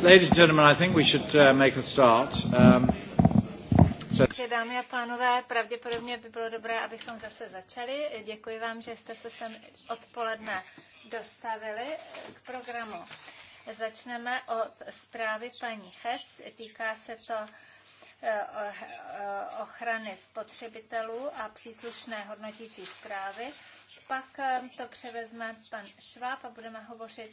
ladies and gentlemen, I think we should uh, make a start. Um, dámy a pánové, pravděpodobně by bylo dobré, abychom zase začali. Děkuji vám, že jste se sem odpoledne dostavili k programu. Začneme od zprávy paní Hec. Týká se to uh, uh, ochrany spotřebitelů a příslušné hodnotící zprávy pak eh, to převezme pan Šváb a budeme hovořit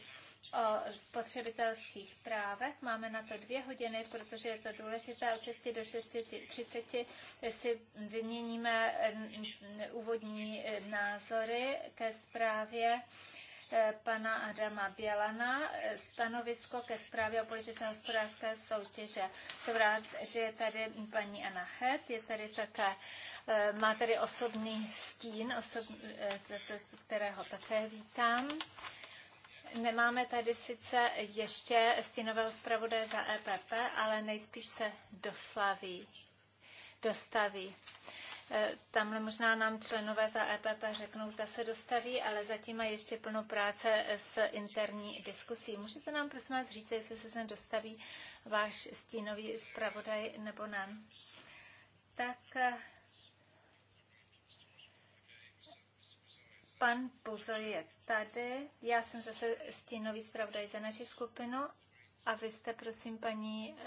o spotřebitelských právech. Máme na to dvě hodiny, protože je to důležité. Od 6 do 6.30 si vyměníme eh, úvodní eh, názory ke zprávě Eh, pana Adama Bělana, eh, stanovisko ke zprávě o politice hospodářské soutěže. Jsem rád, že je tady paní Anna Het, je tady také, eh, má tady osobní stín, osob, kterého také vítám. Nemáme tady sice ještě stínového zpravodaje za EPP, ale nejspíš se doslaví, dostaví. Eh, tamhle možná nám členové za EPP řeknou, zda se dostaví, ale zatím má ještě plno práce eh, s interní diskusí. Můžete nám prosím vás říct, jestli se sem dostaví váš stínový zpravodaj nebo ne? Tak eh, pan Buzoj je tady. Já jsem zase stínový zpravodaj za naši skupinu. A vy jste, prosím, paní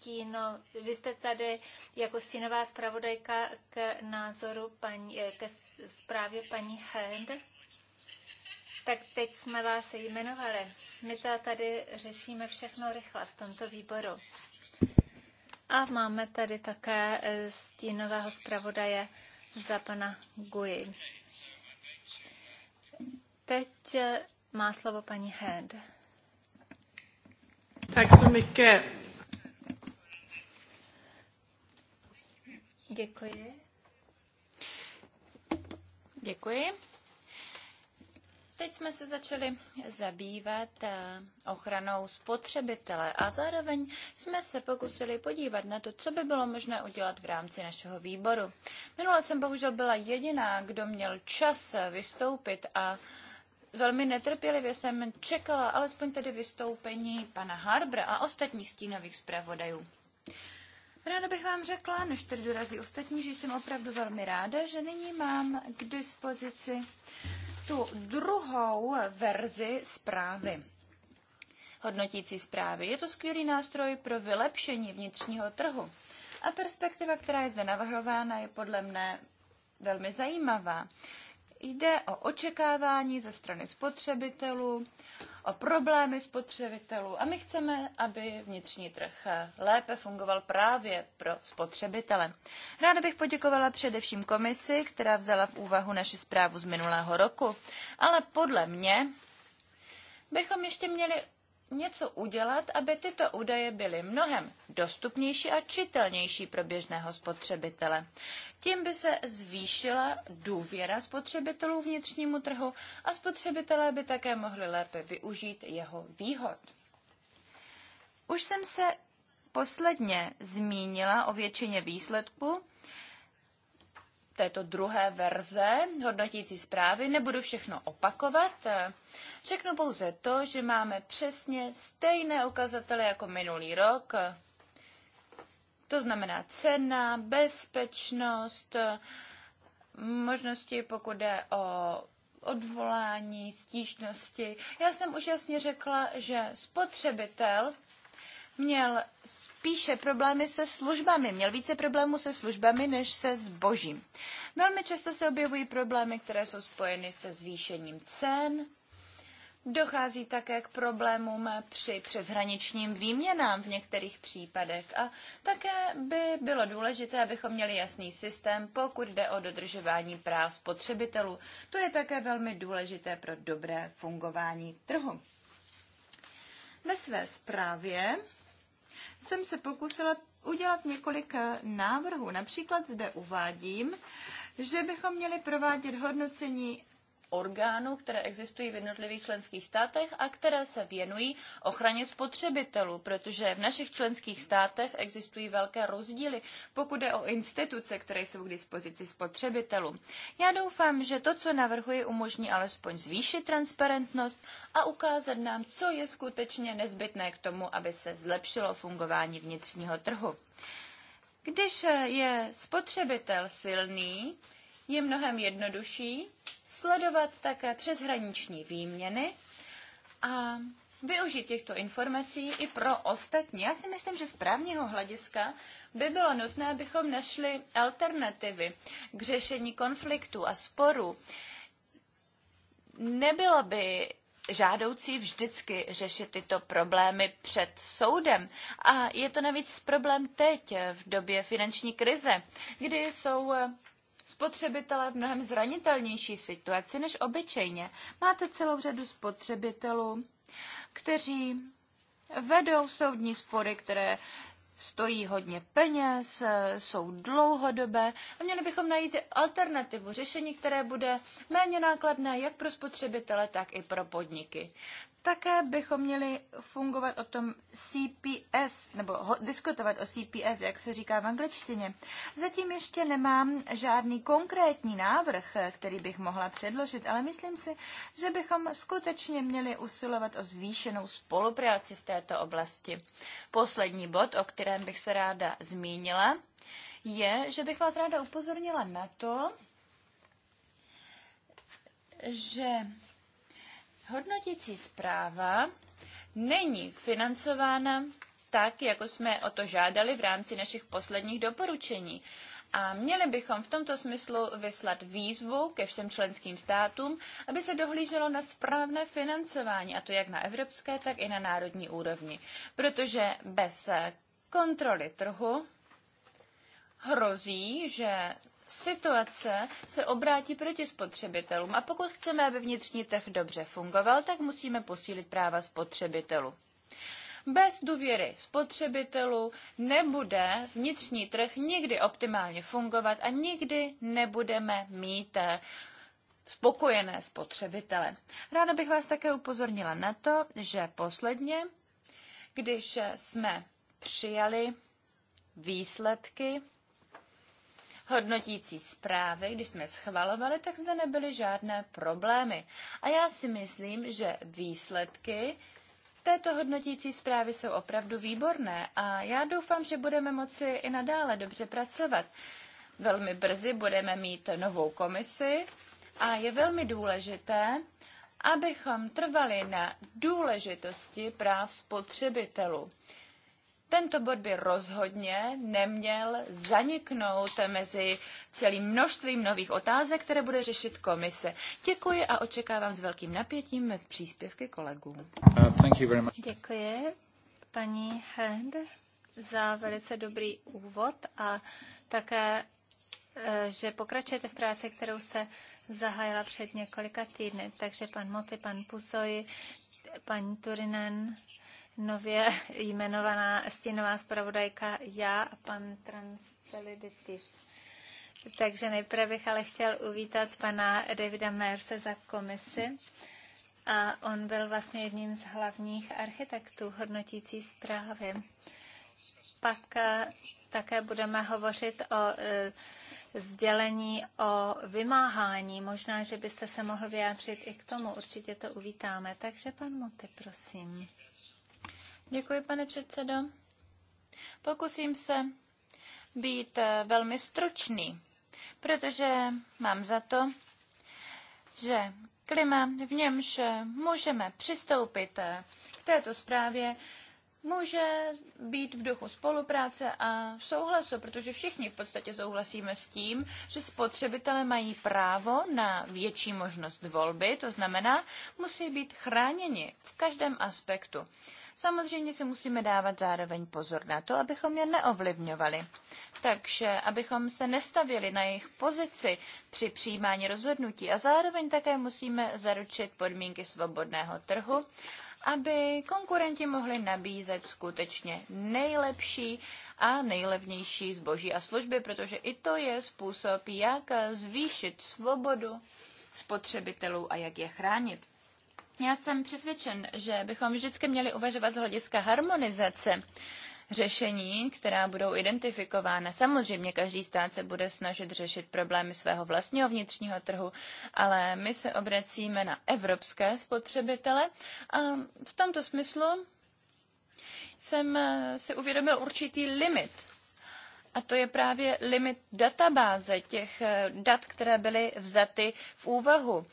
stíno, vy jste tady jako stínová zpravodajka k názoru paní, eh, ke zprávě paní Hand. Tak teď jsme vás jmenovali. My to tady řešíme všechno rychle v tomto výboru. A máme tady také eh, stínového zpravodaje za pana Gui. Teď eh, má slovo paní Hand. Tak så mycket. Děkuji. Děkuji. Teď jsme se začali zabývat eh, ochranou spotřebitele a zároveň jsme se pokusili podívat na to, co by bylo možné udělat v rámci našeho výboru. Minule jsem bohužel byla jediná, kdo měl čas vystoupit a velmi netrpělivě jsem čekala alespoň tedy vystoupení pana Harbra a ostatních stínových zpravodajů. Ráda bych vám řekla, než tady dorazí ostatní, že jsem opravdu velmi ráda, že nyní mám k dispozici tu druhou verzi zprávy hodnotící zprávy. Je to skvělý nástroj pro vylepšení vnitřního trhu. A perspektiva, která je zde navrhována, je podle mne velmi zajímavá. Jde o očekávání ze strany spotřebitelů, o problémy spotřebitelů a my chceme, aby vnitřní trh lépe fungoval právě pro spotřebitele. Ráda bych poděkovala především komisi, která vzala v úvahu naši zprávu z minulého roku, ale podle mě bychom ještě měli něco udělat, aby tyto údaje byly mnohem dostupnější a čitelnější pro běžného spotřebitele. Tím by se zvýšila důvěra spotřebitelů vnitřnímu trhu a spotřebitelé by také mohli lépe využít jeho výhod. Už jsem se posledně zmínila o většině výsledků, této druhé verze hodnotící zprávy. Nebudu všechno opakovat. Řeknu pouze to, že máme přesně stejné ukazatele jako minulý rok. To znamená cena, bezpečnost, možnosti, pokud jde o odvolání, stížnosti. Já jsem už jasně řekla, že spotřebitel měl spíše problémy se službami. Měl více problémů se službami než se zbožím. Velmi často se objevují problémy, které jsou spojeny se zvýšením cen. Dochází také k problémům při přeshraničním výměnám v některých případech a také by bylo důležité, abychom měli jasný systém, pokud jde o dodržování práv spotřebitelů. To je také velmi důležité pro dobré fungování trhu. Ve své zprávě jsem se pokusila udělat několik eh, návrhů. Například zde uvádím, že bychom měli provádět hodnocení orgánů, které existují v jednotlivých členských státech a které se věnují ochraně spotřebitelů, protože v našich členských státech existují velké rozdíly, pokud je o instituce, které jsou k dispozici spotřebitelům. Já doufám, že to, co navrhuji, umožní alespoň zvýšit transparentnost a ukázat nám, co je skutečně nezbytné k tomu, aby se zlepšilo fungování vnitřního trhu. Když je spotřebitel silný, je mnohem jednodušší sledovat také přeshraniční výměny a využít těchto informací i pro ostatní. Já si myslím, že z právního hlediska by bylo nutné, abychom našli alternativy k řešení konfliktů a sporů. Nebylo by žádoucí vždycky řešit tyto problémy před soudem. A je to navíc problém teď, v době finanční krize, kdy jsou spotřebitele v mnohem zranitelnější situaci než obyčejně. Máte celou řadu spotřebitelů, kteří vedou soudní spory, které stojí hodně peněz, jsou dlouhodobé a měli bychom najít alternativu, řešení, které bude méně nákladné jak pro spotřebitele, tak i pro podniky. Také bychom měli fungovat o tom CPS, nebo ho, diskutovat o CPS, jak se říká v angličtině. Zatím ještě nemám žádný konkrétní návrh, který bych mohla předložit, ale myslím si, že bychom skutečně měli usilovat o zvýšenou spolupráci v této oblasti. Poslední bod, o kterém bych se ráda zmínila, je, že bych vás ráda upozornila na to, že Hodnotící zpráva není financována tak, jako jsme o to žádali v rámci našich posledních doporučení. A měli bychom v tomto smyslu vyslat výzvu ke všem členským státům, aby se dohlíželo na správné financování, a to jak na evropské, tak i na národní úrovni. Protože bez kontroly trhu hrozí, že situace se obrátí proti spotřebitelům. A pokud chceme, aby vnitřní trh dobře fungoval, tak musíme posílit práva spotřebitelů. Bez důvěry spotřebitelů nebude vnitřní trh nikdy optimálně fungovat a nikdy nebudeme mít eh, spokojené spotřebitele. Ráda bych vás také upozornila na to, že posledně, když jsme přijali výsledky hodnotící zprávy, když jsme schvalovali, tak zde nebyly žádné problémy. A já si myslím, že výsledky této hodnotící zprávy jsou opravdu výborné a já doufám, že budeme moci i nadále dobře pracovat. Velmi brzy budeme mít novou komisi a je velmi důležité, abychom trvali na důležitosti práv spotřebitelů. Tento bod by rozhodně neměl zaniknout mezi celým množstvím nových otázek, které bude řešit komise. Děkuji a očekávám s velkým napětím příspěvky kolegů. Uh, Děkuji paní Hend za velice dobrý úvod a také eh, že pokračujete v práci, kterou jste zahájila před několika týdny. Takže pan Moty, pan Pusoj, paní Turinen, nově jmenovaná stínová zpravodajka já a pan Transfeliditis. Takže nejprve bych ale chtěl uvítat pana Davida Merse za komisi. A on byl vlastně jedním z hlavních architektů hodnotící zprávy. Pak eh, také budeme hovořit o eh, sdělení o vymáhání. Možná, že byste se mohl vyjádřit i k tomu. Určitě to uvítáme. Takže pan Moty, prosím. Děkuji, pane předsedo. Pokusím se být eh, velmi stručný, protože mám za to, že klima, v němž eh, můžeme přistoupit eh, k této zprávě, může být v duchu spolupráce a souhlasu, protože všichni v podstatě souhlasíme s tím, že spotřebitelé mají právo na větší možnost volby, to znamená, musí být chráněni v každém aspektu. Samozřejmě si musíme dávat zároveň pozor na to, abychom je neovlivňovali. Takže abychom se nestavili na jejich pozici při přijímání rozhodnutí a zároveň také musíme zaručit podmínky svobodného trhu, aby konkurenti mohli nabízet skutečně nejlepší a nejlevnější zboží a služby, protože i to je způsob, jak zvýšit svobodu spotřebitelů a jak je chránit. Já jsem přesvědčen, že bychom vždycky měli uvažovat z hlediska harmonizace řešení, která budou identifikována. Samozřejmě každý stát se bude snažit řešit problémy svého vlastního vnitřního trhu, ale my se obracíme na evropské spotřebitele a v tomto smyslu jsem si uvědomil určitý limit. A to je právě limit databáze těch dat, které byly vzaty v úvahu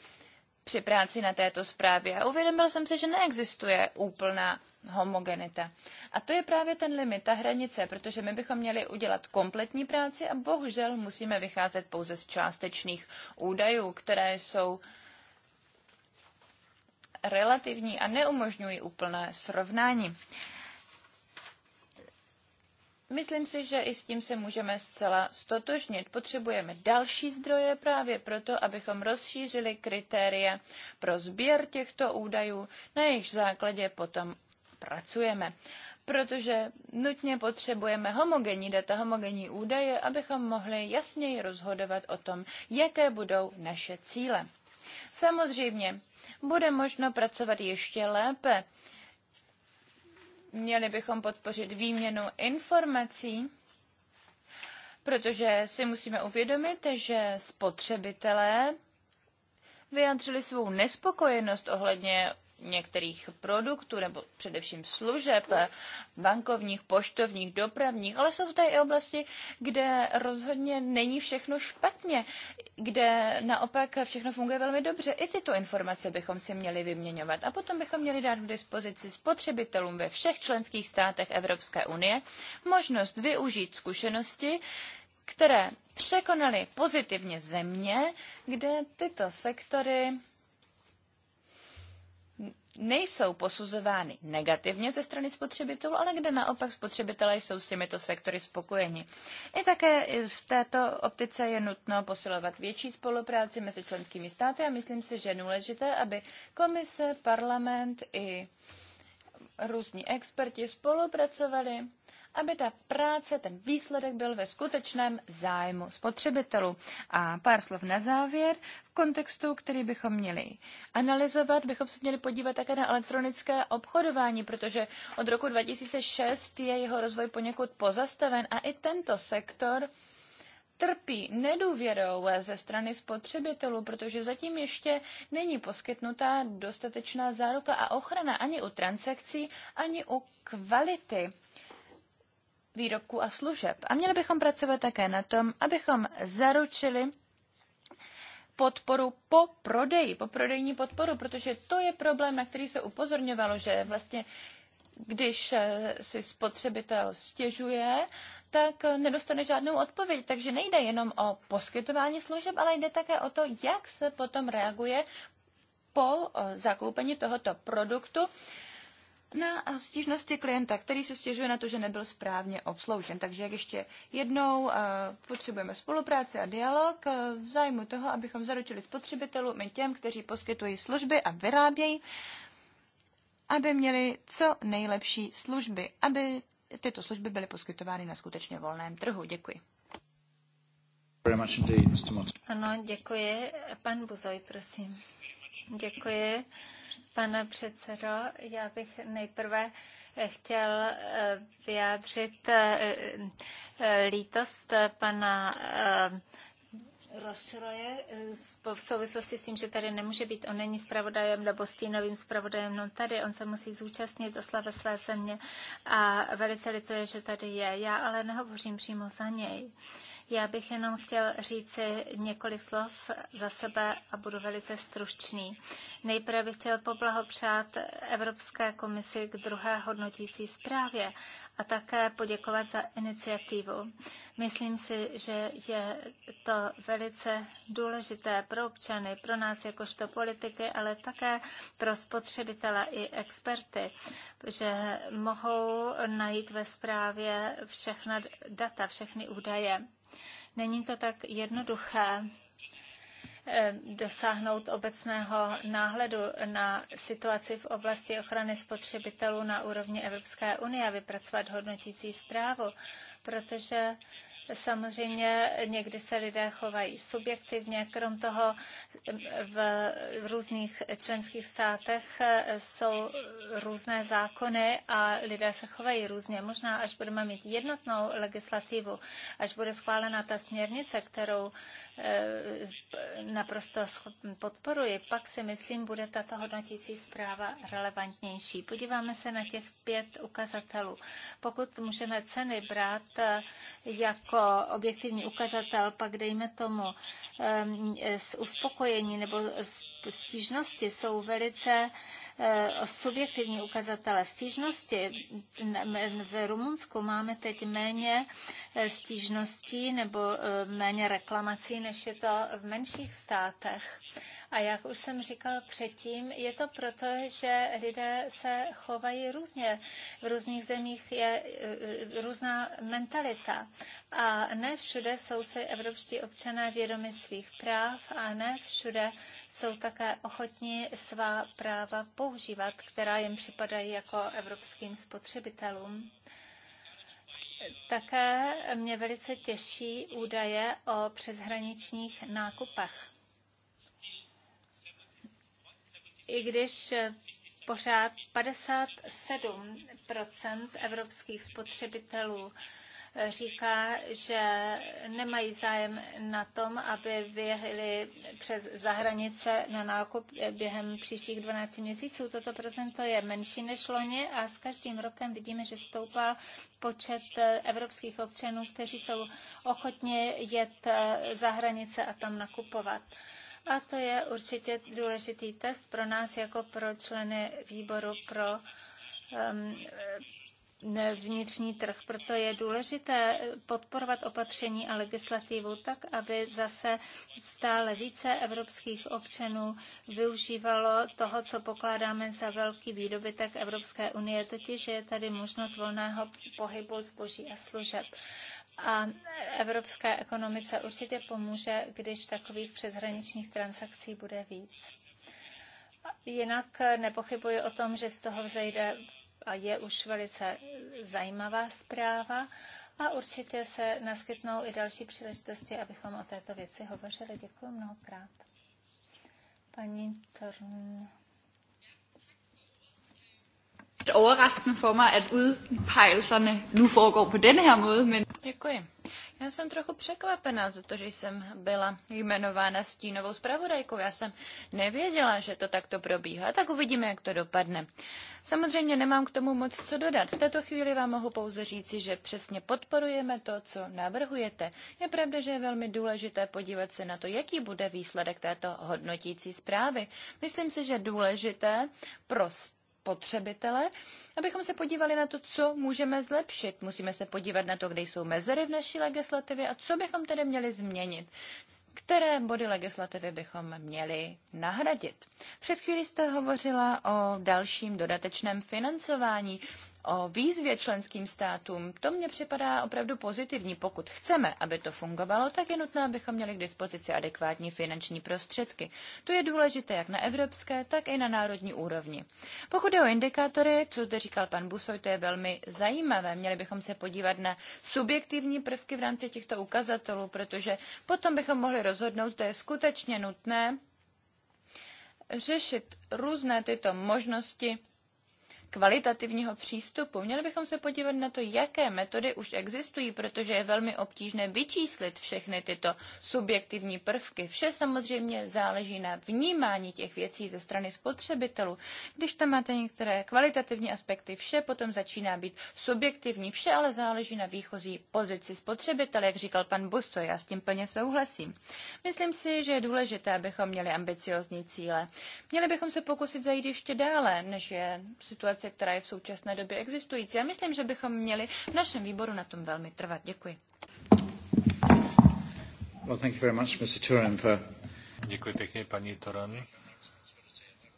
při práci na této zprávě a uvědomil jsem si, že neexistuje úplná homogenita. A to je právě ten limit, ta hranice, protože my bychom měli udělat kompletní práci a bohužel musíme vycházet pouze z částečných údajů, které jsou relativní a neumožňují úplné srovnání. Myslím si, že i s tím se můžeme zcela stotožnit. Potřebujeme další zdroje právě proto, abychom rozšířili kritéria pro sběr těchto údajů, na jejich základě potom pracujeme. Protože nutně potřebujeme homogenní data, homogenní údaje, abychom mohli jasněji rozhodovat o tom, jaké budou naše cíle. Samozřejmě bude možno pracovat ještě lépe Měli bychom podpořit výměnu informací, protože si musíme uvědomit, že spotřebitelé vyjádřili svou nespokojenost ohledně některých produktů nebo především služeb, bankovních, poštovních, dopravních, ale jsou tady i oblasti, kde rozhodně není všechno špatně, kde naopak všechno funguje velmi dobře. I tyto informace bychom si měli vyměňovat a potom bychom měli dát k dispozici spotřebitelům ve všech členských státech Evropské unie možnost využít zkušenosti, které překonaly pozitivně země, kde tyto sektory nejsou posuzovány negativně ze strany spotřebitelů, ale kde naopak spotřebitelé jsou s těmito sektory spokojeni. I také v této optice je nutno posilovat větší spolupráci mezi členskými státy a myslím si, že je důležité, aby komise, parlament i různí experti spolupracovali aby ta práce, ten výsledek byl ve skutečném zájmu spotřebitelů. A pár slov na závěr. V kontextu, který bychom měli analyzovat, bychom se měli podívat také na elektronické obchodování, protože od roku 2006 je jeho rozvoj poněkud pozastaven a i tento sektor trpí nedůvěrou ze strany spotřebitelů, protože zatím ještě není poskytnuta dostatečná záruka a ochrana ani u transakcí, ani u kvality výrobků a služeb. A měli bychom pracovat také na tom, abychom zaručili podporu po prodeji, po prodejní podporu, protože to je problém, na který se upozorňovalo, že vlastně když eh, si spotřebitel stěžuje, tak eh, nedostane žádnou odpověď. Takže nejde jenom o poskytování služeb, ale jde také o to, jak se potom reaguje po eh, zakoupení tohoto produktu na stížnosti klienta, který se stěžuje na to, že nebyl správně obsloužen. Takže jak ještě jednou eh, potřebujeme spolupráci a dialog eh, v zájmu toho, abychom zaručili spotřebitelů my těm, kteří poskytují služby a vyrábějí, aby měli co nejlepší služby, aby tyto služby byly poskytovány na skutečně volném trhu. Děkuji. Ano, děkuji. Pan Buzoj, prosím. Děkuji. Pane předsedo, já bych nejprve chtěl eh, vyjádřit eh, eh, lítost pana Rošroje v souvislosti s tím, že tady nemůže být. On není zpravodajem nebo stínovým zpravodajem, no tady on se musí zúčastnit oslavy své země a velice lituje, že tady je. Já ale nehovořím přímo za něj. Uh, já bych jenom chtěl říci několik slov za sebe a budu velice stručný. Nejprve bych chtěl poblahopřát Evropské komisi k druhé hodnotící zprávě a také poděkovat za iniciativu. Myslím si, že je to velice důležité pro občany, pro nás jakožto politiky, ale také pro spotřebitele i experty, že mohou najít ve zprávě všechna data, všechny údaje. Není to tak jednoduché eh, dosáhnout obecného náhledu na situaci v oblasti ochrany spotřebitelů na úrovni Evropské unie a vypracovat hodnotící zprávu, protože Samozřejmě někdy se lidé chovají subjektivně, krom toho v různých členských státech eh, jsou různé zákony a lidé se chovají různě. Možná, až budeme mít jednotnou legislativu, až bude schválena ta směrnice, kterou eh, naprosto podporuji, pak si myslím, bude tato hodnotící zpráva relevantnější. Podíváme se na těch pět ukazatelů. Pokud můžeme ceny brát eh, jako jako objektivní ukazatel, pak dejme tomu z uspokojení nebo stížnosti jsou velice e, subjektivní ukazatele. Stížnosti v Rumunsku máme teď méně e, stížností nebo e, méně reklamací, než je to v menších státech. A jak už jsem říkal předtím, je to proto, že lidé se chovají různě. V různých zemích je eh, různá mentalita. A ne všude jsou si evropští občané vědomi svých práv a ne všude jsou také ochotní svá práva používat, která jim připadají jako evropským spotřebitelům. Také mě velice těší údaje o přeshraničních nákupech. i když pořád 57 evropských spotřebitelů říká, že nemají zájem na tom, aby vyjeli přes zahranice na nákup během příštích 12 měsíců. Toto procento je menší než loni a s každým rokem vidíme, že stoupá počet evropských občanů, kteří jsou ochotně jet za hranice a tam nakupovat a to je určitě důležitý test pro nás jako pro členy výboru pro um, vnitřní trh. Proto je důležité podporovat opatření a legislativu tak, aby zase stále více evropských občanů využívalo toho, co pokládáme za velký výdobytek Evropské unie, totiž je tady možnost volného pohybu zboží a služeb a evropské ekonomice určitě pomůže, když takových přeshraničních transakcí bude víc. Jinak nepochybuji o tom, že z toho vzejde a je už velice zajímavá zpráva a určitě se naskytnou i další příležitosti, abychom o této věci hovořili. Děkuji mnohokrát. Paní Torn lidt overraskende for mig, at udpegelserne nu foregår på denne her måde. Men... Děkuji. Já jsem trochu překvapená, že jsem byla jmenována stínovou zpravodajkou. Já jsem nevěděla, že to takto probíhá, tak uvidíme, jak to dopadne. Samozřejmě nemám k tomu moc co dodat. V této chvíli vám mohu pouze říci, že přesně podporujeme to, co navrhujete. Je pravda, že je velmi důležité podívat se na to, jaký bude výsledek této hodnotící zprávy. Myslím si, že důležité pro spotřebitele, abychom se podívali na to, co můžeme zlepšit. Musíme se podívat na to, kde jsou mezery v naší legislativě a co bychom tedy měli změnit. Které body legislativy bychom měli nahradit? Před chvílí jste hovořila o dalším dodatečném financování o výzvě členským státům, to mně připadá opravdu pozitivní. Pokud chceme, aby to fungovalo, tak je nutné, abychom měli k dispozici adekvátní finanční prostředky. To je důležité jak na evropské, tak i na národní úrovni. Pokud je o indikátory, co zde říkal pan Busoj, to je velmi zajímavé. Měli bychom se podívat na subjektivní prvky v rámci těchto ukazatelů, protože potom bychom mohli rozhodnout, zda je skutečně nutné řešit různé tyto možnosti kvalitativního přístupu. Měli bychom se podívat na to, jaké metody už existují, protože je velmi obtížné vyčíslit všechny tyto subjektivní prvky. Vše samozřejmě záleží na vnímání těch věcí ze strany spotřebitelů. Když tam máte některé kvalitativní aspekty, vše potom začíná být subjektivní. Vše ale záleží na výchozí pozici spotřebitele, jak říkal pan Busto, já s tím plně souhlasím. Myslím si, že je důležité, abychom měli ambiciozní cíle. Měli bychom se pokusit zajít ještě dále, než je situace situaci, která je v současné době existující. Já myslím, že bychom měli v našem výboru na tom velmi trvat. Děkuji. Well, thank you very much, Mr. Turin, for... Děkuji pěkně, paní Turan,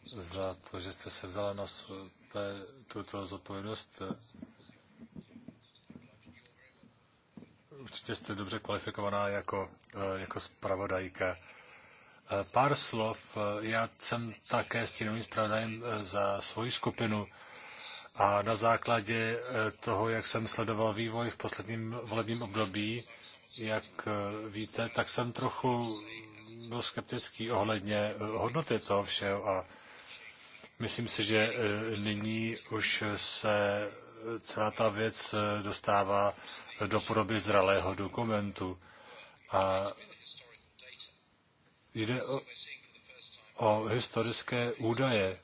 za to, že jste se vzala na sebe tuto zodpovědnost. Určitě jste dobře kvalifikovaná jako, eh, jako spravodajka. Eh, pár slov. Eh, já jsem také stínovým zpravodajem za svoji skupinu. A na základě eh, toho, jak jsem sledoval vývoj v posledním volebním období, jak eh, víte, tak jsem trochu byl skeptický ohledně eh, hodnoty toho všeho a myslím si, že nyní už se celá ta věc dostává do podoby zralého dokumentu. A jde o, o historické údaje.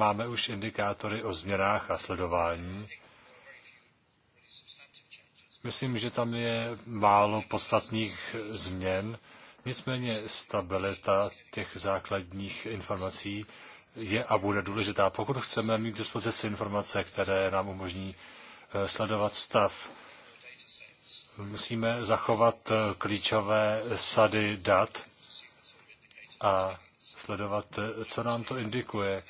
Máme už indikátory o změnách a sledování. Myslím, že tam je málo podstatných změn, nicméně stabilita těch základních informací je a bude důležitá. Pokud chceme mít k dispozici informace, které nám umožní eh, sledovat stav, musíme zachovat eh, klíčové sady dat a sledovat, eh, co nám to indikuje.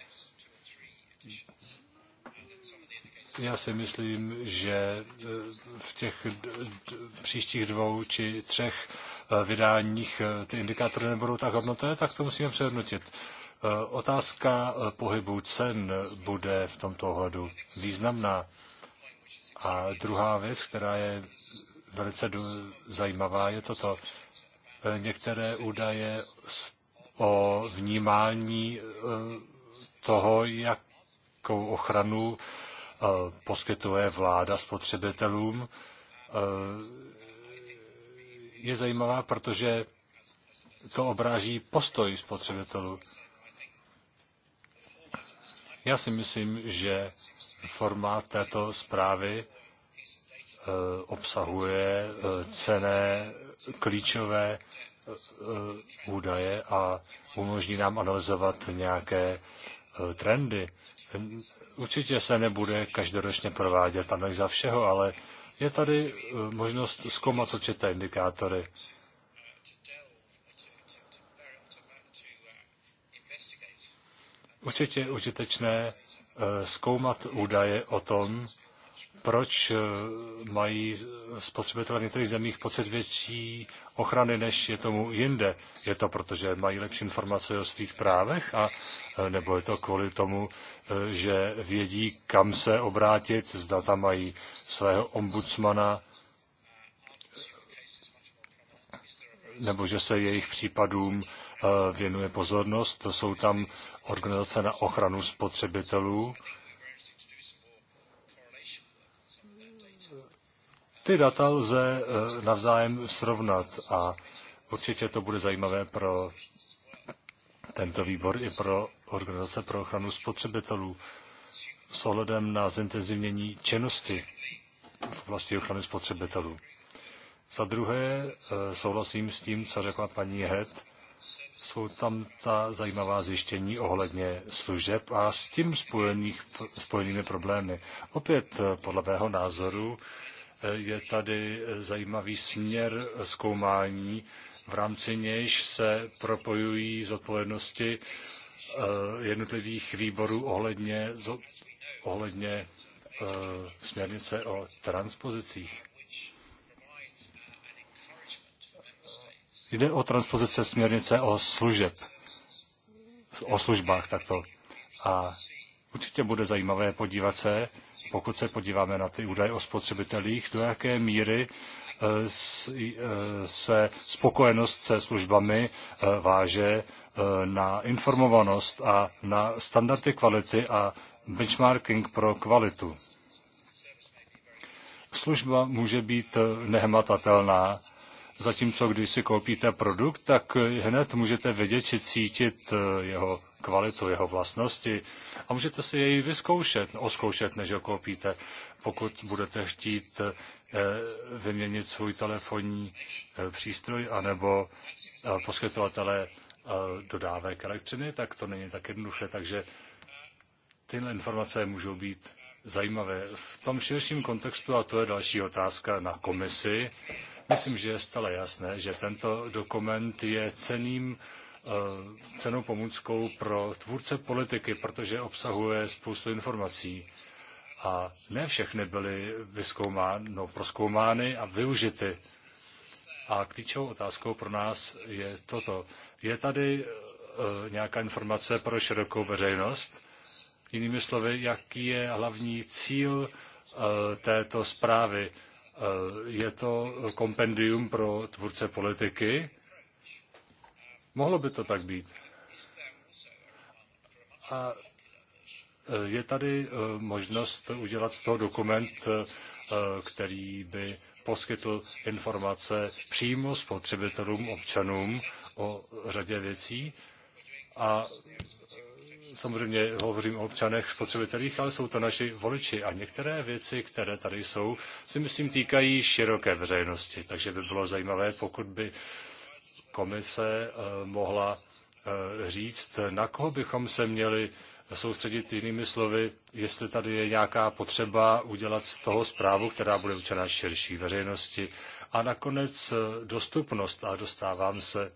já si myslím, že eh, v těch příštích dvou či třech eh, vydáních eh, ty indikátory nebudou tak hodnoté, tak to musíme přehodnotit. Otázka pohybu cen bude v tomto ohledu významná. A druhá věc, která je velice zajímavá, je toto. Některé údaje o vnímání toho, jakou ochranu Eh, poskytuje vláda spotřebitelům, eh, je zajímavá, protože to obráží postoj spotřebitelů. Já si myslím, že formát této zprávy eh, obsahuje cené klíčové údaje a umožní nám analyzovat nějaké trendy. Určitě se nebude každoročně provádět analýza všeho, ale je tady eh, možnost zkoumat určité indikátory. Určitě je užitečné eh, zkoumat údaje o tom, proč eh, mají spotřebitelé v některých zemích pocit větší ochrany, než je tomu jinde. Je to proto, že mají lepší informace o svých právech, a, eh, nebo je to kvůli tomu, eh, že vědí, kam se obrátit, zda tam mají svého ombudsmana, nebo že se jejich případům věnuje pozornost. To Jsou tam organizace na ochranu spotřebitelů, Ty data lze eh, navzájem srovnat a určitě to bude zajímavé pro tento výbor i pro Organizace pro ochranu spotřebitelů s ohledem na zintenzivnění činnosti v oblasti ochrany spotřebitelů. Za druhé eh, souhlasím s tím, co řekla paní Het. Jsou tam ta zajímavá zjištění ohledně služeb a s tím spojených, spojenými problémy. Opět eh, podle mého názoru je tady zajímavý směr zkoumání, v rámci nějž se propojují zodpovědnosti eh, jednotlivých výborů ohledně, ohledně eh, směrnice o transpozicích. Jde o transpozice směrnice o služeb, o službách takto. A Určitě bude zajímavé podívat se, pokud se podíváme na ty údaje o spotřebitelích, do jaké míry e, e, se spokojenost se službami e, váže na informovanost a na standardy kvality a benchmarking pro kvalitu. Služba může být nehmatatelná, Zatímco když si koupíte produkt, tak hned můžete vidět či cítit eh, jeho kvalitu, jeho vlastnosti a můžete si jej vyzkoušet, oskoušet, než ho koupíte. Pokud budete chtít eh, vyměnit svůj telefonní eh, přístroj anebo poskytovatele dodávek elektřiny, tak to není tak jednoduché, takže tyhle informace můžou být zajímavé. V tom širším kontextu, a to je další otázka na komisi, Myslím, že je stále jasné, že tento dokument je ceným eh, cenou pomůckou pro tvůrce politiky, protože obsahuje spoustu informací. A ne všechny byly vyskoumány, no, proskoumány a využity. A klíčovou otázkou pro nás je toto. Je tady eh, nějaká informace pro širokou veřejnost? Jinými slovy, jaký je hlavní cíl eh, této zprávy? Eh, je to kompendium pro tvůrce politiky? Mohlo by to tak být. A eh, je tady eh, možnost udělat z toho dokument, který by poskytl informace přímo spotřebitelům, občanům o řadě věcí a samozřejmě hovořím o občanech, spotřebitelích, ale jsou to naši voliči a některé věci, které tady jsou, si myslím týkají široké veřejnosti. Takže by bylo zajímavé, pokud by komise eh, mohla eh, říct, na koho bychom se měli soustředit jinými slovy, jestli tady je nějaká potřeba udělat z toho zprávu, která bude učena širší veřejnosti. A nakonec eh, dostupnost, a dostávám se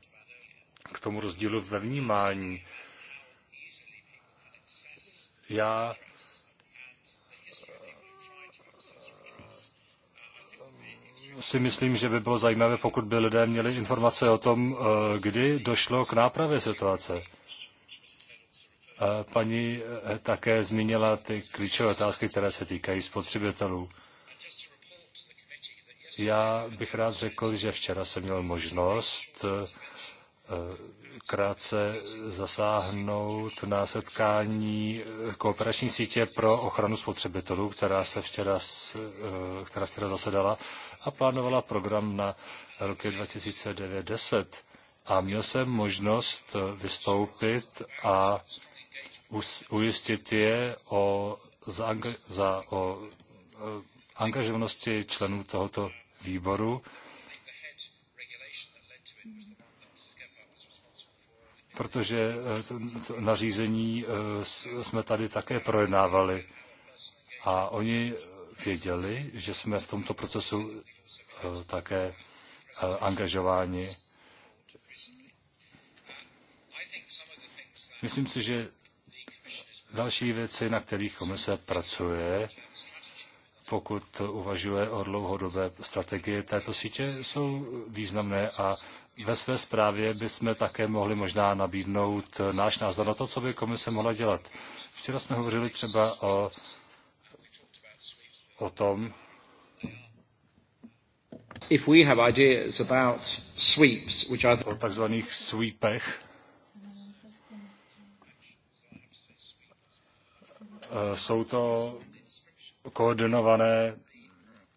k tomu rozdílu ve vnímání, já eh, si myslím, že by bylo zajímavé, pokud by lidé měli informace o tom, eh, kdy došlo k nápravě situace. Paní eh, také zmínila ty klíčové otázky, které se týkají spotřebitelů. Já bych rád řekl, že včera jsem měl možnost krátce zasáhnout na setkání eh, kooperační sítě pro ochranu spotřebitelů, která, se včera, eh, která včera zasedala a plánovala program na roky 2009 A měl jsem možnost eh, vystoupit a ujistit je o, zaanga- za, o angažovanosti členů tohoto výboru protože eh, to nařízení eh, jsme tady také projednávali. A oni věděli, že jsme v tomto procesu eh, také angažováni. Myslím si, že další věci, na kterých komise pracuje, pokud uvažuje o dlouhodobé strategii této sítě, jsou významné a ve své zprávě bychom také mohli možná nabídnout náš názor na to, co by komise mohla dělat. Včera jsme hovořili třeba o, o tom, If we have ideas about sweeps, which are... o takzvaných sweepech, eh, jsou to koordinované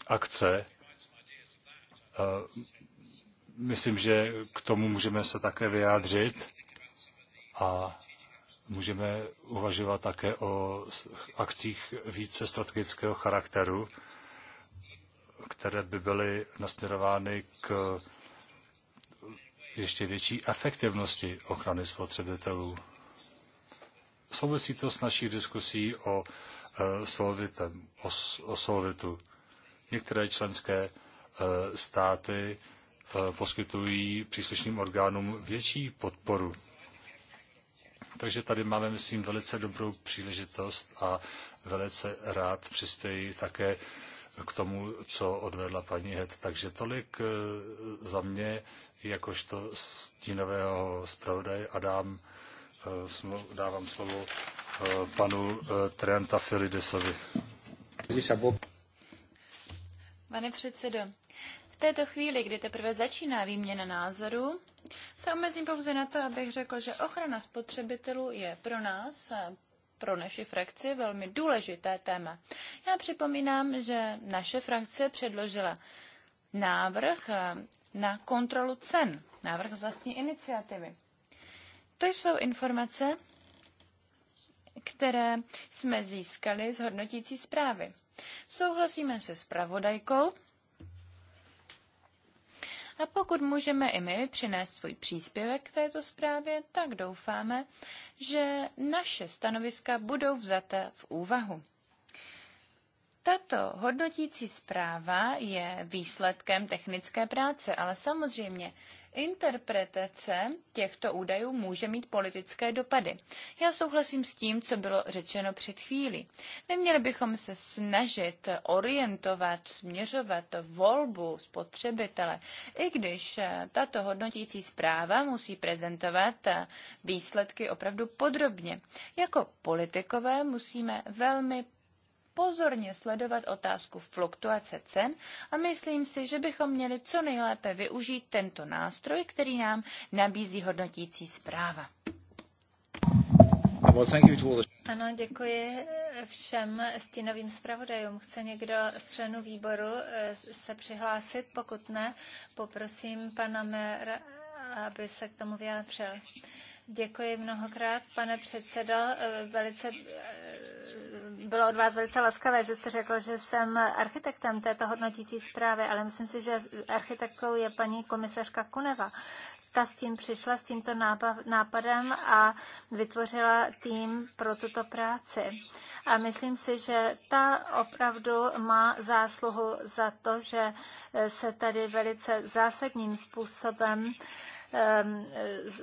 akce, eh, myslím, že k tomu můžeme se také vyjádřit a můžeme uvažovat také o akcích více strategického charakteru, které by byly nasměrovány k ještě větší efektivnosti ochrany spotřebitelů. Souvisí to s naší diskusí o, e, solvitem, o, o solvitu. Některé členské e, státy poskytují příslušným orgánům větší podporu. Takže tady máme, myslím, velice dobrou příležitost a velice rád přispěji také k tomu, co odvedla paní Het. Takže tolik eh, za mě, jakožto stínového zpravodaje a dám, eh, dávám slovo eh, panu Trenta Filidesovi. Pane předsedo, této chvíli, kdy teprve začíná výměna názoru, se omezím pouze na to, abych řekl, že ochrana spotřebitelů je pro nás, pro naši frakci, velmi důležité téma. Já připomínám, že naše frakce předložila návrh eh, na kontrolu cen, návrh z vlastní iniciativy. To jsou informace, které jsme získali z hodnotící zprávy. Souhlasíme se s pravodajkou, a pokud můžeme i my přinést svůj příspěvek k této zprávě, tak doufáme, že naše stanoviska budou vzaté v úvahu. Tato hodnotící zpráva je výsledkem technické práce, ale samozřejmě interpretace těchto údajů může mít politické dopady. Já souhlasím s tím, co bylo řečeno před chvílí. Neměli bychom se snažit orientovat, směřovat volbu spotřebitele, i když tato hodnotící zpráva musí prezentovat výsledky opravdu podrobně. Jako politikové musíme velmi pozorně sledovat otázku fluktuace cen a myslím si, že bychom měli co nejlépe využít tento nástroj, který nám nabízí hodnotící zpráva. Ano, děkuji všem stínovým zpravodajům. Chce někdo z členů výboru eh, se přihlásit? Pokud ne, poprosím pana Mera aby se k tomu vyjádřil. Děkuji mnohokrát, pane předsedo. Velice, bylo od vás velice laskavé, že jste řekl, že jsem architektem této hodnotící zprávy, ale myslím si, že architektkou je paní komisařka Kuneva. Ta s tím přišla, s tímto nápadem a vytvořila tým pro tuto práci. A myslím si, že ta opravdu má zásluhu za to, že eh, se tady velice zásadním způsobem ehm,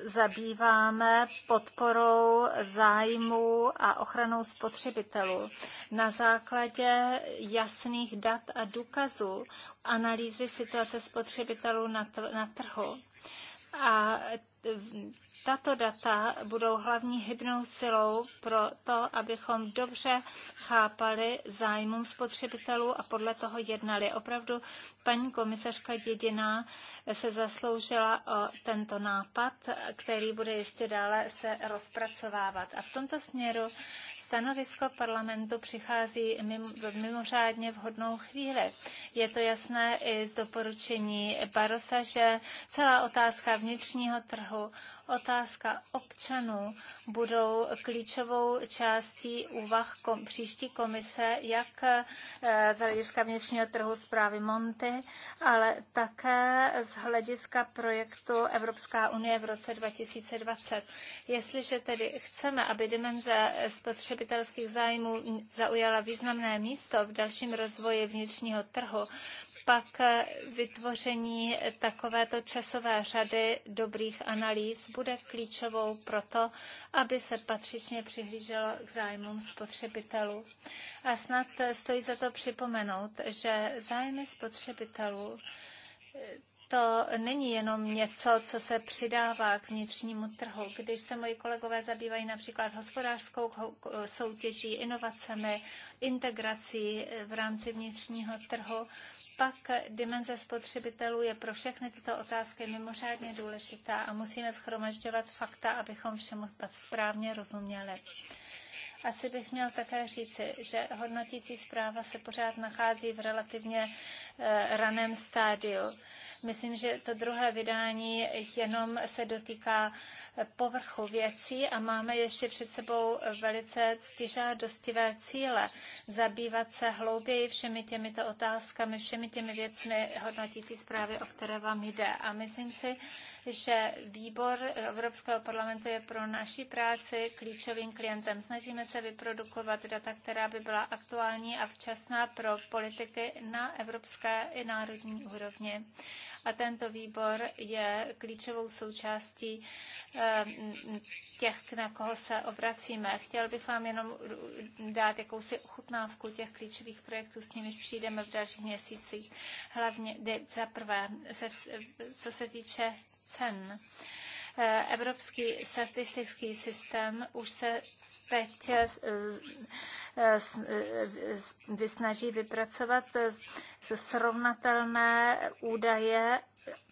zabýváme podporou zájmů a ochranou spotřebitelů na základě jasných dat a důkazů analýzy situace spotřebitelů na, na trhu. A tato data budou hlavní hybnou silou pro to, abychom dobře chápali zájmům spotřebitelů a podle toho jednali. Opravdu paní komisařka dědina se zasloužila o tento nápad, který bude ještě dále se rozpracovávat. A v tomto směru stanovisko parlamentu přichází v mimořádně vhodnou chvíli. Je to jasné i z doporučení Barosa, že celá otázka vnitřního trhu otázka občanů budou klíčovou částí úvah kom, příští komise, jak eh, z hlediska vnitřního trhu zprávy Monty, ale také z hlediska projektu Evropská unie v roce 2020. Jestliže tedy chceme, aby dimenze spotřebitelských zájmů zaujala významné místo v dalším rozvoji vnitřního trhu, pak vytvoření takovéto časové řady dobrých analýz bude klíčovou pro to, aby se patřičně přihlíželo k zájmům spotřebitelů. A snad stojí za to připomenout, že zájmy spotřebitelů to není jenom něco, co se přidává k vnitřnímu trhu. Když se moji kolegové zabývají například hospodářskou soutěží, inovacemi, integrací eh, v rámci vnitřního trhu, pak dimenze spotřebitelů je pro všechny tyto otázky mimořádně důležitá a musíme schromažďovat fakta, abychom všemu správně rozuměli. Asi bych měl také říci, že hodnotící zpráva se pořád nachází v relativně eh, raném stádiu. Myslím, že to druhé vydání jenom se dotýká eh, povrchu věcí a máme ještě před sebou velice ctižádostivé cíle. Zabývat se hlouběji všemi těmito otázkami, všemi těmi věcmi hodnotící zprávy, o které vám jde. A myslím si, že výbor Evropského parlamentu je pro naši práci klíčovým klientem. Snažíme se vyprodukovat data, která by byla aktuální a včasná pro politiky na evropské i národní úrovni a tento výbor je klíčovou součástí eh, těch, na koho se obracíme. Chtěl bych vám jenom dát jakousi ochutnávku těch klíčových projektů, s nimiž přijdeme v dalších měsících. Hlavně za prvé, co se týče cen. Eh, Evropský statistický systém už se teď eh, vysnaží vypracovat srovnatelné údaje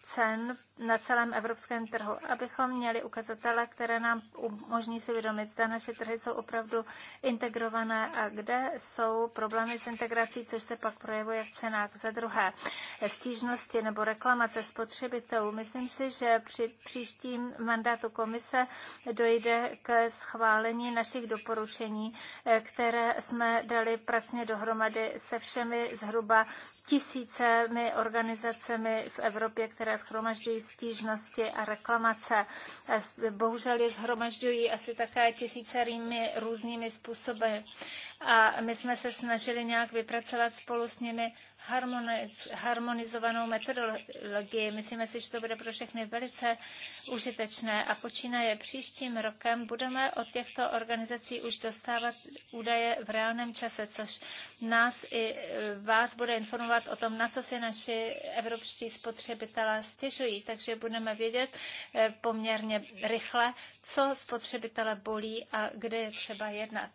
cen na celém evropském trhu, abychom měli ukazatele, které nám umožní si vědomit, zda naše trhy jsou opravdu integrované a kde jsou problémy s integrací, což se pak projevuje v cenách. Za druhé, stížnosti nebo reklamace spotřebitelů. Myslím si, že při příštím mandátu komise dojde k schválení našich doporučení, které jsme dali pracně dohromady se všemi zhruba tisícemi organizacemi v Evropě, které schromažďují stížnosti a reklamace. Bohužel je schromažďují asi také tisícerými různými způsoby a my jsme se snažili nějak vypracovat spolu s nimi harmoniz, harmonizovanou metodologii. Myslíme si, že to bude pro všechny velice užitečné a počínaje příštím rokem budeme od těchto organizací už dostávat údaje v reálném čase, což nás i e, vás bude informovat o tom, na co si naši evropští spotřebitelé stěžují, takže budeme vědět e, poměrně rychle, co spotřebitele bolí a kde je třeba jednat.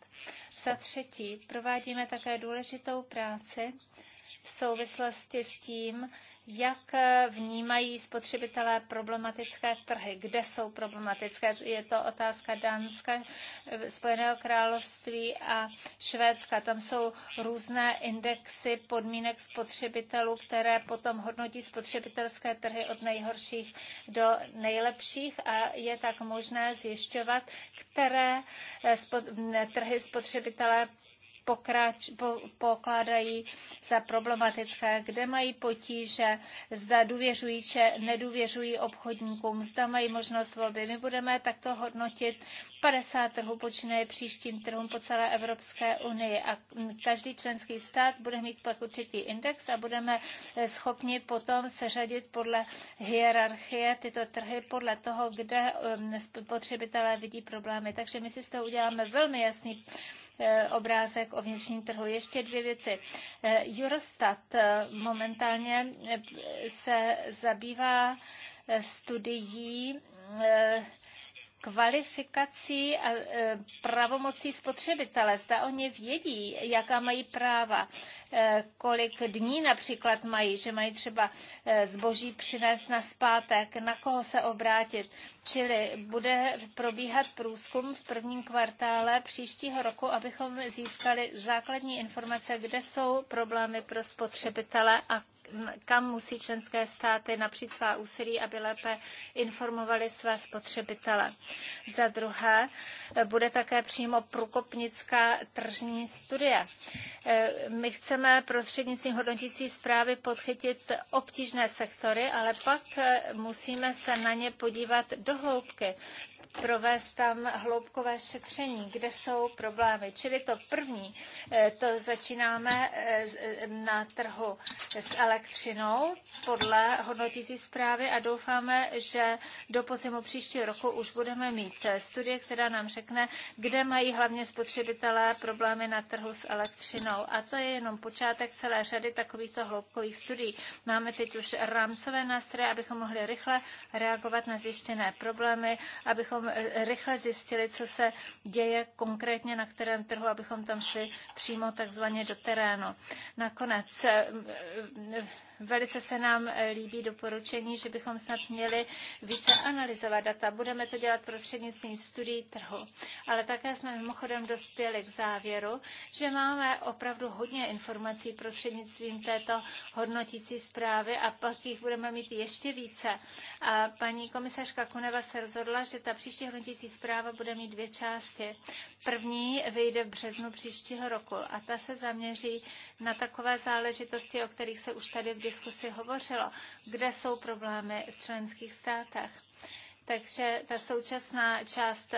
Za třetí, oblastí provádíme také důležitou práci v souvislosti s tím, jak vnímají spotřebitelé problematické trhy, kde jsou problematické. Je to otázka Dánska, Spojeného království a Švédska. Tam jsou různé indexy podmínek spotřebitelů, které potom hodnotí spotřebitelské trhy od nejhorších do nejlepších a je tak možné zjišťovat, které trhy spotřebitelé pokrač, po, pokládají za problematické, kde mají potíže, zda důvěřují či nedůvěřují obchodníkům, zda mají možnost volby. My budeme takto hodnotit 50 trhů, počínaje příštím trhům po celé Evropské unii a každý členský stát bude mít pak určitý index a budeme schopni potom seřadit podle hierarchie tyto trhy, podle toho, kde um, potřebitelé vidí problémy. Takže my si z toho uděláme velmi jasný Eh, obrázek o vnitřním trhu. Ještě dvě věci. Eh, Eurostat eh, momentálně se zabývá studií kvalifikací a e, pravomocí spotřebitele. Zda oni vědí, jaká mají práva, e, kolik dní například mají, že mají třeba e, zboží přinést na zpátek, na koho se obrátit. Čili bude probíhat průzkum v prvním kvartále příštího roku, abychom získali základní informace, kde jsou problémy pro spotřebitele a kam musí členské státy napřít svá úsilí, aby lépe informovali své spotřebitele. Za druhé, bude také přímo průkopnická tržní studie. Eh, my chceme prostřednictvím hodnotící zprávy podchytit obtížné sektory, ale pak eh, musíme se na ně podívat do hloubky provést tam hloubkové šetření, kde jsou problémy. Čili to první, eh, to začínáme eh, eh, na trhu s elektřinou podle hodnotící zprávy a doufáme, že do podzimu příštího roku už budeme mít studie, která nám řekne, kde mají hlavně spotřebitelé problémy na trhu s elektřinou. A to je jenom počátek celé řady takovýchto hloubkových studií. Máme teď už rámcové nástroje, abychom mohli rychle reagovat na zjištěné problémy, abychom rychle zjistili, co se děje konkrétně na kterém trhu, abychom tam šli přímo takzvaně do terénu. Nakonec eh, eh, velice se nám eh, líbí doporučení, že bychom snad měli více analyzovat data. Budeme to dělat prostřednictvím studií trhu. Ale také jsme mimochodem dospěli k závěru, že máme opravdu hodně informací prostřednictvím této hodnotící zprávy a pak jich budeme mít ještě více. A paní komisařka Kuneva se rozhodla, že ta příští hodnotící zpráva bude mít dvě části. První vyjde v březnu příštího roku a ta se zaměří na takové záležitosti, o kterých se už tady v diskusi hovořilo, kde jsou problémy v členských státech. Takže ta současná část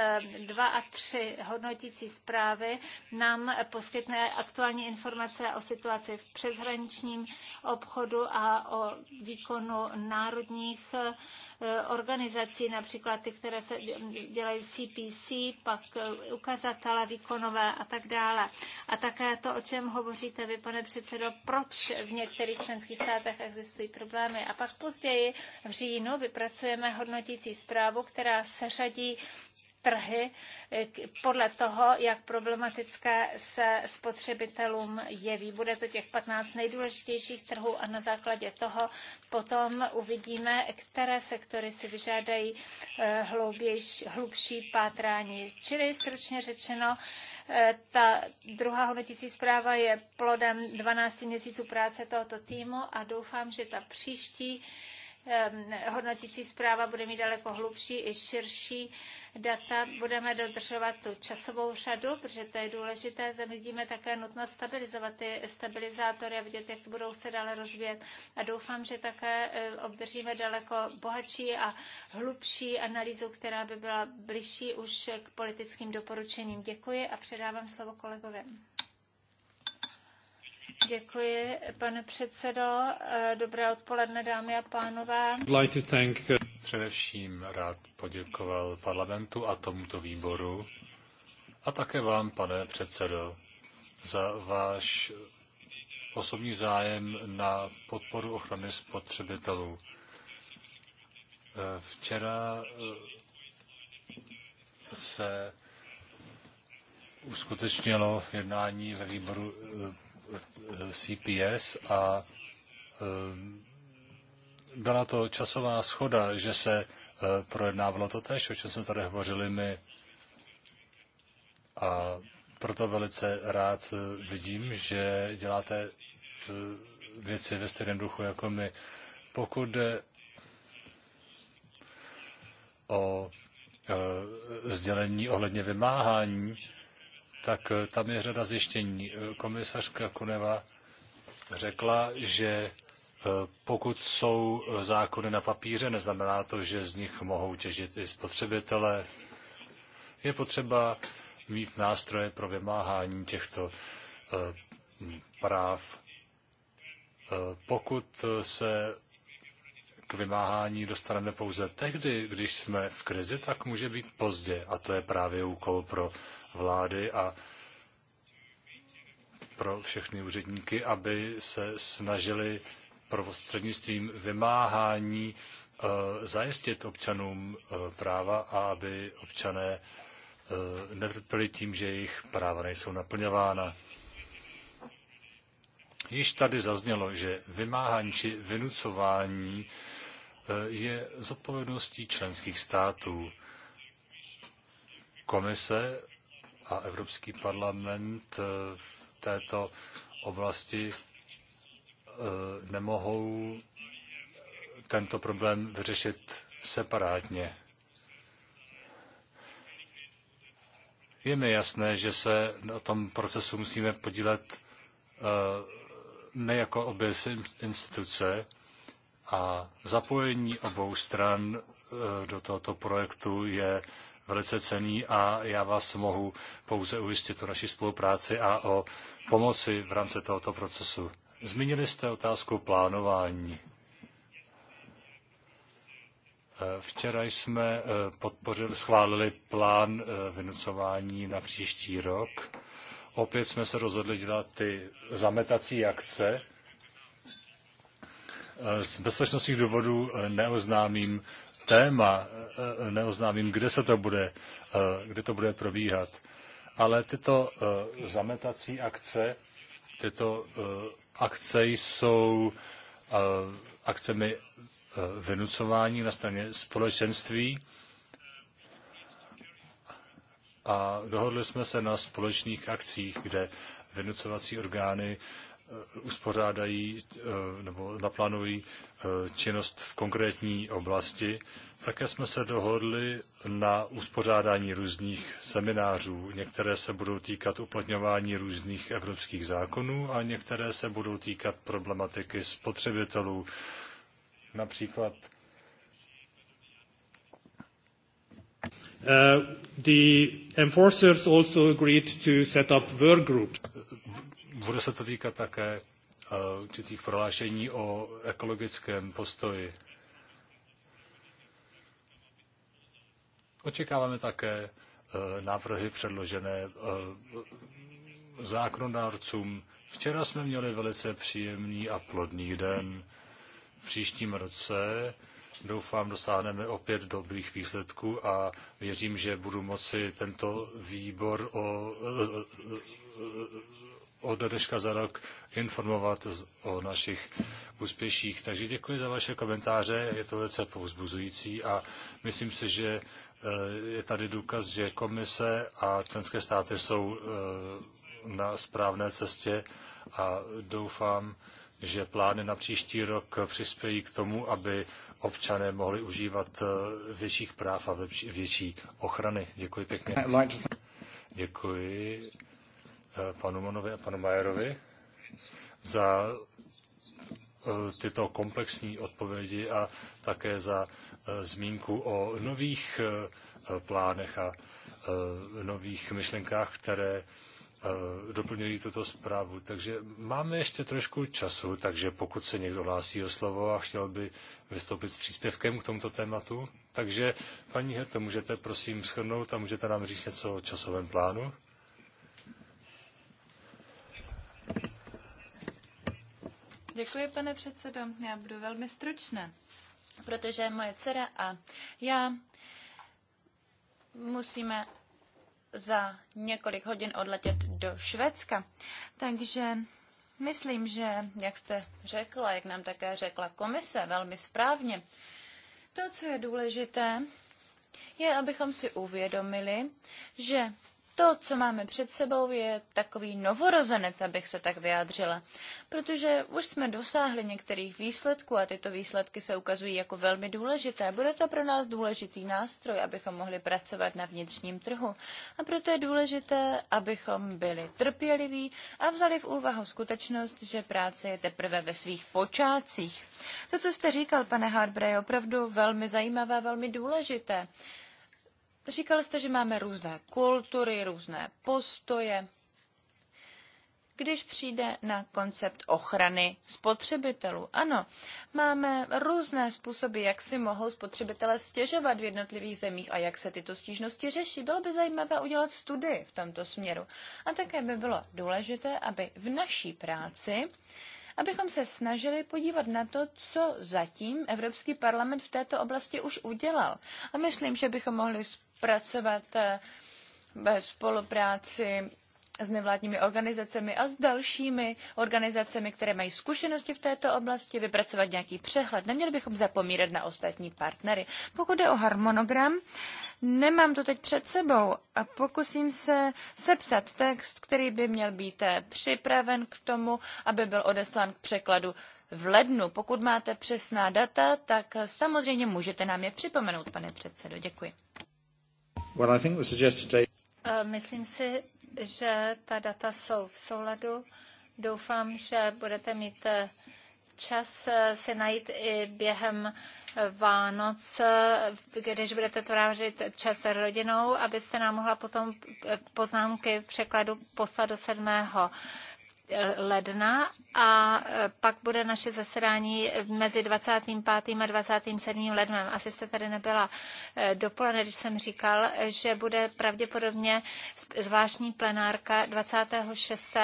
2 eh, a 3 hodnotící zprávy nám poskytne aktuální informace o situaci v přeshraničním obchodu a o výkonu národních eh, Eh, organizací, například ty, které se dělají CPC, pak eh, ukazatele výkonové a tak dále. A také to, o čem hovoříte vy, pane předsedo, proč v některých členských státech existují problémy. A pak později v říjnu vypracujeme hodnotící zprávu, která seřadí trhy eh, podle toho, jak problematické se spotřebitelům jeví. Bude to těch 15 nejdůležitějších trhů a na základě toho potom uvidíme, které sektory si vyžádají eh, hlouběž, hlubší pátrání. Čili stručně řečeno, eh, ta druhá hodnotící zpráva je plodem 12 měsíců práce tohoto týmu a doufám, že ta příští Ehm, hodnotící zpráva bude mít daleko hlubší i širší data. Budeme dodržovat tu časovou řadu, protože to je důležité. Vidíme také nutnost stabilizovat ty stabilizátory a vidět, jak to budou se dále rozvíjet. A doufám, že také eh, obdržíme daleko bohatší a hlubší analýzu, která by byla bližší už k politickým doporučením. Děkuji a předávám slovo kolegovi. Děkuji, pane předsedo. Eh, dobré odpoledne, dámy a pánové. Like to thank... Eh, především rád poděkoval parlamentu a tomuto výboru a také vám, pane předsedo, za váš osobní zájem na podporu ochrany spotřebitelů. Eh, včera se uskutečnilo jednání ve výboru CPS a eh, byla to časová schoda, že se eh, projednávalo to tež, o čem jsme tady hovořili my. A proto velice rád eh, vidím, že děláte věci ve stejném duchu jako my. Pokud jde o sdělení ohledně vymáhání, tak eh, tam je řada zjištění. Eh, komisařka Kuneva řekla, že eh, pokud jsou zákony na papíře, neznamená to, že z nich mohou těžit i spotřebitelé. Je potřeba mít nástroje pro vymáhání těchto práv. Pokud se k vymáhání dostaneme pouze tehdy, když jsme v krizi, tak může být pozdě. A to je právě úkol pro vlády a pro všechny úředníky, aby se snažili prostřednictvím vymáhání eh, zajistit občanům eh, práva a aby občané eh, netrpěli tím, že jejich práva nejsou naplňována. Již tady zaznělo, že vymáhání či vynucování je zodpovědností členských států. Komise a Evropský parlament eh, v této oblasti eh, nemohou tento problém vyřešit separátně. Je mi jasné, že se na tom procesu musíme podílet eh, ne jako obě instituce a zapojení obou stran do tohoto projektu je velice cený a já vás mohu pouze ujistit o naší spolupráci a o pomoci v rámci tohoto procesu. Zmínili jste otázku plánování. Eh, včera jsme eh, podpořili, schválili plán eh, vynucování na příští rok. Opět jsme se rozhodli dělat ty zametací akce. Z bezpečnostních důvodů neoznámím téma, e, e, neoznámím, kde se to bude, e, kde to bude probíhat. Ale tyto zametací akce, tyto akce jsou akcemi vynucování na straně společenství a dohodli jsme se na společných akcích, kde vynucovací orgány uspořádají nebo naplánují Eh, činnost v konkrétní oblasti. Také jsme se dohodli na uspořádání různých seminářů. Některé se budou týkat uplatňování různých evropských zákonů a některé se budou týkat problematiky spotřebitelů. Například Uh, the enforcers also agreed to set up work groups. Eh, bude se to týkat také určitých prohlášení o ekologickém postoji. Očekáváme také e, návrhy předložené e, zákonodárcům. Včera jsme měli velice příjemný a plodný den. V příštím roce doufám dosáhneme opět dobrých výsledků a věřím, že budu moci tento výbor o e, od dneška za rok informovat o našich úspěších. Takže děkuji za vaše komentáře, je to velice povzbuzující a myslím si, že eh, je tady důkaz, že komise a členské státy jsou eh, na správné cestě a doufám, že plány na příští rok přispějí k tomu, aby občané mohli užívat eh, větších práv a větší ochrany. Děkuji pěkně. Děkuji. Eh, panu Manovi a panu Majerovi za eh, tyto komplexní odpovědi a také za eh, zmínku o nových plánech a nových myšlenkách, které doplňují tuto zprávu. Takže máme ještě trošku času, takže pokud se někdo hlásí o slovo a chtěl by vystoupit s příspěvkem k tomuto tématu, takže paní Hete, můžete prosím shrnout a můžete nám říct něco o časovém plánu? Děkuji, pane předsedo. Já budu velmi stručná, protože moje dcera a já musíme za několik hodin odletět do Švédska. Takže myslím, že, jak jste řekla, jak nám také řekla komise, velmi správně, to, co je důležité, je, abychom si uvědomili, že to, co máme před sebou, je takový novorozenec, abych se tak vyjádřila, protože už jsme dosáhli některých výsledků a tyto výsledky se ukazují jako velmi důležité. Bude to pro nás důležitý nástroj, abychom mohli pracovat na vnitřním trhu. A proto je důležité, abychom byli trpěliví a vzali v úvahu skutečnost, že práce je teprve ve svých počátcích. To, co jste říkal, pane Harbre, je opravdu velmi zajímavé, velmi důležité. Říkali jste, že máme různé kultury, různé postoje. Když přijde na koncept ochrany spotřebitelů, ano, máme různé způsoby, jak si mohou spotřebitelé stěžovat v jednotlivých zemích a jak se tyto stížnosti řeší. Bylo by zajímavé udělat studii v tomto směru. A také by bylo důležité, aby v naší práci abychom se snažili podívat na to, co zatím Evropský parlament v této oblasti už udělal. A myslím, že bychom mohli zpracovat eh, ve spolupráci s nevládními organizacemi a s dalšími organizacemi, které mají zkušenosti v této oblasti, vypracovat nějaký přehled. Neměli bychom zapomírat na ostatní partnery. Pokud jde o harmonogram, nemám to teď před sebou a pokusím se sepsat text, který by měl být eh, připraven k tomu, aby byl odeslán k překladu v lednu. Pokud máte přesná data, tak eh, samozřejmě můžete nám je připomenout, pane předsedo. Děkuji. Well, eh, Myslím si, že ta data jsou v souladu. Doufám, že budete mít eh, čas eh, si najít i během eh, Vánoc, když budete tvářit čas s rodinou, abyste nám mohla potom poznámky v překladu poslat do 7 ledna a e, pak bude naše zasedání mezi 25. a 27. lednem. Asi jste tady nebyla e, dopoledne, když jsem říkal, že bude pravděpodobně zvláštní plenárka 26.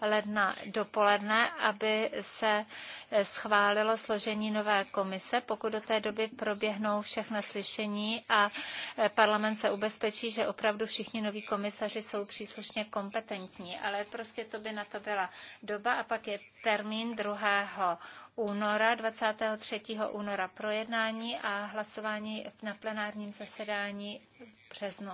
ledna dopoledne, aby se e, schválilo složení nové komise, pokud do té doby proběhnou všechna slyšení a parlament se ubezpečí, že opravdu všichni noví komisaři jsou příslušně kompetentní. Ale prostě to by na to byla doba a pak je termín 2. února, 23. února projednání a hlasování na plenárním zasedání v březnu.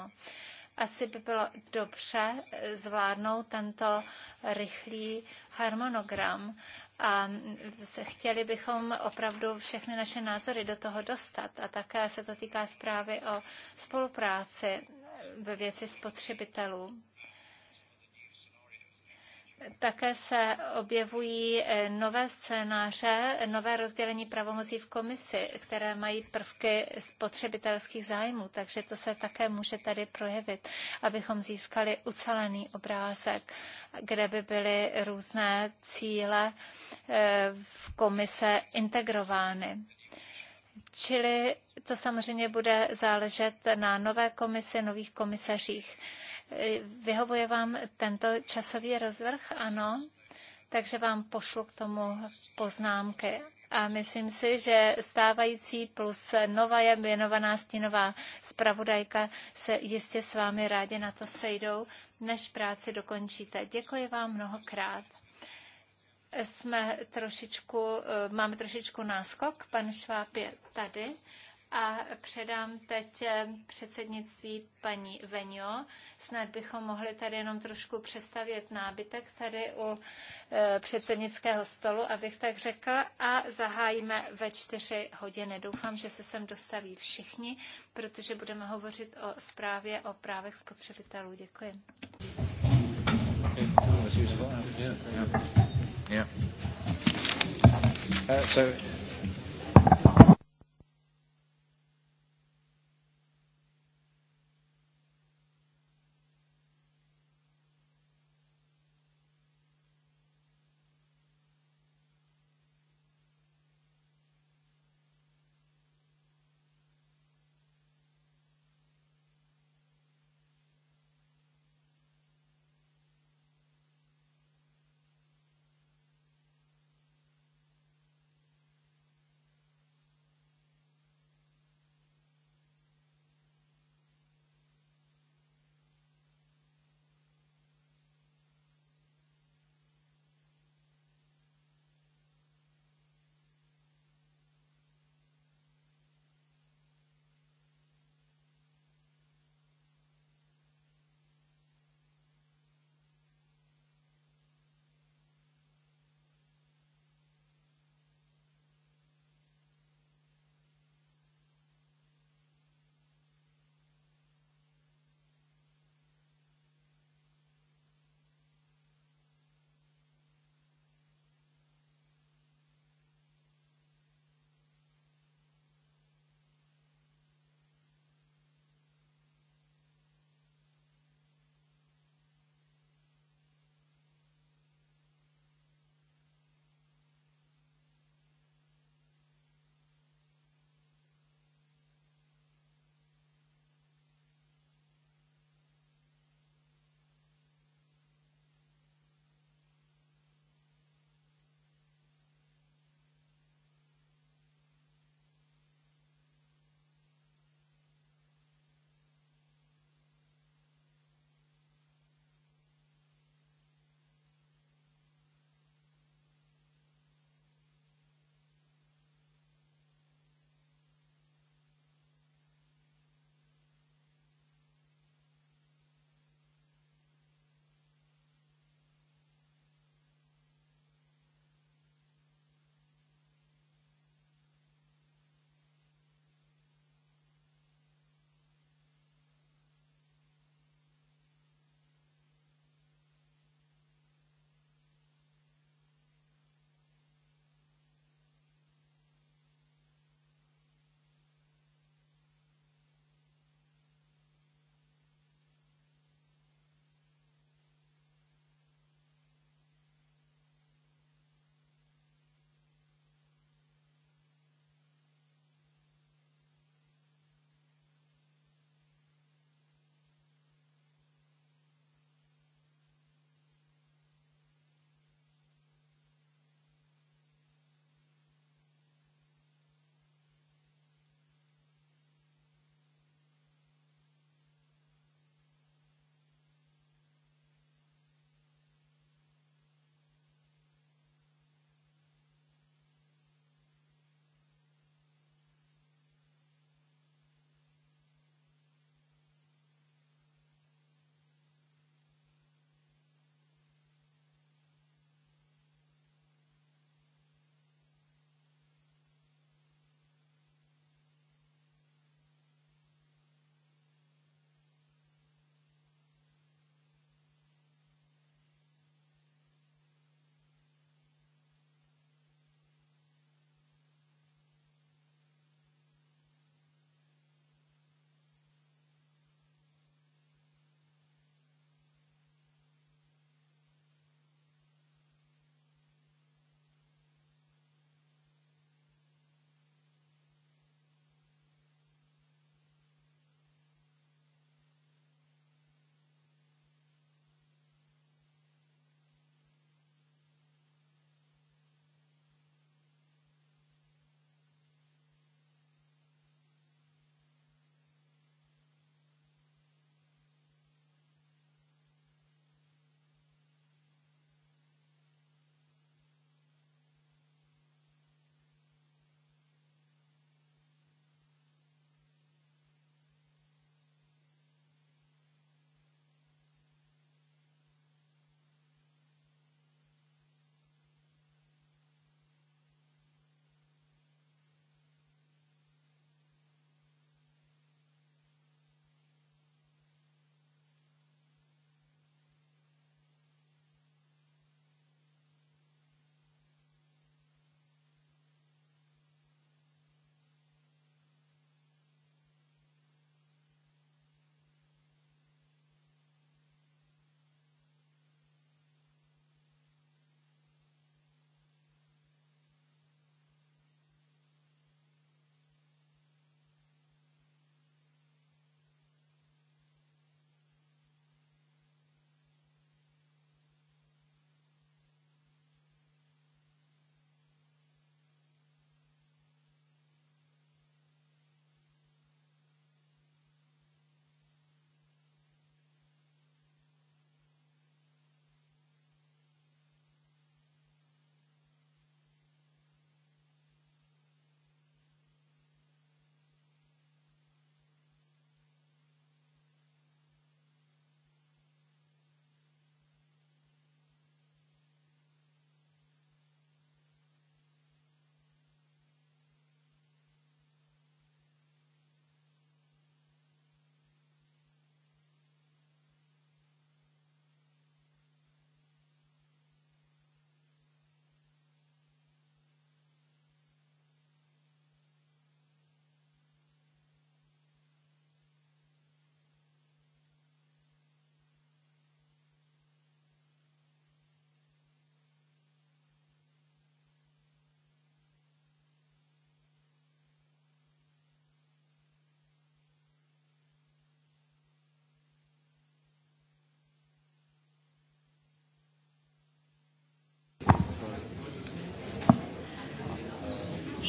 Asi by bylo dobře zvládnout tento rychlý harmonogram a chtěli bychom opravdu všechny naše názory do toho dostat. A také se to týká zprávy o spolupráci ve věci spotřebitelů. Také se objevují eh, nové scénáře, nové rozdělení pravomocí v komisi, které mají prvky spotřebitelských zájmů, takže to se také může tady projevit, abychom získali ucelený obrázek, kde by byly různé cíle eh, v komise integrovány. Čili to samozřejmě bude záležet na nové komisi, nových komisařích. Vyhovuje vám tento časový rozvrh? Ano. Takže vám pošlu k tomu poznámky. A myslím si, že stávající plus nová je věnovaná stínová zpravodajka se jistě s vámi rádi na to sejdou, než práci dokončíte. Děkuji vám mnohokrát. Jsme trošičku, e, máme trošičku náskok, pan Šváp je tady a předám teď eh, předsednictví paní Venio. Snad bychom mohli tady jenom trošku přestavět nábytek tady u eh, předsednického stolu, abych tak řekl, a zahájíme ve čtyři hodiny. Doufám, že se sem dostaví všichni, protože budeme hovořit o zprávě o právech spotřebitelů. Děkuji. Yeah. Uh, so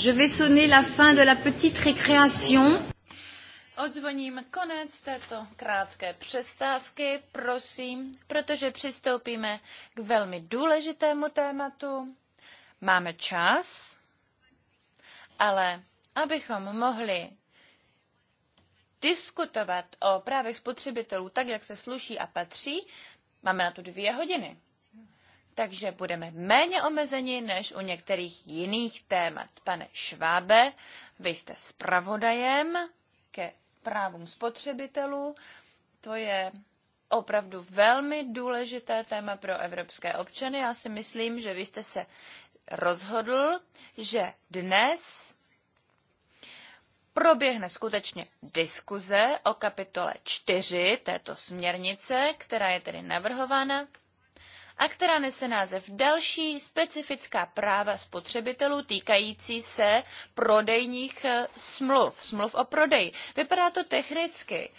Je vais sonner la fin de la petite récréation. Odzvoním konec této krátké přestávky, prosím, protože přistoupíme k velmi důležitému tématu. Máme čas, ale abychom mohli diskutovat o právech spotřebitelů tak, jak se sluší a patří, máme na to dvě hodiny takže budeme méně omezeni než u některých jiných témat. Pane Švábe, vy jste spravodajem ke právům spotřebitelů. To je opravdu velmi důležité téma pro evropské občany. Já si myslím, že vy jste se rozhodl, že dnes proběhne skutečně diskuze o kapitole 4 této směrnice, která je tedy navrhována a která nese název Další specifická práva spotřebitelů týkající se prodejních eh, smluv, smluv o prodeji. Vypadá to technicky,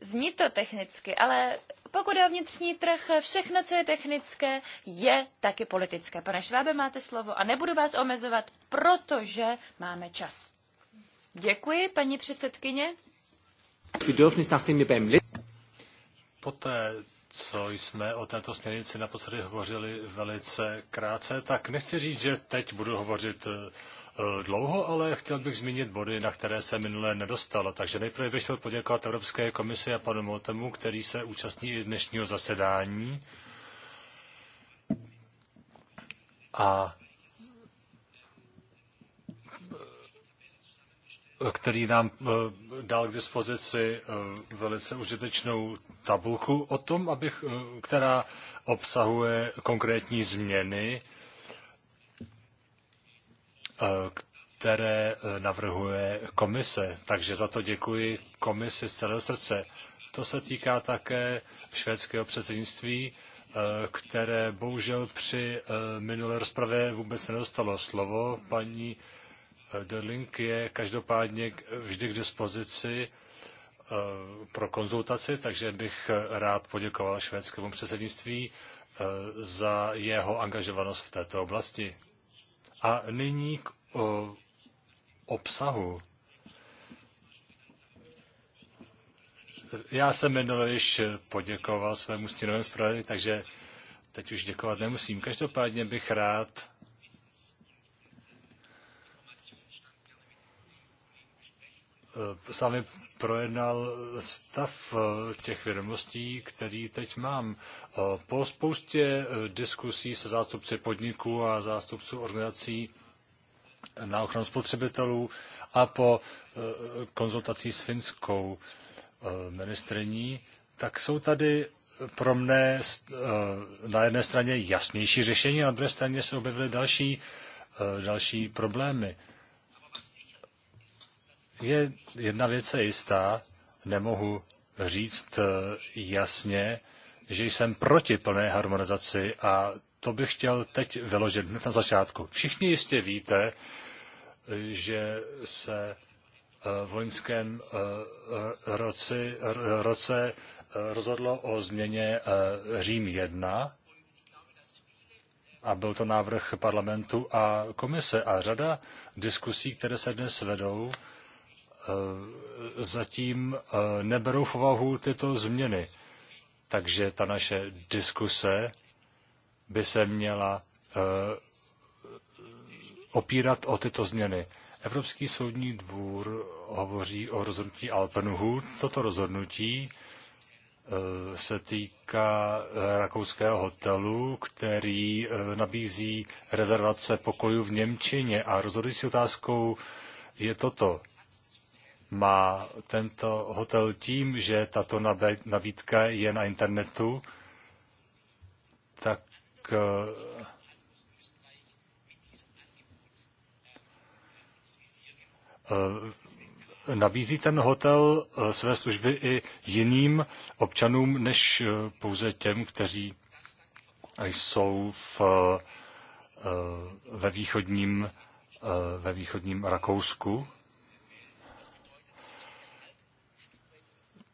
zní to technicky, ale pokud je o vnitřní trh, všechno, co je technické, je taky politické. Pane Švábe, máte slovo a nebudu vás omezovat, protože máme čas. Děkuji, paní předsedkyně. Poté, co jsme o této směrnici naposledy hovořili velice krátce, tak nechci říct, že teď budu hovořit eh, dlouho, ale chtěl bych zmínit body, na které se minule nedostalo. Takže nejprve bych chtěl poděkovat Evropské komisi a panu Motemu, který se účastní i dnešního zasedání. A který nám eh, dal k dispozici eh, velice užitečnou tabulku o tom, abych, eh, která obsahuje konkrétní změny, které navrhuje komise. Takže za to děkuji komisi z celého srdce. To se týká také švédského předsednictví, které bohužel při minulé rozpravě vůbec nedostalo slovo. Paní link je každopádně vždy k dispozici eh, pro konzultaci, takže bych eh, rád poděkoval švédskému předsednictví eh, za jeho angažovanost v této oblasti. A nyní k obsahu. Já jsem minule již poděkoval svému stínovému zpravodaji, takže teď už děkovat nemusím. Každopádně bych rád Eh, s vámi projednal stav eh, těch vědomostí, který teď mám. Eh, po spoustě diskusí se zástupci podniků a zástupců organizací na ochranu spotřebitelů a po konzultací s finskou ministriní, tak jsou tady pro mne na jedné straně jasnější řešení, a na druhé straně se objevily další, další problémy je jedna věc je jistá, nemohu říct eh, jasně, že jsem proti plné harmonizaci a to bych chtěl teď vyložit hned na začátku. Všichni jistě víte, eh, že se eh, v loňském roci, roce rozhodlo o změně Řím 1 a byl to návrh parlamentu a komise a řada diskusí, které se dnes vedou, Eh, zatím eh, neberou v úvahu tyto změny. Takže ta naše diskuse by se měla eh, opírat o tyto změny. Evropský soudní dvůr hovoří o rozhodnutí Alpenhut. Toto rozhodnutí se týká rakouského hotelu, který nabízí rezervace pokojů v Němčině. A rozhodující otázkou je toto má tento hotel tím, že tato nabídka je na internetu, tak eh, nabízí ten hotel eh, své služby i jiným občanům, než eh, pouze těm, kteří jsou v, ve východním, ve východním Rakousku.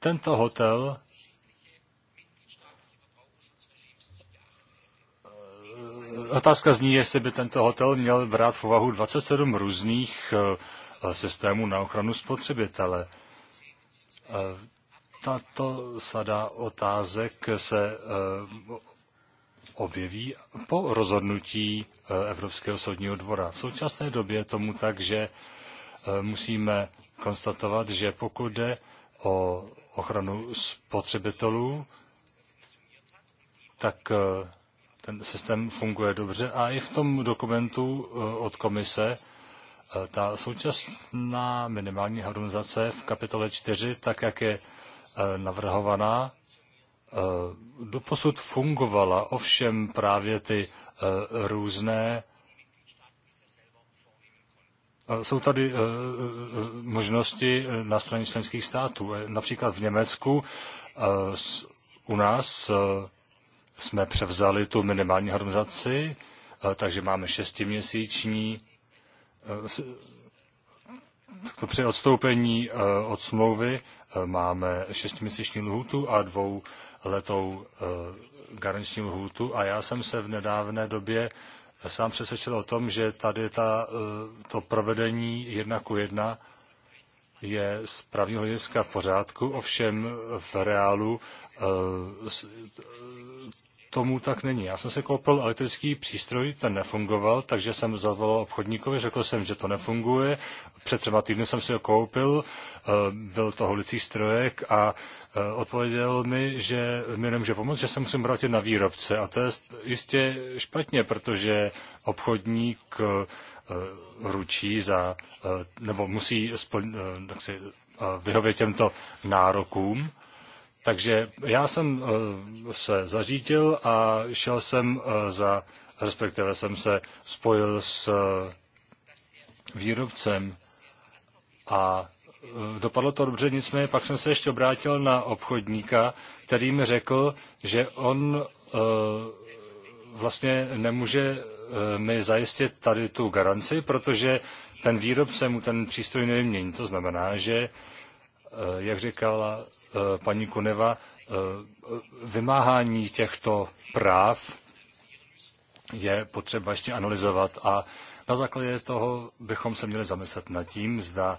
Tento hotel eh, Otázka zní, jestli by tento hotel měl brát v úvahu 27 různých eh, systémů na ochranu spotřebitele. Eh, tato sada otázek se objeví po rozhodnutí Evropského soudního dvora. V současné době je tomu tak, že musíme konstatovat, že pokud jde o ochranu spotřebitelů, tak eh, ten systém funguje dobře a i v tom dokumentu eh, od komise eh, ta současná minimální harmonizace v kapitole 4, tak jak je navrhovaná, doposud fungovala, ovšem právě ty různé jsou tady eh, eh, možnosti eh, na straně členských států. Například v Německu u nás jsme převzali tu minimální harmonizaci, takže máme šestiměsíční to při odstoupení od smlouvy máme šestiměsíční lhůtu a dvou letou garanční lhůtu a já jsem se v nedávné době já jsem přesvědčil o tom, že tady ta, eh, to provedení jedna ku jedna je z pravního hlediska v pořádku, ovšem v reálu eh, eh, tomu tak není. Já jsem si koupil elektrický přístroj, ten nefungoval, takže jsem zavolal obchodníkovi, řekl jsem, že to nefunguje. Před třema týdny jsem si ho koupil, Eh, byl to holicí strojek a eh, odpověděl mi, že mi nemůže pomoct, že se musím vrátit na výrobce. A to je jistě špatně, protože obchodník eh, ručí za, nebo musí splň, si, vyhovět těmto nárokům. Takže já jsem se zařídil a šel jsem za, respektive jsem se spojil s výrobcem a Eh, dopadlo to dobře, nicméně pak jsem se ještě obrátil na obchodníka, který mi řekl, že on eh, vlastně nemůže eh, mi zajistit tady tu garanci, protože ten výrobce mu ten přístroj nevymění. To znamená, že, jak říkala paní Kuneva, vymáhání těchto práv je potřeba ještě analyzovat a na základě toho bychom se měli zamyslet nad tím, zda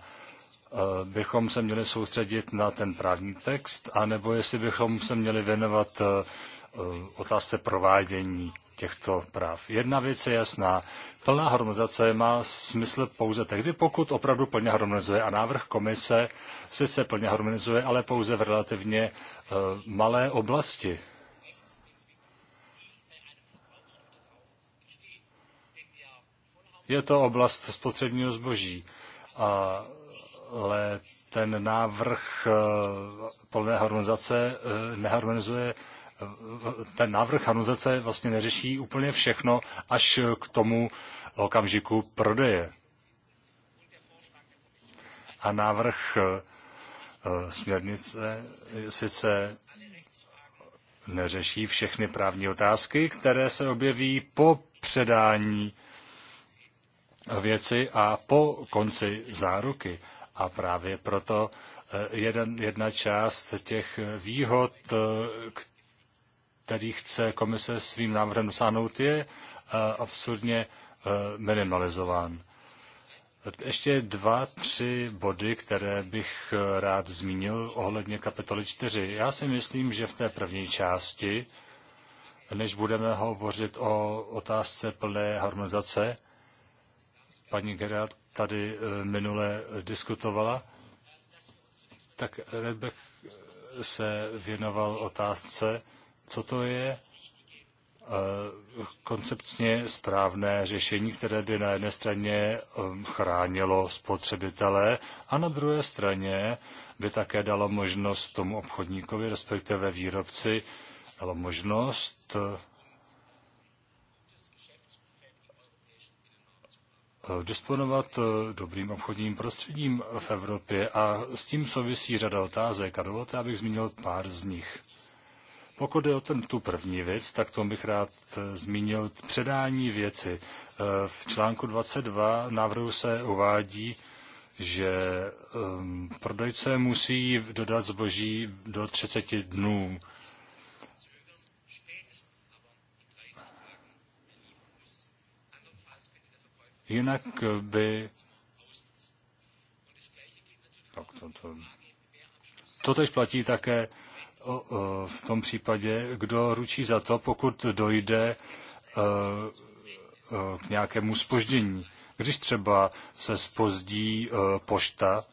Eh, bychom se měli soustředit na ten právní text, anebo jestli bychom se měli věnovat eh, eh, otázce provádění těchto práv. Jedna věc je jasná. Plná harmonizace má smysl pouze tehdy, pokud opravdu plně harmonizuje. A návrh komise sice plně harmonizuje, ale pouze v relativně malé oblasti. Je to oblast spotřebního zboží. A ale ten návrh eh, plné harmonizace eh, neharmonizuje eh, ten návrh harmonizace vlastně neřeší úplně všechno až k tomu okamžiku prodeje. A návrh směrnice sice neřeší všechny právní otázky, které se objeví po předání věci a po konci záruky. A právě proto eh, jeden, jedna část těch výhod, eh, který chce komise svým návrhem dosáhnout, je eh, absurdně minimalizován. Ještě dva, tři body, které bych rád zmínil ohledně kapitoly 4. Já si myslím, že v té první části, než budeme hovořit o otázce plné harmonizace, paní Gerard tady eh, minule eh, diskutovala, tak Rebek eh, se věnoval otázce, co to je koncepčně správné řešení, které by na jedné straně chránilo spotřebitele a na druhé straně by také dalo možnost tomu obchodníkovi, respektive výrobci, dalo možnost Eh, disponovat eh, dobrým obchodním prostředím v Evropě a s tím souvisí řada otázek a dovolte, abych zmínil pár z nich. Pokud je o ten, tu první věc, tak to bych rád eh, zmínil předání věci. V článku 22 návrhu se uvádí, že um, prodejce musí dodat zboží do 30 dnů. Jinak by... Tak to, to... tež platí také v tom případě, kdo ručí za to, pokud dojde e, e, k nějakému spoždění. Když třeba se spozdí e, pošta,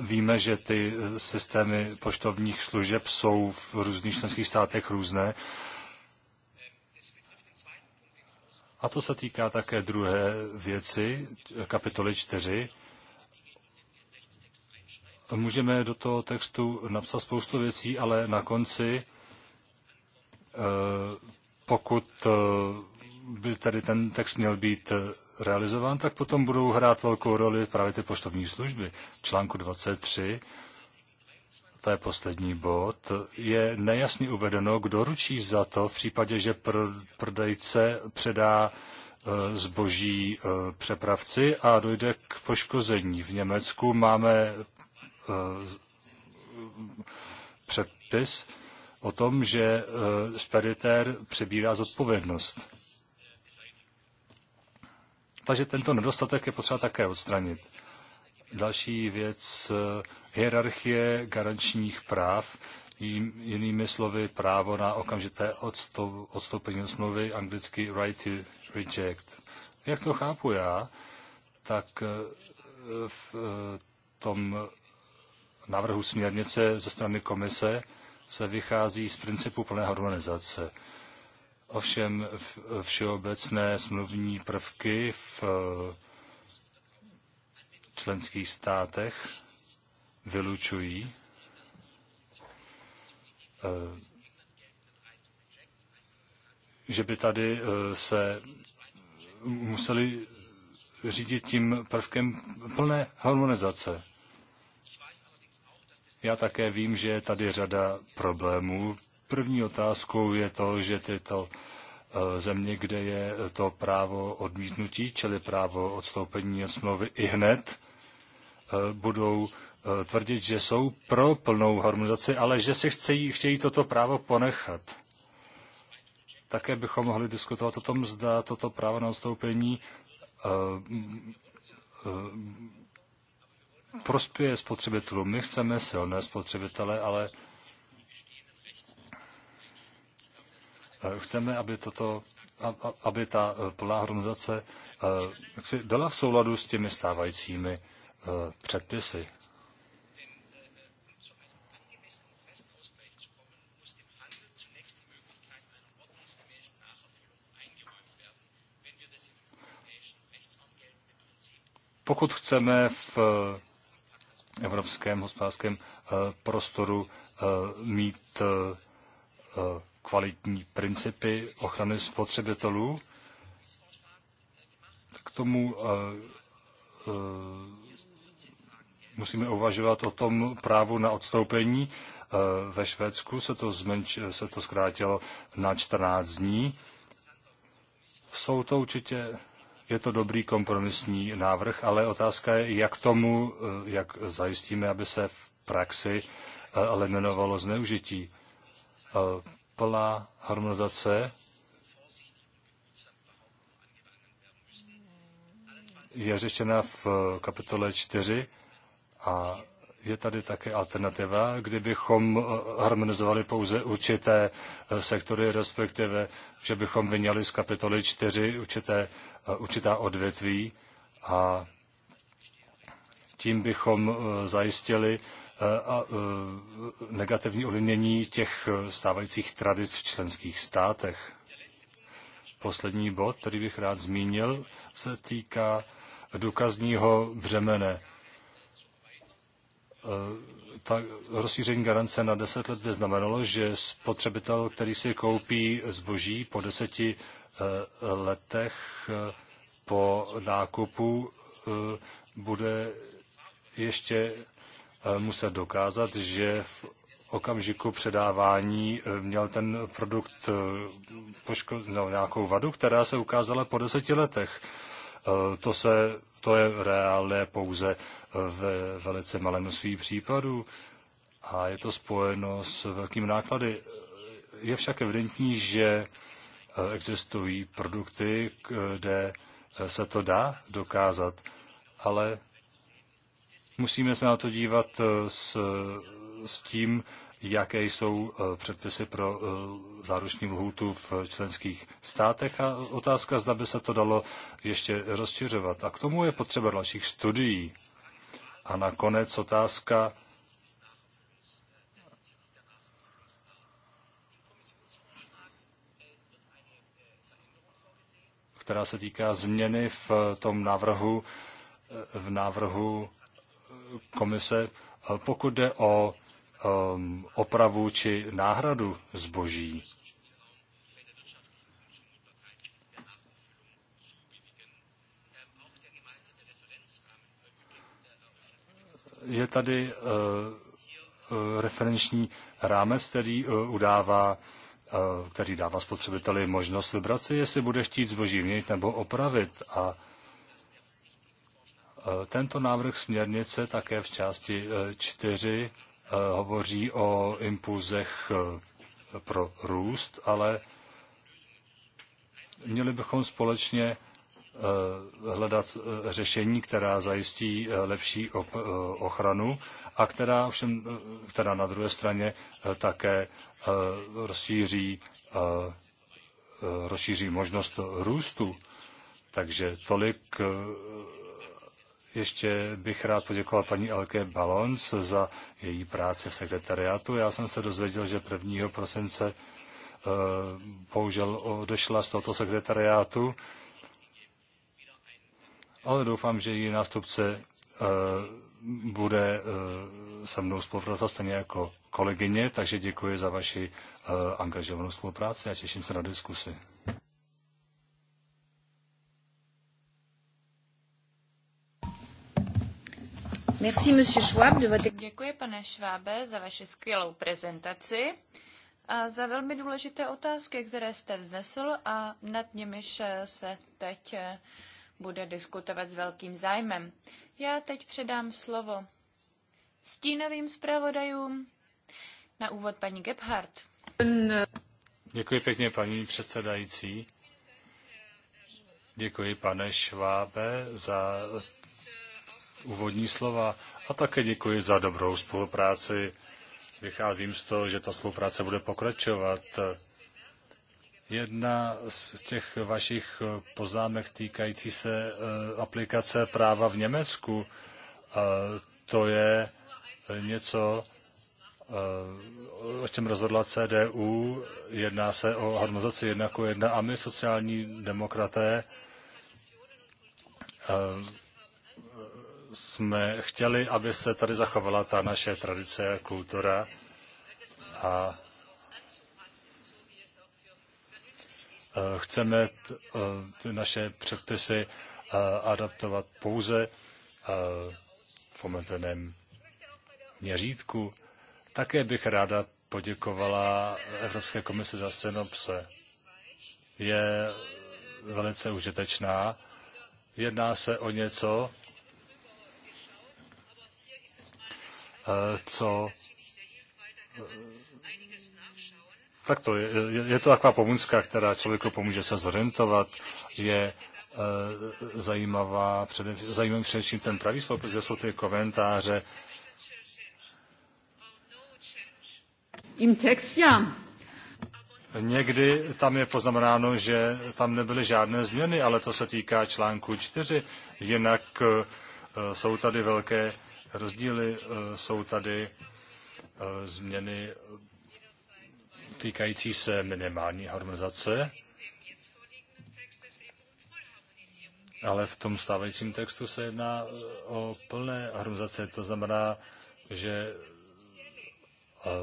víme, že ty systémy poštovních služeb jsou v různých členských státech různé, A to se týká také druhé věci, kapitoly 4. Můžeme do toho textu napsat spoustu věcí, ale na konci, eh, pokud eh, by tady ten text měl být eh, realizován, tak potom budou hrát velkou roli právě ty poštovní služby. V článku 23 to je poslední bod, je nejasně uvedeno, kdo ručí za to v případě, že pr- prodejce předá eh, zboží eh, přepravci a dojde k poškození. V Německu máme eh, předpis o tom, že speditér přebírá zodpovědnost. Takže tento nedostatek je potřeba také odstranit. Další věc, eh, hierarchie garančních práv, jinými slovy právo na okamžité odstoupení od smlouvy, anglicky right to reject. Jak to chápu já, tak eh, v eh, tom návrhu směrnice ze strany komise se vychází z principu plné harmonizace. Ovšem všeobecné smluvní prvky v členských státech vylučují eh, že by tady eh, se museli řídit tím prvkem plné harmonizace. Já také vím, že je tady řada problémů. První otázkou je to, že tyto E, země, kde je to právo odmítnutí, čili právo odstoupení od smlouvy i hned, e, budou e, tvrdit, že jsou pro plnou harmonizaci, ale že si chcejí, chtějí toto právo ponechat. Také bychom mohli diskutovat o tom, zda toto právo na odstoupení prospěje spotřebitelům. My chceme silné spotřebitele, ale Eh, chceme, aby, toto, aby ta eh, plná harmonizace eh, byla v souladu s těmi stávajícími předpisy. Pokud chceme v evropském hospodářském prostoru mít kvalitní principy ochrany spotřebitelů. K tomu eh, eh, musíme uvažovat o tom právu na odstoupení. Eh, ve Švédsku se to, zmenč, se to zkrátilo na 14 dní. Jsou to určitě, je to dobrý kompromisní návrh, ale otázka je, jak tomu, jak zajistíme, aby se v praxi eliminovalo zneužití plná harmonizace je řešena v kapitole 4 a je tady také alternativa, kdybychom eh, harmonizovali pouze určité eh, sektory, respektive, že bychom vyňali z kapitoly 4 určité, eh, určitá odvětví a tím bychom zajistili Eh, a eh, negativní ovlivnění těch eh, stávajících tradic v členských státech. Poslední bod, který bych rád zmínil, se týká důkazního břemene. Ta rozšíření garance na 10 let by znamenalo, že spotřebitel, který si koupí zboží po deseti letech po nákupu, bude ještě Eh, muset dokázat, že v okamžiku předávání eh, měl ten produkt eh, poško- no, nějakou vadu, která se ukázala po deseti letech. To, se, to je reálné pouze ve velice malém množství případů a je to spojeno s velkými náklady. Je však evidentní, že existují produkty, kde se to dá dokázat, ale Musíme se na to dívat eh, s, s tím, jaké jsou eh, předpisy pro eh, záruční lhůtu v členských státech a otázka, zda by se to dalo ještě rozšiřovat. A k tomu je potřeba dalších studií. A nakonec otázka, která se týká změny v tom návrhu, v návrhu komise, eh, pokud jde o um, opravu či náhradu zboží. Je tady uh, referenční rámec, který uh, udává který dává spotřebiteli možnost vybrat si, jestli bude chtít zboží měnit nebo opravit. A Eh, tento návrh směrnice také v části 4 eh, eh, hovoří o impulzech pro růst, ale měli bychom společně hledat řešení, která zajistí lepší ochranu a která ovšem, která na druhé straně také rozšíří, rozšíří možnost růstu. Takže tolik ještě bych rád poděkoval paní Elke Balons za její práci v sekretariátu. Já jsem se dozvěděl, že 1. prosince eh, bohužel odešla z tohoto sekretariátu, ale doufám, že její nástupce eh, bude eh, se mnou spolupracovat stejně jako kolegyně, takže děkuji za vaši angažovanou spolupráci a těším se na diskusi. Merci, monsieur Schwab, de votre... Děkuji, pane Schwabe, za vaši skvělou prezentaci a za velmi důležité otázky, které jste vznesl a nad nimiž se teď bude diskutovat s velkým zájmem. Já teď předám slovo stínovým zpravodajům. Na úvod paní Gebhardt. Děkuji pěkně, paní předsedající. Děkuji, pane Švábe, za úvodní slova a také děkuji za dobrou spolupráci. Vycházím z toho, že ta spolupráce bude pokračovat. Jedna z těch vašich poznámek týkající se eh, aplikace práva v Německu, eh, to je něco, eh, o čem rozhodla CDU. Jedná se o harmonizaci jedna jedna a my, sociální demokraté, jsme chtěli, aby se tady zachovala ta naše tradice kultura a eh, chceme eh, ty naše předpisy eh, adaptovat pouze v omezeném měřítku. Také bych ráda poděkovala Evropské komisi za synopse. Je velice užitečná. Jedná se o něco, co tak to je, je to taková pomůcka, která člověku pomůže se zorientovat, je e, zajímavá, předev, zajímavý především ten pravý slov, protože jsou ty komentáře. Im Text, ja. Někdy tam je poznamenáno, že tam nebyly žádné změny, ale to se týká článku 4. Jinak e, jsou tady velké rozdíly. Eh, jsou tady eh, změny týkající se minimální harmonizace, ale v tom stávajícím textu se jedná eh, o plné harmonizace. To znamená, že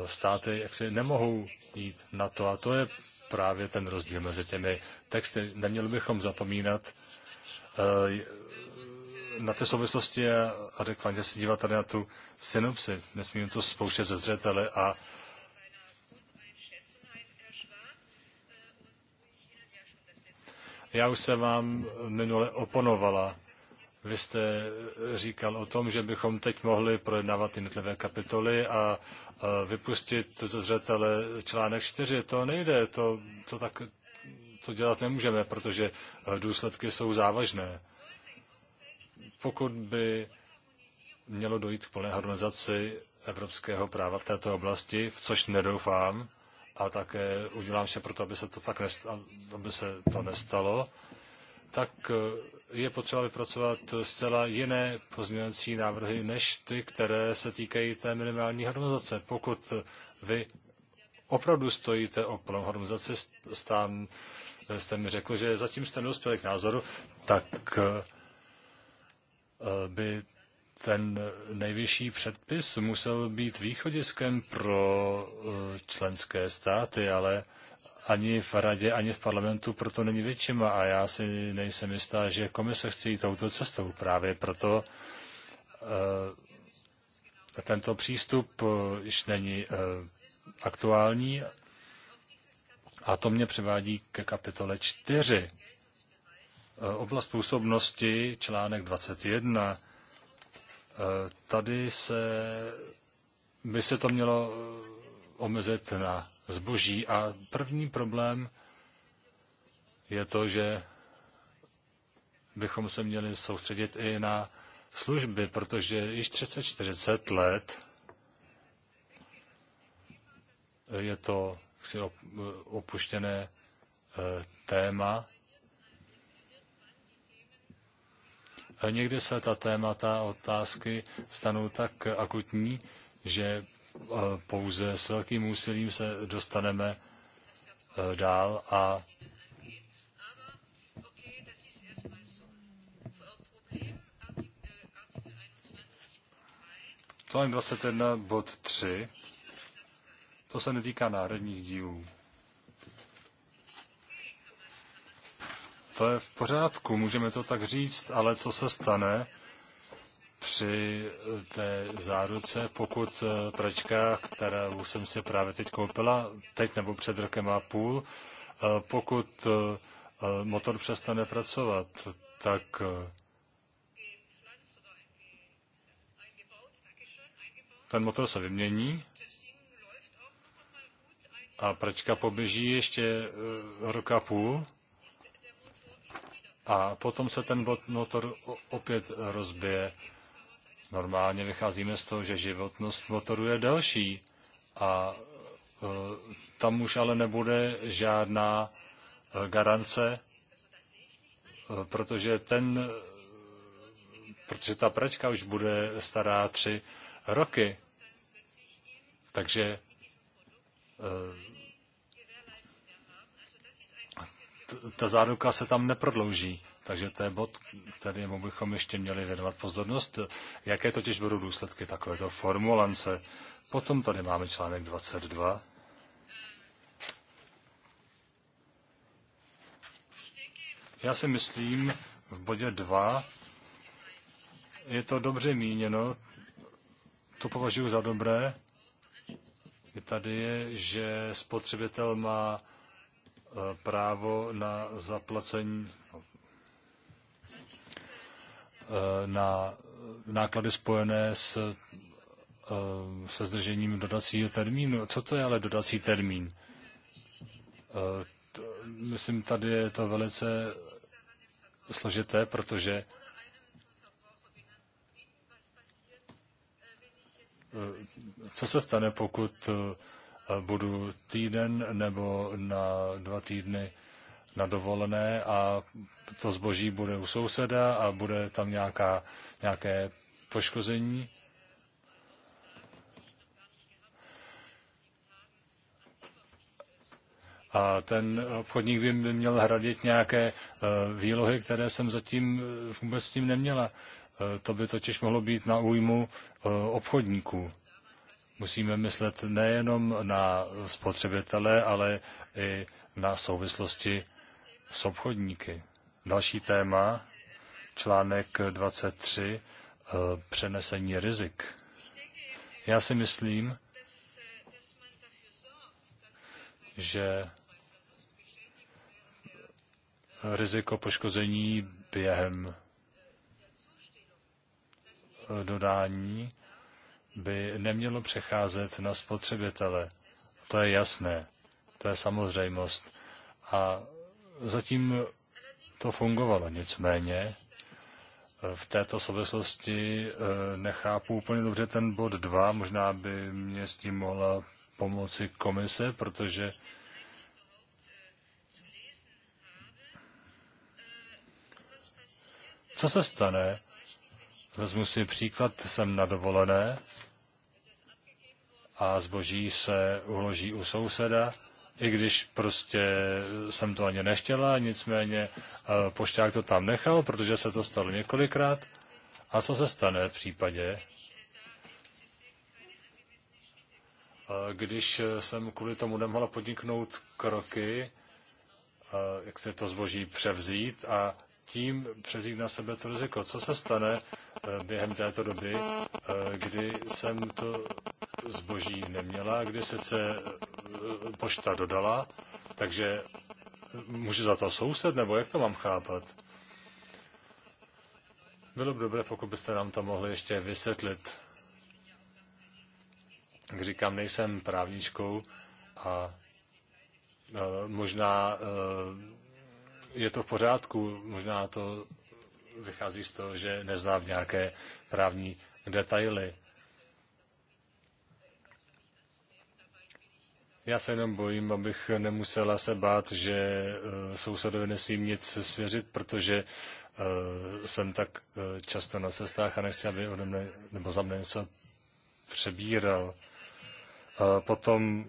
státy jaksi nemohou jít na to. A to je právě ten rozdíl mezi těmi texty. Neměli bychom zapomínat na té souvislosti je adekvátně se dívat tady na tu synopsi. Nesmíme to spouštět ze zřetele a Já už jsem vám minule oponovala. Vy jste říkal o tom, že bychom teď mohli projednávat jednotlivé kapitoly a vypustit ze zřetele článek 4. To nejde, to, to, tak, to dělat nemůžeme, protože důsledky jsou závažné pokud by mělo dojít k plné harmonizaci evropského práva v této oblasti, v což nedoufám, a také udělám vše pro to, aby se to, tak nestalo, aby se to nestalo, tak eh, je potřeba vypracovat zcela jiné pozměňovací návrhy, než ty, které se týkají té minimální harmonizace. Pokud vy opravdu stojíte o plnou harmonizaci, jste mi řekl, že zatím jste nedospěli k názoru, tak eh, Eh, by ten nejvyšší předpis musel být východiskem pro eh, členské státy, ale ani v radě, ani v parlamentu proto není většina a já si nejsem jistá, že komise chce jít touto cestou. Právě proto eh, tento přístup již není aktuální a to mě přivádí ke kapitole 4. Oblast působnosti, článek 21. E, tady se, by se to mělo e, omezit na zboží. A první problém je to, že bychom se měli soustředit i na služby, protože již 30-40 let je to opuštěné e, téma Někdy se ta témata, otázky stanou tak akutní, že eh, pouze s velkým úsilím se dostaneme eh, dál a Článek 21 bod 3, to se netýká náhradních dílů. To je v pořádku, můžeme to tak říct, ale co se stane při té záruce, pokud eh, pračka, kterou jsem si právě teď koupila, teď nebo před rokem a půl, eh, pokud eh, motor přestane pracovat, tak ten motor se vymění a pračka poběží ještě rok a půl a potom se ten motor opět rozbije. Normálně vycházíme z toho, že životnost motoru je delší a e, tam už ale nebude žádná e, garance, e, protože ten, protože ta pračka už bude stará tři roky. Takže ta záruka se tam neprodlouží. Takže to je bod, kterému bychom ještě měli věnovat pozornost. Jaké totiž budou důsledky takovéto formulance? Potom tady máme článek 22. Já si myslím, v bodě 2 je to dobře míněno, to považuji za dobré. Tady je, že spotřebitel má právo na zaplacení eh, na náklady spojené s, eh, se zdržením dodacího termínu. Co to je ale dodací termín? Eh, myslím, tady je to velice složité, protože co se stane, pokud budu týden nebo na dva týdny na dovolené a to zboží bude u souseda a bude tam nějaká, nějaké poškození. A ten obchodník by mi měl hradit nějaké e, výlohy, které jsem zatím e, vůbec s tím neměla. E, to by totiž mohlo být na újmu obchodníků. Musíme myslet nejenom na spotřebitele, ale i na souvislosti s obchodníky. Další téma, článek 23, eh, přenesení rizik. Já si myslím, že riziko poškození během eh, dodání by nemělo přecházet na spotřebitele. To je jasné, to je samozřejmost. A zatím to fungovalo, nicméně v této souvislosti eh, nechápu úplně dobře ten bod 2, možná by mě s tím mohla pomoci komise, protože co se stane, Vezmu si příklad, jsem na dovolené a zboží se uloží u souseda, i když prostě jsem to ani nechtěla, nicméně eh, pošťák to tam nechal, protože se to stalo několikrát. A co se stane v případě, eh, když jsem kvůli tomu nemohla podniknout kroky, eh, jak se to zboží převzít a tím přezít na sebe to riziko. Co se stane eh, během této doby, eh, kdy jsem to zboží neměla, kdy sice eh, pošta dodala, takže může za to soused, nebo jak to mám chápat? Bylo by dobré, pokud byste nám to mohli ještě vysvětlit. Jak říkám, nejsem právničkou a možná je to v pořádku. Možná to vychází z toho, že neznám nějaké právní detaily. Já se jenom bojím, abych nemusela se bát, že eh, sousedovi nesmím nic svěřit, protože eh, jsem tak eh, často na cestách a nechci, aby ode mne nebo za mne něco přebíral. Potom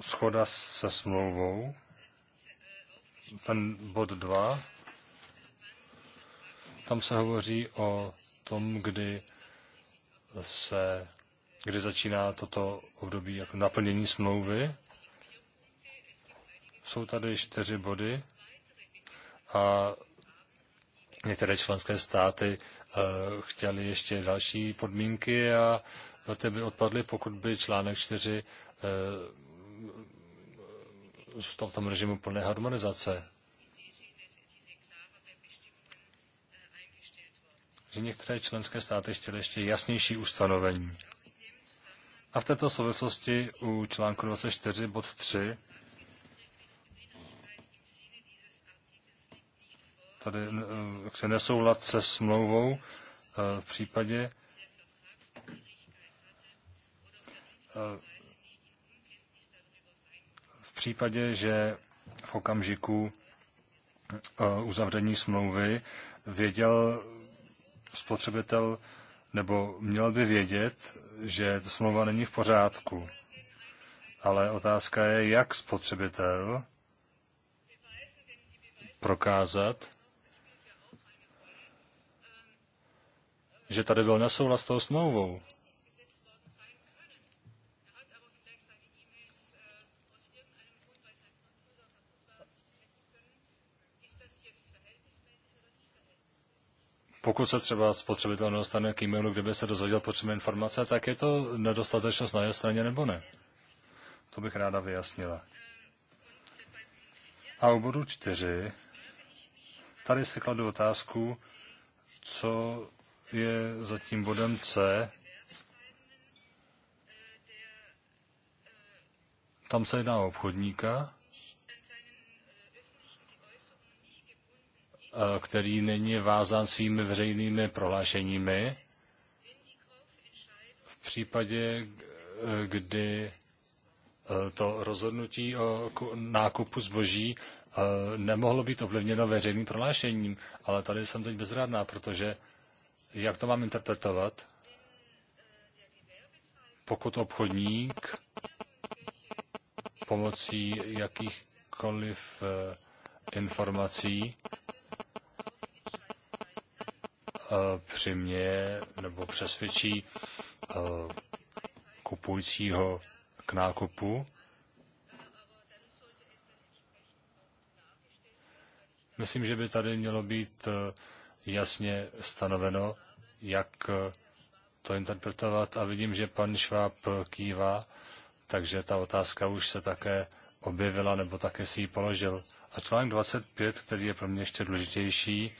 schoda se smlouvou ten bod 2, tam se hovoří o tom, kdy se, kdy začíná toto období jako naplnění smlouvy. Jsou tady čtyři body a některé členské státy eh, chtěli ještě další podmínky a ty by odpadly, pokud by článek 4 v tom režimu plné harmonizace. Že některé členské státy chtěly ještě jasnější ustanovení. A v této souvislosti u článku 24 bod 3 tady e, se nesoulad se smlouvou e, v případě e, případě, že v okamžiku eh, uzavření smlouvy věděl spotřebitel nebo měl by vědět, že ta smlouva není v pořádku. Ale otázka je, jak spotřebitel prokázat, že tady byl nesouhlas s tou smlouvou. Pokud se třeba spotřebitel nedostane k e-mailu, kdyby se dozvěděl potřebné informace, tak je to nedostatečnost na jeho straně nebo ne? To bych ráda vyjasnila. A u bodu čtyři, tady se kladu otázku, co je za tím bodem C. Tam se jedná o obchodníka, Eh, který není vázán svými veřejnými prohlášeními. V případě, eh, kdy eh, to rozhodnutí o nákupu zboží nemohlo být ovlivněno veřejným prohlášením, ale tady jsem teď bezradná, protože jak to mám interpretovat, pokud obchodník pomocí jakýchkoliv informací Eh, přiměje nebo přesvědčí eh, kupujícího k nákupu. Myslím, že by tady mělo být eh, jasně stanoveno, jak to interpretovat a vidím, že pan Šváb kývá, takže ta otázka už se také objevila nebo také si ji položil. A článek 25, který je pro mě ještě důležitější,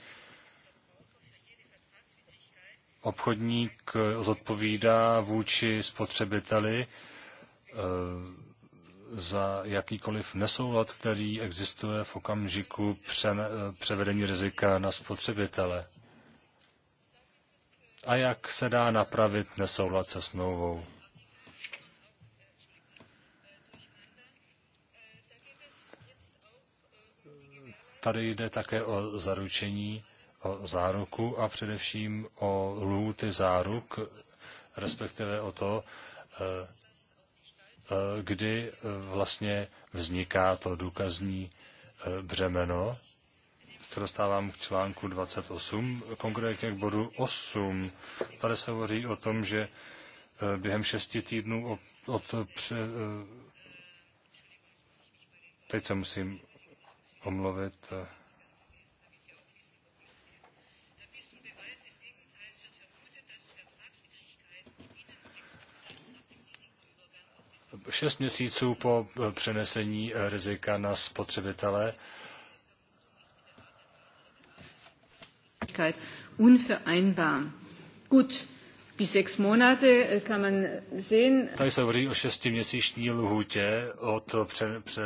obchodník eh, zodpovídá vůči spotřebiteli eh, za jakýkoliv nesoulad, který existuje v okamžiku eh, převedení rizika na spotřebitele. A jak se dá napravit nesoulad se smlouvou? Tady jde také o zaručení o záruku a především o lůty záruk, respektive o to, eh, eh, kdy eh, vlastně vzniká to důkazní břemeno. Se dostávám k článku 28, konkrétně k bodu 8. Tady se hovoří o tom, že během šesti týdnů od, od teď se musím omluvit. šest měsíců po eh, přenesení eh, rizika na spotřebitele. Unvereinbar. Gut, bis sechs Monate äh, kann man sehen. Tady se hovoří o šestiměsíční lhůtě od pře, pře,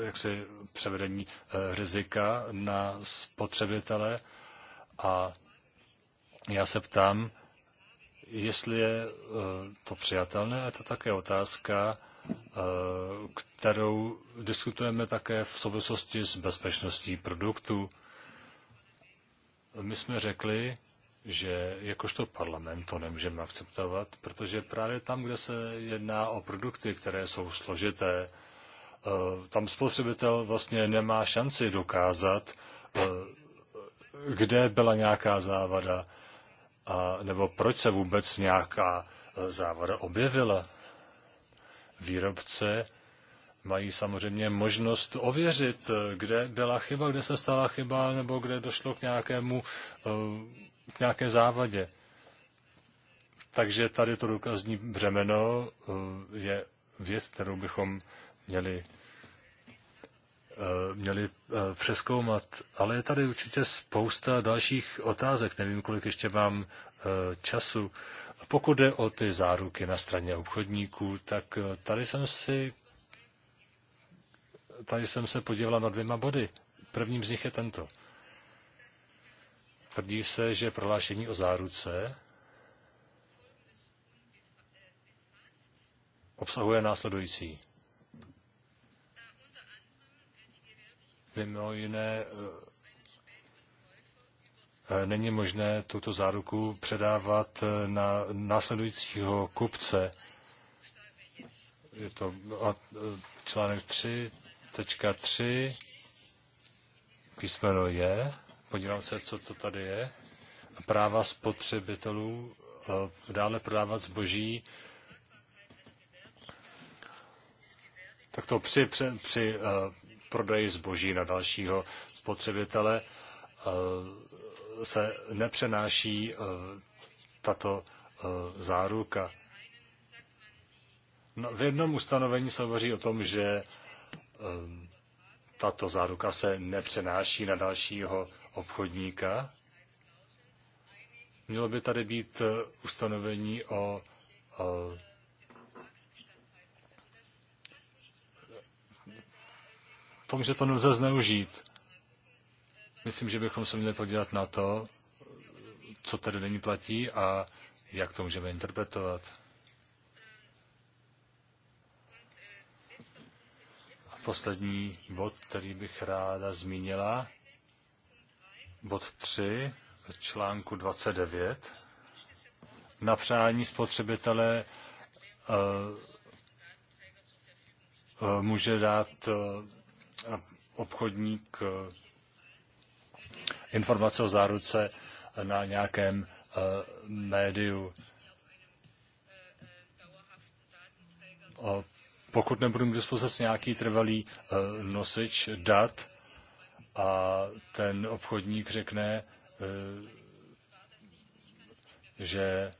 jaksi, převedení eh, rizika na spotřebitele a já se ptám, jestli je to přijatelné, a to také otázka Eh, kterou diskutujeme také v souvislosti s bezpečností produktů. My jsme řekli, že jakožto parlament to nemůžeme akceptovat, protože právě tam, kde se jedná o produkty, které jsou složité, eh, tam spotřebitel vlastně nemá šanci dokázat, eh, kde byla nějaká závada, a, nebo proč se vůbec nějaká závada objevila výrobce mají samozřejmě možnost ověřit, kde byla chyba, kde se stala chyba, nebo kde došlo k nějakému, eh, k nějaké závadě. Takže tady to důkazní břemeno eh, je věc, kterou bychom měli, eh, měli přeskoumat. Ale je tady určitě spousta dalších otázek, nevím, kolik ještě mám času. Pokud jde o ty záruky na straně obchodníků, tak eh, tady jsem si tady jsem se podívala na dvěma body. Prvním z nich je tento. Tvrdí se, že prohlášení o záruce obsahuje následující. Mimo jiné eh, není možné tuto záruku předávat na následujícího kupce. Je to článek 3.3, písmeno je, podívám se, co to tady je, práva spotřebitelů dále prodávat zboží tak to při, při, při prodeji zboží na dalšího spotřebitele se nepřenáší eh, tato eh, záruka. No, v jednom ustanovení se hovoří o tom, že eh, tato záruka se nepřenáší na dalšího obchodníka. Mělo by tady být ustanovení o, o tom, že to nelze zneužít. Myslím, že bychom se měli podívat na to, co tady není platí a jak to můžeme interpretovat. A poslední bod, který bych ráda zmínila, bod 3 článku 29. Na přání spotřebitele eh, eh, může dát eh, obchodník informace o záruce na nějakém eh, médiu. Pokud nebudu mít dispozici nějaký trvalý eh, nosič dat a ten obchodník řekne, eh, že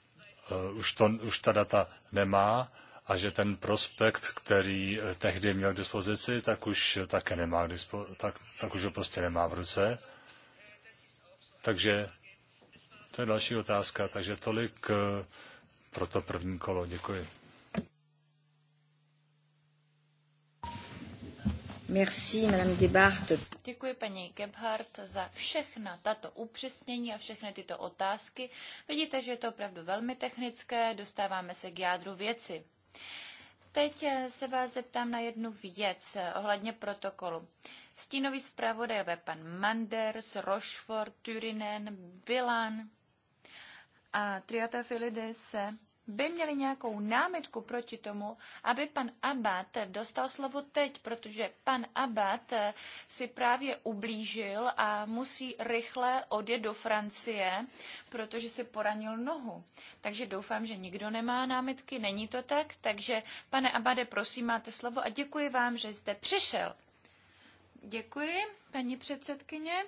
už, to, už ta data nemá a že ten prospekt, který tehdy měl k dispozici, tak už také nemá, tak, tak už ho prostě nemá v ruce. Takže to je další otázka. Takže tolik eh, pro to první kolo. Děkuji. Merci, Madame Gebhardt. Děkuji paní Gebhardt za všechna tato upřesnění a všechny tyto otázky. Vidíte, že je to opravdu velmi technické, dostáváme se k jádru věci. Teď eh, se vás zeptám na jednu věc eh, ohledně protokolu. Stínoví zpravodajové pan Manders, Rochefort, Turinen, Bilan a Triatafilides se by měli nějakou námitku proti tomu, aby pan Abad dostal slovo teď, protože pan Abad eh, si právě ublížil a musí rychle odjet do Francie, protože si poranil nohu. Takže doufám, že nikdo nemá námitky, není to tak. Takže pane Abade, prosím, máte slovo a děkuji vám, že jste přišel. Děkuji, paní předsedkyně.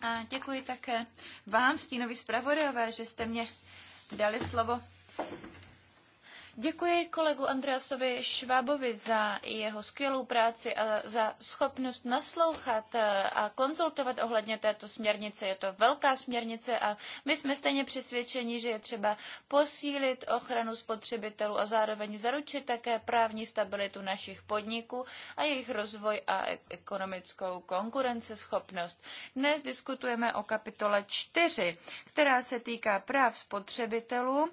A děkuji také vám, stínovi zpravodajové, že jste mě dali slovo Děkuji kolegu Andreasovi Švábovi za jeho skvělou práci a za schopnost naslouchat eh, a konzultovat ohledně této směrnice. Je to velká směrnice a my jsme stejně přesvědčeni, že je třeba posílit ochranu spotřebitelů a zároveň zaručit také právní stabilitu našich podniků a jejich rozvoj a e-, ekonomickou konkurenceschopnost. Dnes diskutujeme o kapitole 4, která se týká práv spotřebitelů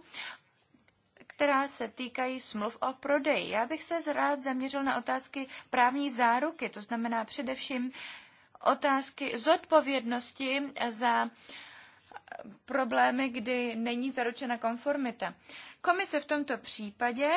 která se týkají smluv o prodeji. Já bych se rád zaměřil na otázky právní záruky, to znamená především otázky zodpovědnosti za problémy, kdy není zaručena konformita. Komise v tomto případě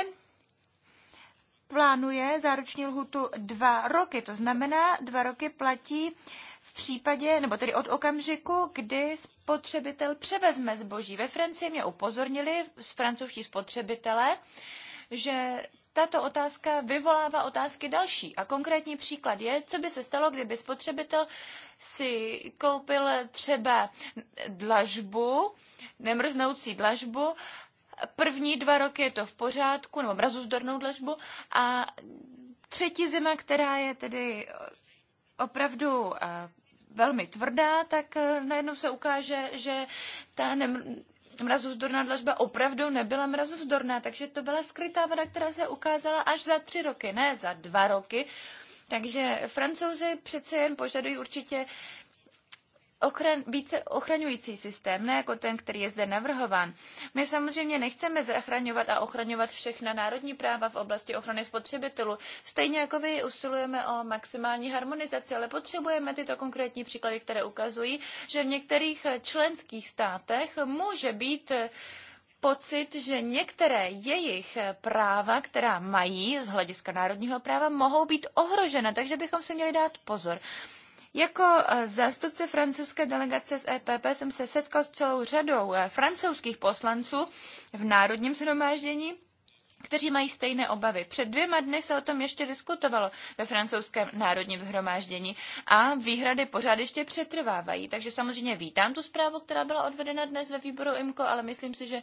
plánuje záruční lhutu dva roky, to znamená, dva roky platí v případě, nebo tedy od okamžiku, kdy spotřebitel převezme zboží. Ve Francii mě upozornili francouzští spotřebitelé, že tato otázka vyvolává otázky další. A konkrétní příklad je, co by se stalo, kdyby spotřebitel si koupil třeba dlažbu, nemrznoucí dlažbu, první dva roky je to v pořádku, nebo mrazuzdornou dlažbu, a třetí zima, která je tedy opravdu eh, velmi tvrdá, tak eh, najednou se ukáže, že ta nem mrazovzdorná dlažba opravdu nebyla mrazovzdorná, takže to byla skrytá voda, která se ukázala až za tři roky, ne za dva roky. Takže francouzi přece jen požadují určitě ochran, více ochraňující systém, ne jako ten, který je zde navrhován. My samozřejmě nechceme zachraňovat a ochraňovat všechna národní práva v oblasti ochrany spotřebitelů. Stejně jako vy usilujeme o maximální harmonizaci, ale potřebujeme tyto konkrétní příklady, které ukazují, že v některých členských státech může být eh, pocit, že některé jejich eh, práva, která mají z hlediska národního práva, mohou být ohrožena, takže bychom se měli dát pozor. Jako eh, zástupce francouzské delegace z EPP jsem se setkal s celou řadou eh, francouzských poslanců v Národním shromáždění kteří mají stejné obavy. Před dvěma dny se o tom ještě diskutovalo ve francouzském národním zhromáždění a výhrady pořád ještě přetrvávají. Takže samozřejmě vítám tu zprávu, která byla odvedena dnes ve výboru IMCO, ale myslím si, že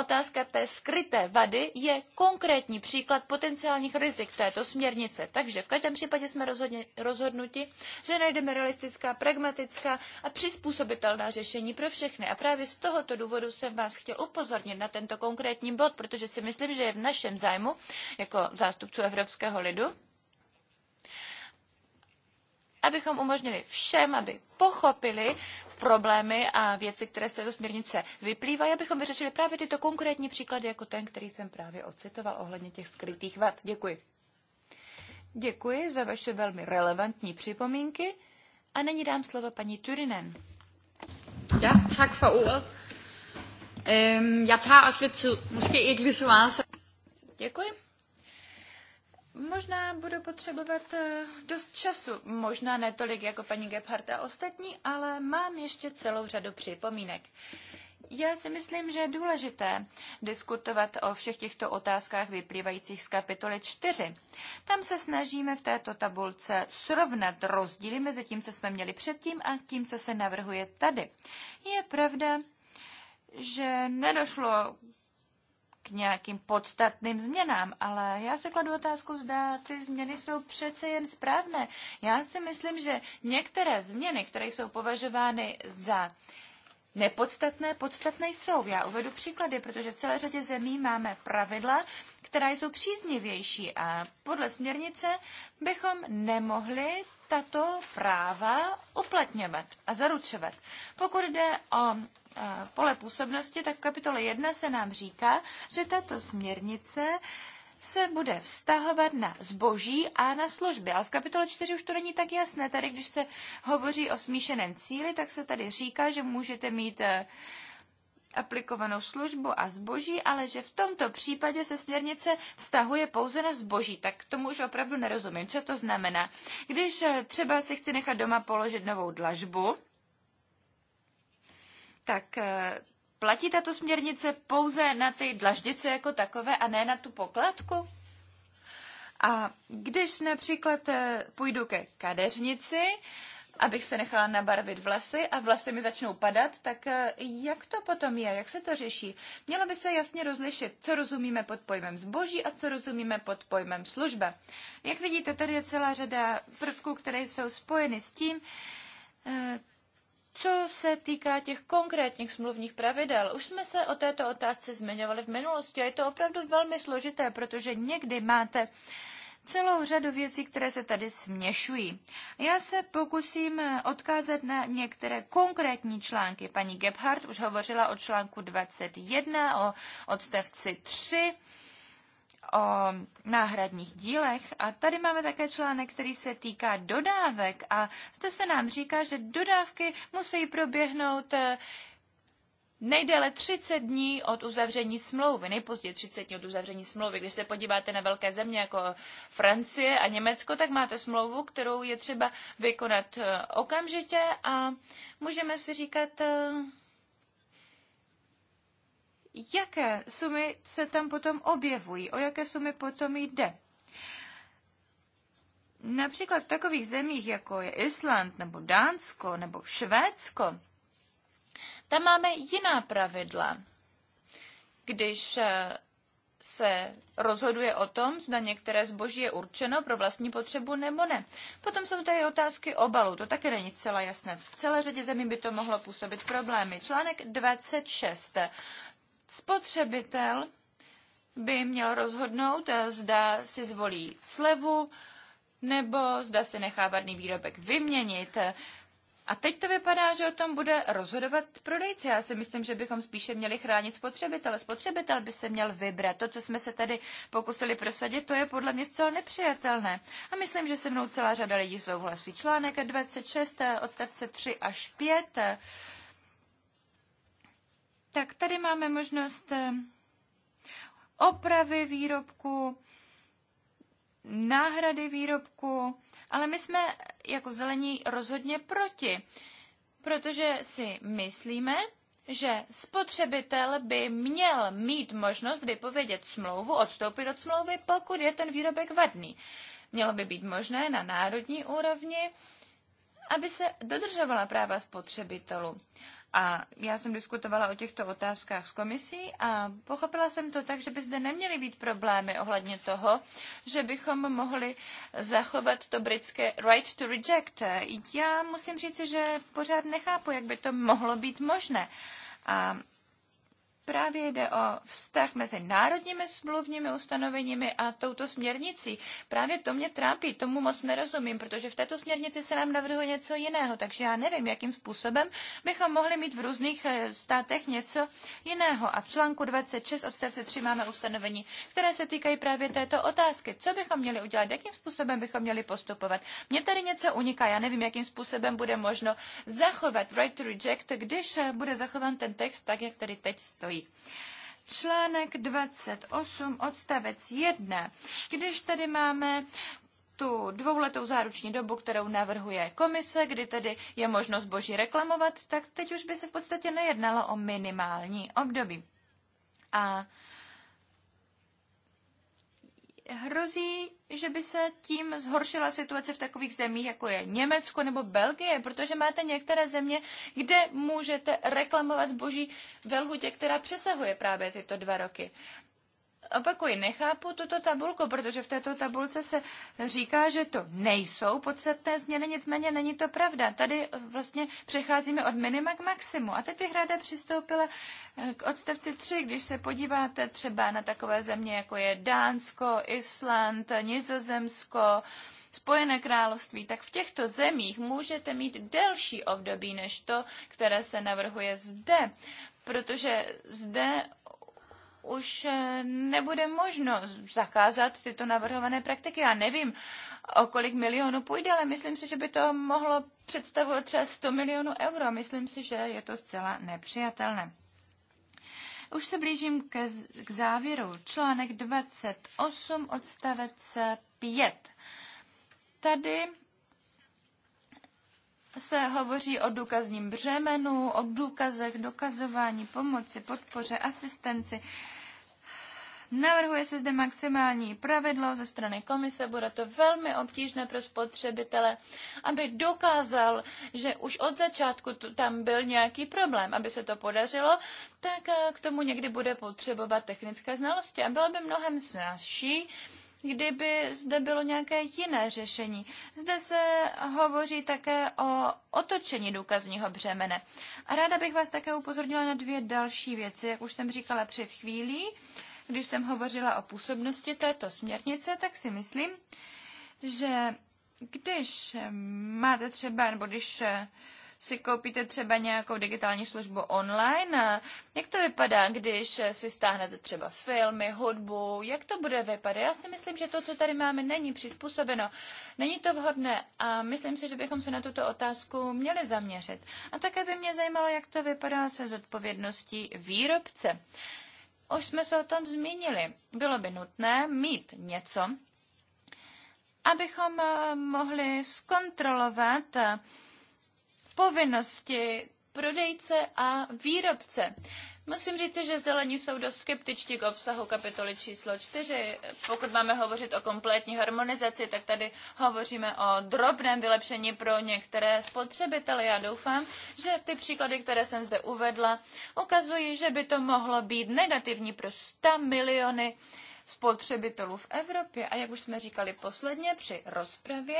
otázka té skryté vady je konkrétní příklad potenciálních rizik této směrnice. Takže v každém případě jsme rozhodně, rozhodnuti, že najdeme realistická, pragmatická a přizpůsobitelná řešení pro všechny. A právě z tohoto důvodu jsem vás chtěl upozornit na tento konkrétní bod, protože si myslím, že je v našem zájmu jako zástupců evropského lidu, abychom umožnili všem, aby pochopili problémy a věci, které z této směrnice vyplývají, abychom vyřešili právě tyto konkrétní příklady, jako ten, který jsem právě ocitoval ohledně těch skrytých vad. Děkuji. Děkuji za vaše velmi relevantní připomínky a nyní dám slovo paní Turinen. Ja, tak for ordet. Øhm, jeg tager også lidt tid. Måske ikke lige så meget. Så... Děkuji. Možná budu potřebovat eh, dost času, možná ne tolik jako paní Gebhardt a ostatní, ale mám ještě celou řadu připomínek. Já si myslím, že je důležité diskutovat o všech těchto otázkách vyplývajících z kapitoly 4. Tam se snažíme v této tabulce srovnat rozdíly mezi tím, co jsme měli předtím a tím, co se navrhuje tady. Je pravda, že nedošlo nějakým podstatným změnám, ale já se kladu otázku, zda ty změny jsou přece jen správné. Já si myslím, že některé změny, které jsou považovány za nepodstatné, podstatné jsou. Já uvedu příklady, protože v celé řadě zemí máme pravidla, která jsou příznivější a podle směrnice bychom nemohli tato práva uplatňovat a zaručovat. Pokud jde o Eh, pole působnosti, tak v kapitole 1 se nám říká, že tato směrnice se bude vztahovat na zboží a na služby. Ale v kapitole 4 už to není tak jasné. Tady, když se hovoří o smíšeném cíli, tak se tady říká, že můžete mít eh, aplikovanou službu a zboží, ale že v tomto případě se směrnice vztahuje pouze na zboží, tak tomu už opravdu nerozumím, co to znamená. Když eh, třeba si chci nechat doma položit novou dlažbu, tak eh, platí tato směrnice pouze na ty dlaždice jako takové a ne na tu pokladku? A když například eh, půjdu ke kadeřnici, abych se nechala nabarvit vlasy a vlasy mi začnou padat, tak eh, jak to potom je, jak se to řeší? Mělo by se jasně rozlišit, co rozumíme pod pojmem zboží a co rozumíme pod pojmem služba. Jak vidíte, tady je celá řada prvků, které jsou spojeny s tím, co se týká těch konkrétních smluvních pravidel, už jsme se o této otázce zmiňovali v minulosti a je to opravdu velmi složité, protože někdy máte celou řadu věcí, které se tady směšují. Já se pokusím odkázat na některé konkrétní články. Paní Gebhardt už hovořila o článku 21, o odstavci 3 o náhradních dílech. A tady máme také článek, který se týká dodávek. A zde se nám říká, že dodávky musí proběhnout eh, Nejdéle 30 dní od uzavření smlouvy, nejpozději 30 dní od uzavření smlouvy. Když se podíváte na velké země jako Francie a Německo, tak máte smlouvu, kterou je třeba vykonat eh, okamžitě a můžeme si říkat, eh, jaké sumy se tam potom objevují, o jaké sumy potom jde. Například v takových zemích, jako je Island, nebo Dánsko, nebo Švédsko, tam máme jiná pravidla. Když eh, se rozhoduje o tom, zda některé zboží je určeno pro vlastní potřebu nebo ne. Potom jsou tady otázky obalu, to také není zcela jasné. V celé řadě zemí by to mohlo působit problémy. Článek 26. Spotřebitel by měl rozhodnout, eh, zda si zvolí slevu nebo zda si nechá varný výrobek vyměnit. A teď to vypadá, že o tom bude rozhodovat prodejce. Já si myslím, že bychom spíše měli chránit spotřebitele. Spotřebitel by se měl vybrat. To, co jsme se tady pokusili prosadit, to je podle mě zcela nepřijatelné. A myslím, že se mnou celá řada lidí souhlasí. Článek 26, eh, odstavce 3 až 5 tak tady máme možnost eh, opravy výrobku, náhrady výrobku, ale my jsme jako zelení rozhodně proti, protože si myslíme, že spotřebitel by měl mít možnost vypovědět smlouvu, odstoupit od smlouvy, pokud je ten výrobek vadný. Mělo by být možné na národní úrovni, aby se dodržovala práva spotřebitelů. A já jsem diskutovala o těchto otázkách s komisí a pochopila jsem to tak, že by zde neměly být problémy ohledně toho, že bychom mohli zachovat to britské right to reject. Já musím říct, že pořád nechápu, jak by to mohlo být možné. A právě jde o vztah mezi národními smluvními ustanoveními a touto směrnicí. Právě to mě trápí, tomu moc nerozumím, protože v této směrnici se nám navrhuje něco jiného, takže já nevím, jakým způsobem bychom mohli mít v různých eh, státech něco jiného. A v článku 26 odstavce 3 máme ustanovení, které se týkají právě této otázky. Co bychom měli udělat, jakým způsobem bychom měli postupovat? Mně tady něco uniká, já nevím, jakým způsobem bude možno zachovat right to reject, když eh, bude zachován ten text tak, jak tady teď stojí stojí. Článek 28, odstavec 1. Když tady máme tu dvouletou záruční dobu, kterou navrhuje komise, kdy tedy je možnost boží reklamovat, tak teď už by se v podstatě nejednalo o minimální období. A hrozí, že by se tím zhoršila situace v takových zemích, jako je Německo nebo Belgie, protože máte některé země, kde můžete reklamovat zboží ve lhutě, která přesahuje právě tyto dva roky opakuji, nechápu tuto tabulku, protože v této tabulce se říká, že to nejsou podstatné změny, nicméně není to pravda. Tady eh, vlastně přecházíme od minima k maximu. A teď bych ráda přistoupila eh, k odstavci 3, když se podíváte třeba na takové země, jako je Dánsko, Island, Nizozemsko, Spojené království, tak v těchto zemích můžete mít delší období než to, které se navrhuje zde protože zde už eh, nebude možno zakázat tyto navrhované praktiky. Já nevím, o kolik milionů půjde, ale myslím si, že by to mohlo představovat třeba 100 milionů euro. Myslím si, že je to zcela nepřijatelné. Už se blížím ke, k závěru. Článek 28 odstavec 5. Tady se hovoří o důkazním břemenu, o důkazech, dokazování, pomoci, podpoře, asistenci. Navrhuje se zde maximální pravidlo ze strany komise, bude to velmi obtížné pro spotřebitele, aby dokázal, že už od začátku tam byl nějaký problém. Aby se to podařilo, tak eh, k tomu někdy bude potřebovat technické znalosti a bylo by mnohem snazší, kdyby zde bylo nějaké jiné řešení. Zde se hovoří také o otočení důkazního břemene. A ráda bych vás také upozornila na dvě další věci, jak už jsem říkala před chvílí. Když jsem hovořila o působnosti této směrnice, tak si myslím, že když máte třeba, nebo když eh, si koupíte třeba nějakou digitální službu online. Jak to vypadá, když si stáhnete třeba filmy, hudbu? Jak to bude vypadat? Já si myslím, že to, co tady máme, není přizpůsobeno. Není to vhodné a myslím si, že bychom se na tuto otázku měli zaměřit. A také by mě zajímalo, jak to vypadá se zodpovědností výrobce. Už jsme se o tom zmínili. Bylo by nutné mít něco, abychom eh, mohli zkontrolovat, eh, povinnosti prodejce a výrobce. Musím říct, že zelení jsou dost skeptičtí k obsahu kapitoly číslo 4. Pokud máme hovořit o kompletní harmonizaci, tak tady hovoříme o drobném vylepšení pro některé spotřebitele. Já doufám, že ty příklady, které jsem zde uvedla, ukazují, že by to mohlo být negativní pro 100 miliony spotřebitelů v Evropě. A jak už jsme říkali posledně při rozpravě,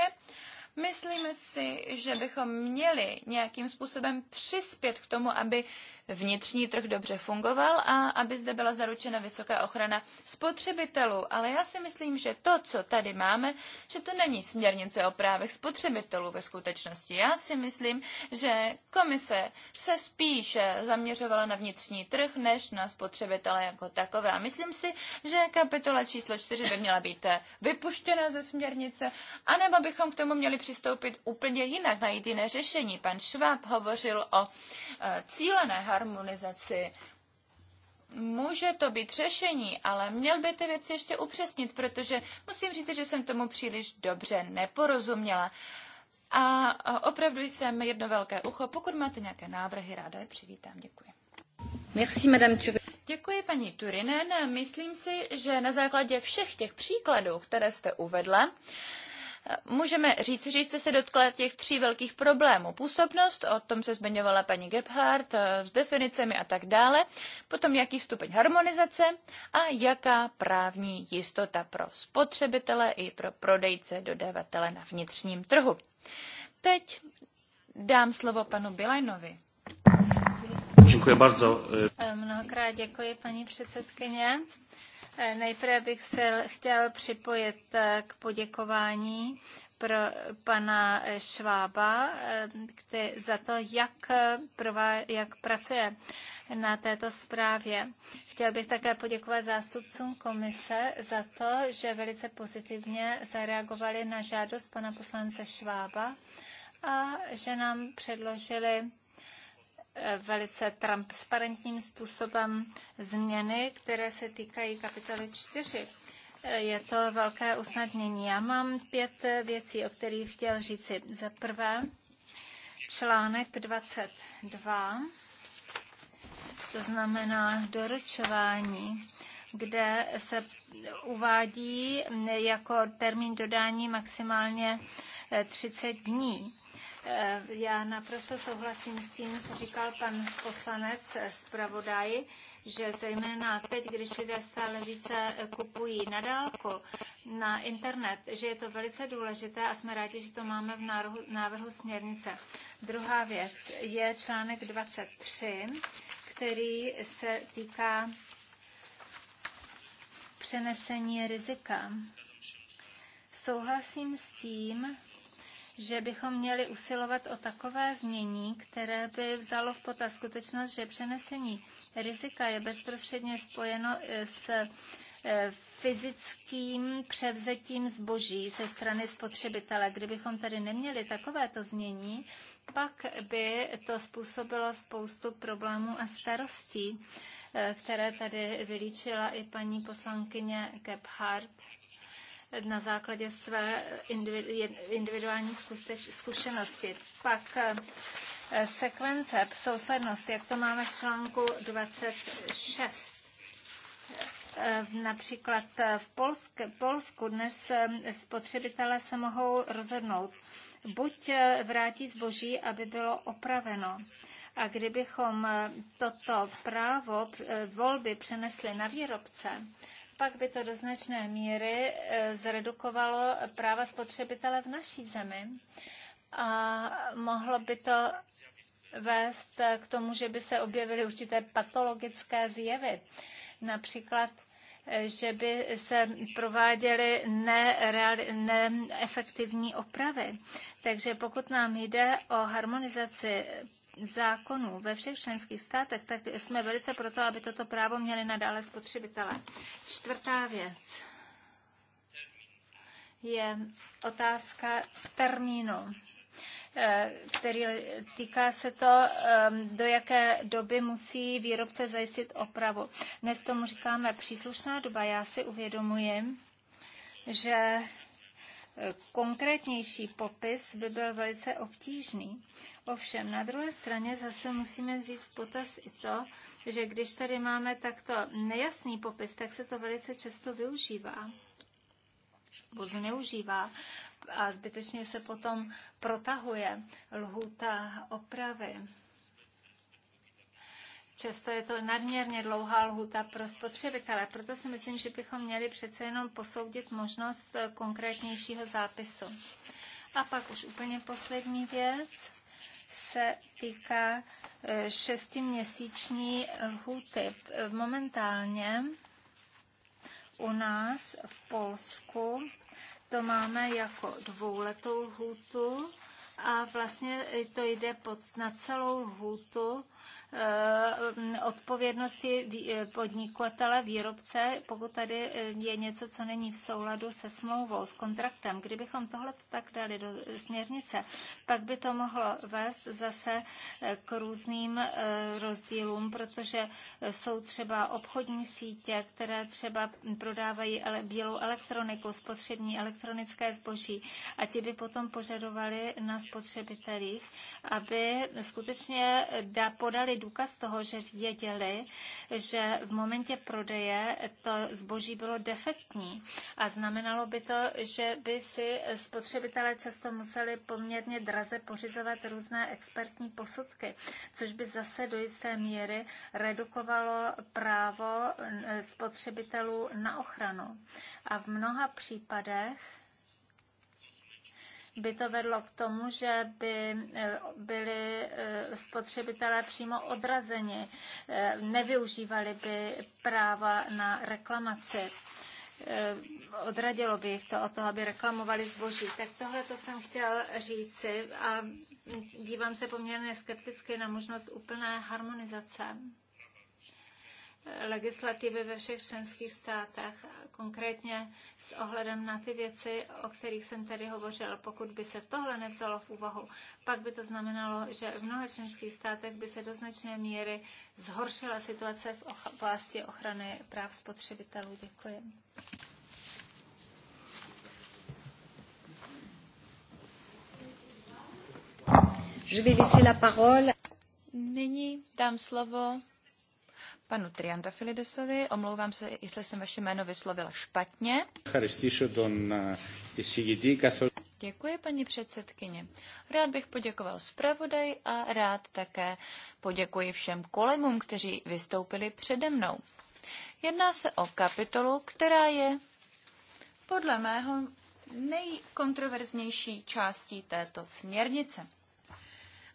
Myslíme si, že bychom měli nějakým způsobem přispět k tomu, aby vnitřní trh dobře fungoval a aby zde byla zaručena vysoká ochrana spotřebitelů. Ale já si myslím, že to, co tady máme, že to není směrnice o právech spotřebitelů ve skutečnosti. Já si myslím, že komise se spíše zaměřovala na vnitřní trh než na spotřebitele jako takové. A myslím si, že kapitola číslo 4 by měla být vypuštěna ze směrnice, anebo bychom k tomu měli přistoupit úplně jinak, najít jiné řešení. Pan Schwab hovořil o e, cílené harmonizaci harmonizaci. Může to být řešení, ale měl by ty věci ještě upřesnit, protože musím říct, že jsem tomu příliš dobře neporozuměla. A opravdu jsem jedno velké ucho. Pokud máte nějaké návrhy, ráda je přivítám. Děkuji. Merci, madame Děkuji, paní Turinen. Myslím si, že na základě všech těch příkladů, které jste uvedla, můžeme říci, že jste se dotkla těch tří velkých problémů. Působnost, o tom se zmiňovala paní Gebhardt, eh, s definicemi a tak dále, potom jaký stupeň harmonizace a jaká právní jistota pro spotřebitele i pro prodejce, dodavatele na vnitřním trhu. Teď dám slovo panu Bilajnovi. Děkuji bardzo. Eh, mnohokrát děkuji, paní předsedkyně. Nejprve bych se chtěl připojit eh, k poděkování pro pana Švába eh, za to, jak, eh, prová, jak pracuje na této zprávě. Chtěl bych také poděkovat zástupcům komise za to, že velice pozitivně zareagovali na žádost pana poslance Švába a že nám předložili velice transparentním způsobem změny, které se týkají kapitoly 4. Je to velké usnadnění. Já mám pět věcí, o kterých chtěl říci. Za prvé, článek 22, to znamená doručování, kde se uvádí jako termín dodání maximálně 30 dní. Eh, já naprosto souhlasím s tím, co říkal pan poslanec eh, zpravodaj, že zejména teď, když lidé stále více eh, kupují na dálku, na internet, že je to velice důležité a jsme rádi, že to máme v návrhu, návrhu směrnice. Druhá věc je článek 23, který se týká přenesení rizika. Souhlasím s tím, že bychom měli usilovat o takové změní, které by vzalo v potaz skutečnost, že přenesení rizika je bezprostředně spojeno eh, s eh, fyzickým převzetím zboží ze strany spotřebitele. Kdybychom tady neměli takovéto změní, pak by to způsobilo spoustu problémů a starostí, eh, které tady vylíčila i paní poslankyně Gebhardt na základě své individuální zkušenosti. Pak eh, sekvence, souslednost, jak to máme v článku 26. Eh, například eh, v Polsku, Polsku dnes spotřebitelé se mohou rozhodnout, buď vrátí zboží, aby bylo opraveno. A kdybychom toto právo volby přenesli na výrobce, naopak by to do značné míry e, zredukovalo práva spotřebitele v naší zemi a mohlo by to vést k tomu, že by se objevily určité patologické zjevy. Například že by se prováděly neefektivní opravy. Takže pokud nám jde o harmonizaci zákonů ve všech členských státech, tak jsme velice proto, aby toto právo měli nadále spotřebitelé. Čtvrtá věc je otázka termínu. Eh, který týká se to, do jaké doby musí výrobce zajistit opravu. Dnes tomu říkáme příslušná doba. Já si uvědomuji, že eh, konkrétnější popis by byl velice obtížný. Ovšem, na druhé straně zase musíme vzít v potaz i to, že když tady máme takto nejasný popis, tak se to velice často využívá nebo zneužívá a zbytečně se potom protahuje lhůta opravy. Často je to nadměrně dlouhá lhuta pro spotřebitele, proto si myslím, že bychom měli přece jenom posoudit možnost eh, konkrétnějšího zápisu. A pak už úplně poslední věc se týká eh, šestiměsíční lhuty. Eh, momentálně u nás v Polsku to máme jako dvouletou lhůtu a vlastně to jde pod, na celou lhůtu Eh, odpovědnosti eh, podnikatele, výrobce, pokud tady eh, je něco, co není v souladu se smlouvou, s kontraktem. Kdybychom tohle tak dali do směrnice, pak by to mohlo vést zase k různým rozdílům, protože jsou třeba obchodní sítě, které třeba prodávají bílou elektroniku, spotřební elektronické zboží a ti by potom požadovali na spotřebitelích, aby skutečně podali důkaz toho, že věděli, že v momentě prodeje to zboží bylo defektní a znamenalo by to, že by si spotřebitelé často museli poměrně draze pořizovat různé expertní posudky, což by zase do jisté míry redukovalo právo spotřebitelů na ochranu. A v mnoha případech by to vedlo k tomu, že by eh, byli eh, spotřebitelé přímo odrazeni, eh, nevyužívali by práva na reklamaci odradilo by jich to o to, aby reklamovali zboží. Tak tohle to jsem chtěl říci a dívám se poměrně skepticky na možnost úplné harmonizace legislativy ve všech členských státech, konkrétně s ohledem na ty věci, o kterých jsem tady hovořil. Pokud by se tohle nevzalo v úvahu, pak by to znamenalo, že v mnoha členských státech by se do značné míry zhoršila situace v oblasti ochrany práv spotřebitelů. Děkuji. Je vais laisser la parole. Nyní dám slovo panu Triantafilidesovi. Omlouvám se, jestli jsem vaše jméno vyslovila špatně. Děkuji, paní předsedkyně. Rád bych poděkoval zpravodaj a rád také poděkuji všem kolegům, kteří vystoupili přede mnou. Jedná se o kapitolu, která je podle mého nejkontroverznější částí této směrnice.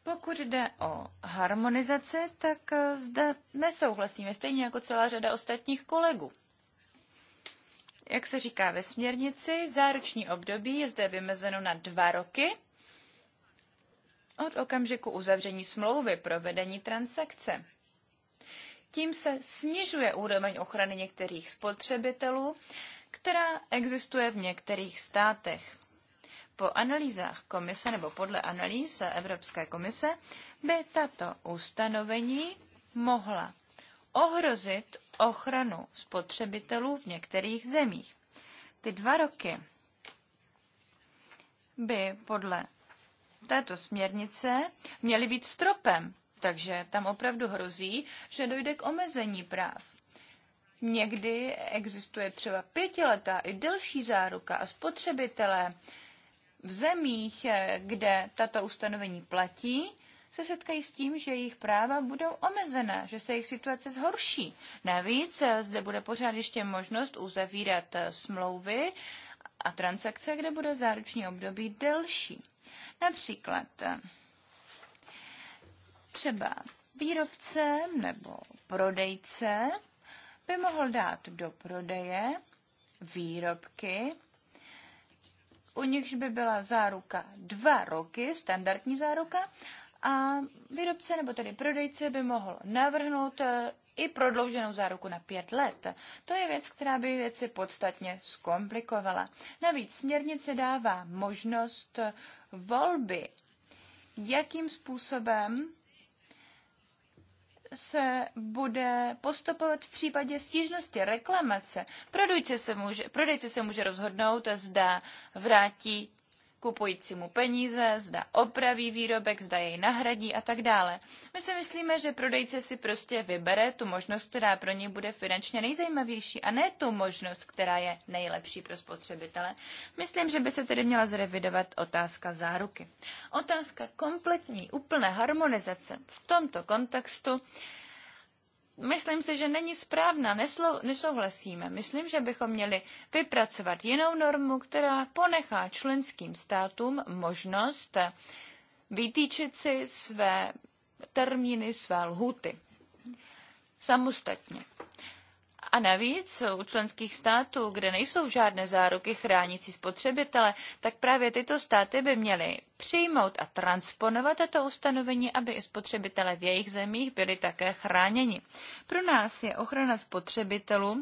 Pokud jde o harmonizaci, tak eh, zde nesouhlasíme, stejně jako celá řada ostatních kolegů. Jak se říká ve směrnici, záruční období je zde vymezeno na dva roky od okamžiku uzavření smlouvy pro vedení transakce. Tím se snižuje úroveň ochrany některých spotřebitelů, která existuje v některých státech. Po analýzách komise nebo podle analýz Evropské komise by tato ustanovení mohla ohrozit ochranu spotřebitelů v některých zemích. Ty dva roky by podle této směrnice měly být stropem, takže tam opravdu hrozí, že dojde k omezení práv. Někdy existuje třeba pětiletá i delší záruka a spotřebitelé v zemích, eh, kde tato ustanovení platí, se setkají s tím, že jejich práva budou omezena, že se jejich situace zhorší. Navíc eh, zde bude pořád ještě možnost uzavírat eh, smlouvy a transakce, kde bude záruční období delší. Například třeba výrobce nebo prodejce by mohl dát do prodeje výrobky, u nichž by byla záruka dva roky, standardní záruka, a výrobce nebo tedy prodejce by mohl navrhnout e, i prodlouženou záruku na pět let. To je věc, která by věci podstatně zkomplikovala. Navíc směrnice dává možnost volby, jakým způsobem se bude postupovat v případě stížnosti, reklamace. Prodejce se může, prodejce se může rozhodnout, zda vrátí kupujícímu peníze, zda opraví výrobek, zda jej nahradí a tak dále. My si myslíme, že prodejce si prostě vybere tu možnost, která pro něj bude finančně nejzajímavější a ne tu možnost, která je nejlepší pro spotřebitele. Myslím, že by se tedy měla zrevidovat otázka záruky. Otázka kompletní, úplné harmonizace v tomto kontextu myslím si, že není správná, neslou, nesouhlasíme. Myslím, že bychom měli vypracovat jinou normu, která ponechá členským státům možnost vytýčit si své termíny, své lhuty. Samostatně. A navíc u členských států, kde nejsou žádné záruky chránící spotřebitele, tak právě tyto státy by měly přijmout a transponovat tato ustanovení, aby i spotřebitele v jejich zemích byli také chráněni. Pro nás je ochrana spotřebitelů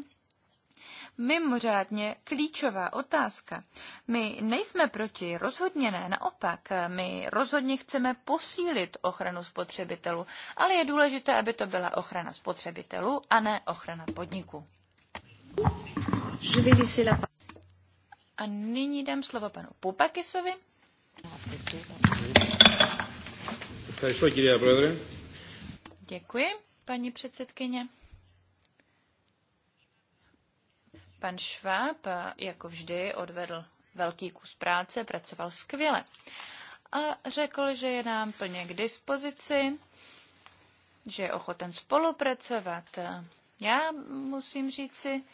mimořádně klíčová otázka. My nejsme proti, rozhodně ne, naopak, my rozhodně chceme posílit ochranu spotřebitelů, ale je důležité, aby to byla ochrana spotřebitelů a ne ochrana podniků. A nyní dám slovo panu Pupakisovi. Děkuji, paní předsedkyně. Pan Šváb, jako vždy, odvedl velký kus práce, pracoval skvěle. A řekl, že je nám plně k dispozici, že je ochoten spolupracovat. Já musím říci,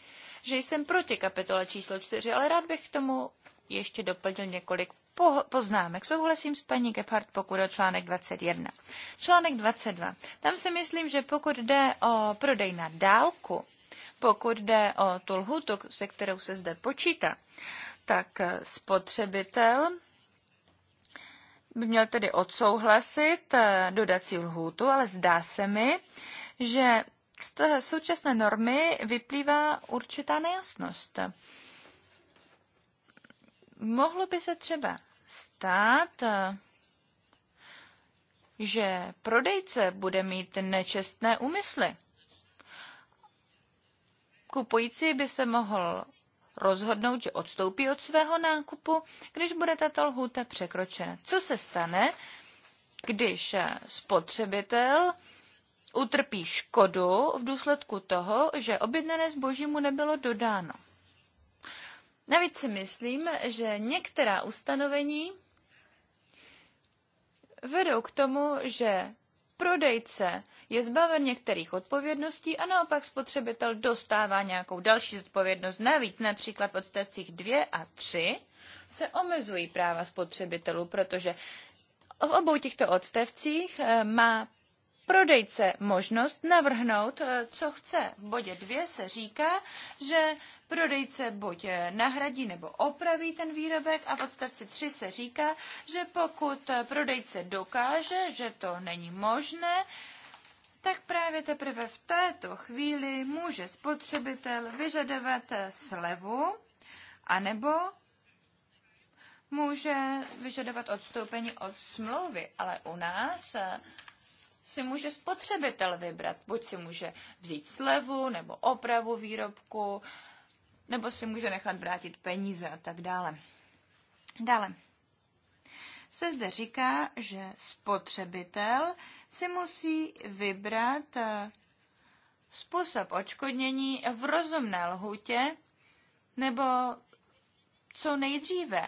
že jsem proti kapitole číslo 4, ale rád bych k tomu ještě doplnil několik poznámek. Souhlasím s paní Gephardt, pokud o článek 21. Článek 22. Tam si myslím, že pokud jde o prodej na dálku, pokud jde o tu lhutu, se kterou se zde počítá, tak spotřebitel by měl tedy odsouhlasit eh, dodací lhůtu, ale zdá se mi, že z té současné normy vyplývá určitá nejasnost. Mohlo by se třeba stát, eh, že prodejce bude mít nečestné úmysly. Kupující by se mohl rozhodnout, že odstoupí od svého nákupu, když bude tato lhůta překročena. Co se stane, když spotřebitel utrpí škodu v důsledku toho, že objednané zboží mu nebylo dodáno? Navíc si myslím, že některá ustanovení vedou k tomu, že prodejce je zbaven některých odpovědností a naopak spotřebitel dostává nějakou další odpovědnost. Navíc například v odstavcích 2 a 3 se omezují práva spotřebitelů, protože v obou těchto odstavcích eh, má prodejce možnost navrhnout, eh, co chce. V bodě 2 se říká, že prodejce buď eh, nahradí nebo opraví ten výrobek a v odstavci 3 se říká, že pokud prodejce dokáže, že to není možné, tak právě teprve v této chvíli může spotřebitel vyžadovat slevu anebo může vyžadovat odstoupení od smlouvy, ale u nás si může spotřebitel vybrat. Buď si může vzít slevu nebo opravu výrobku, nebo si může nechat vrátit peníze a tak dále. Dále se zde říká, že spotřebitel se musí vybrat eh, způsob odškodnění v rozumné lhutě nebo co nejdříve.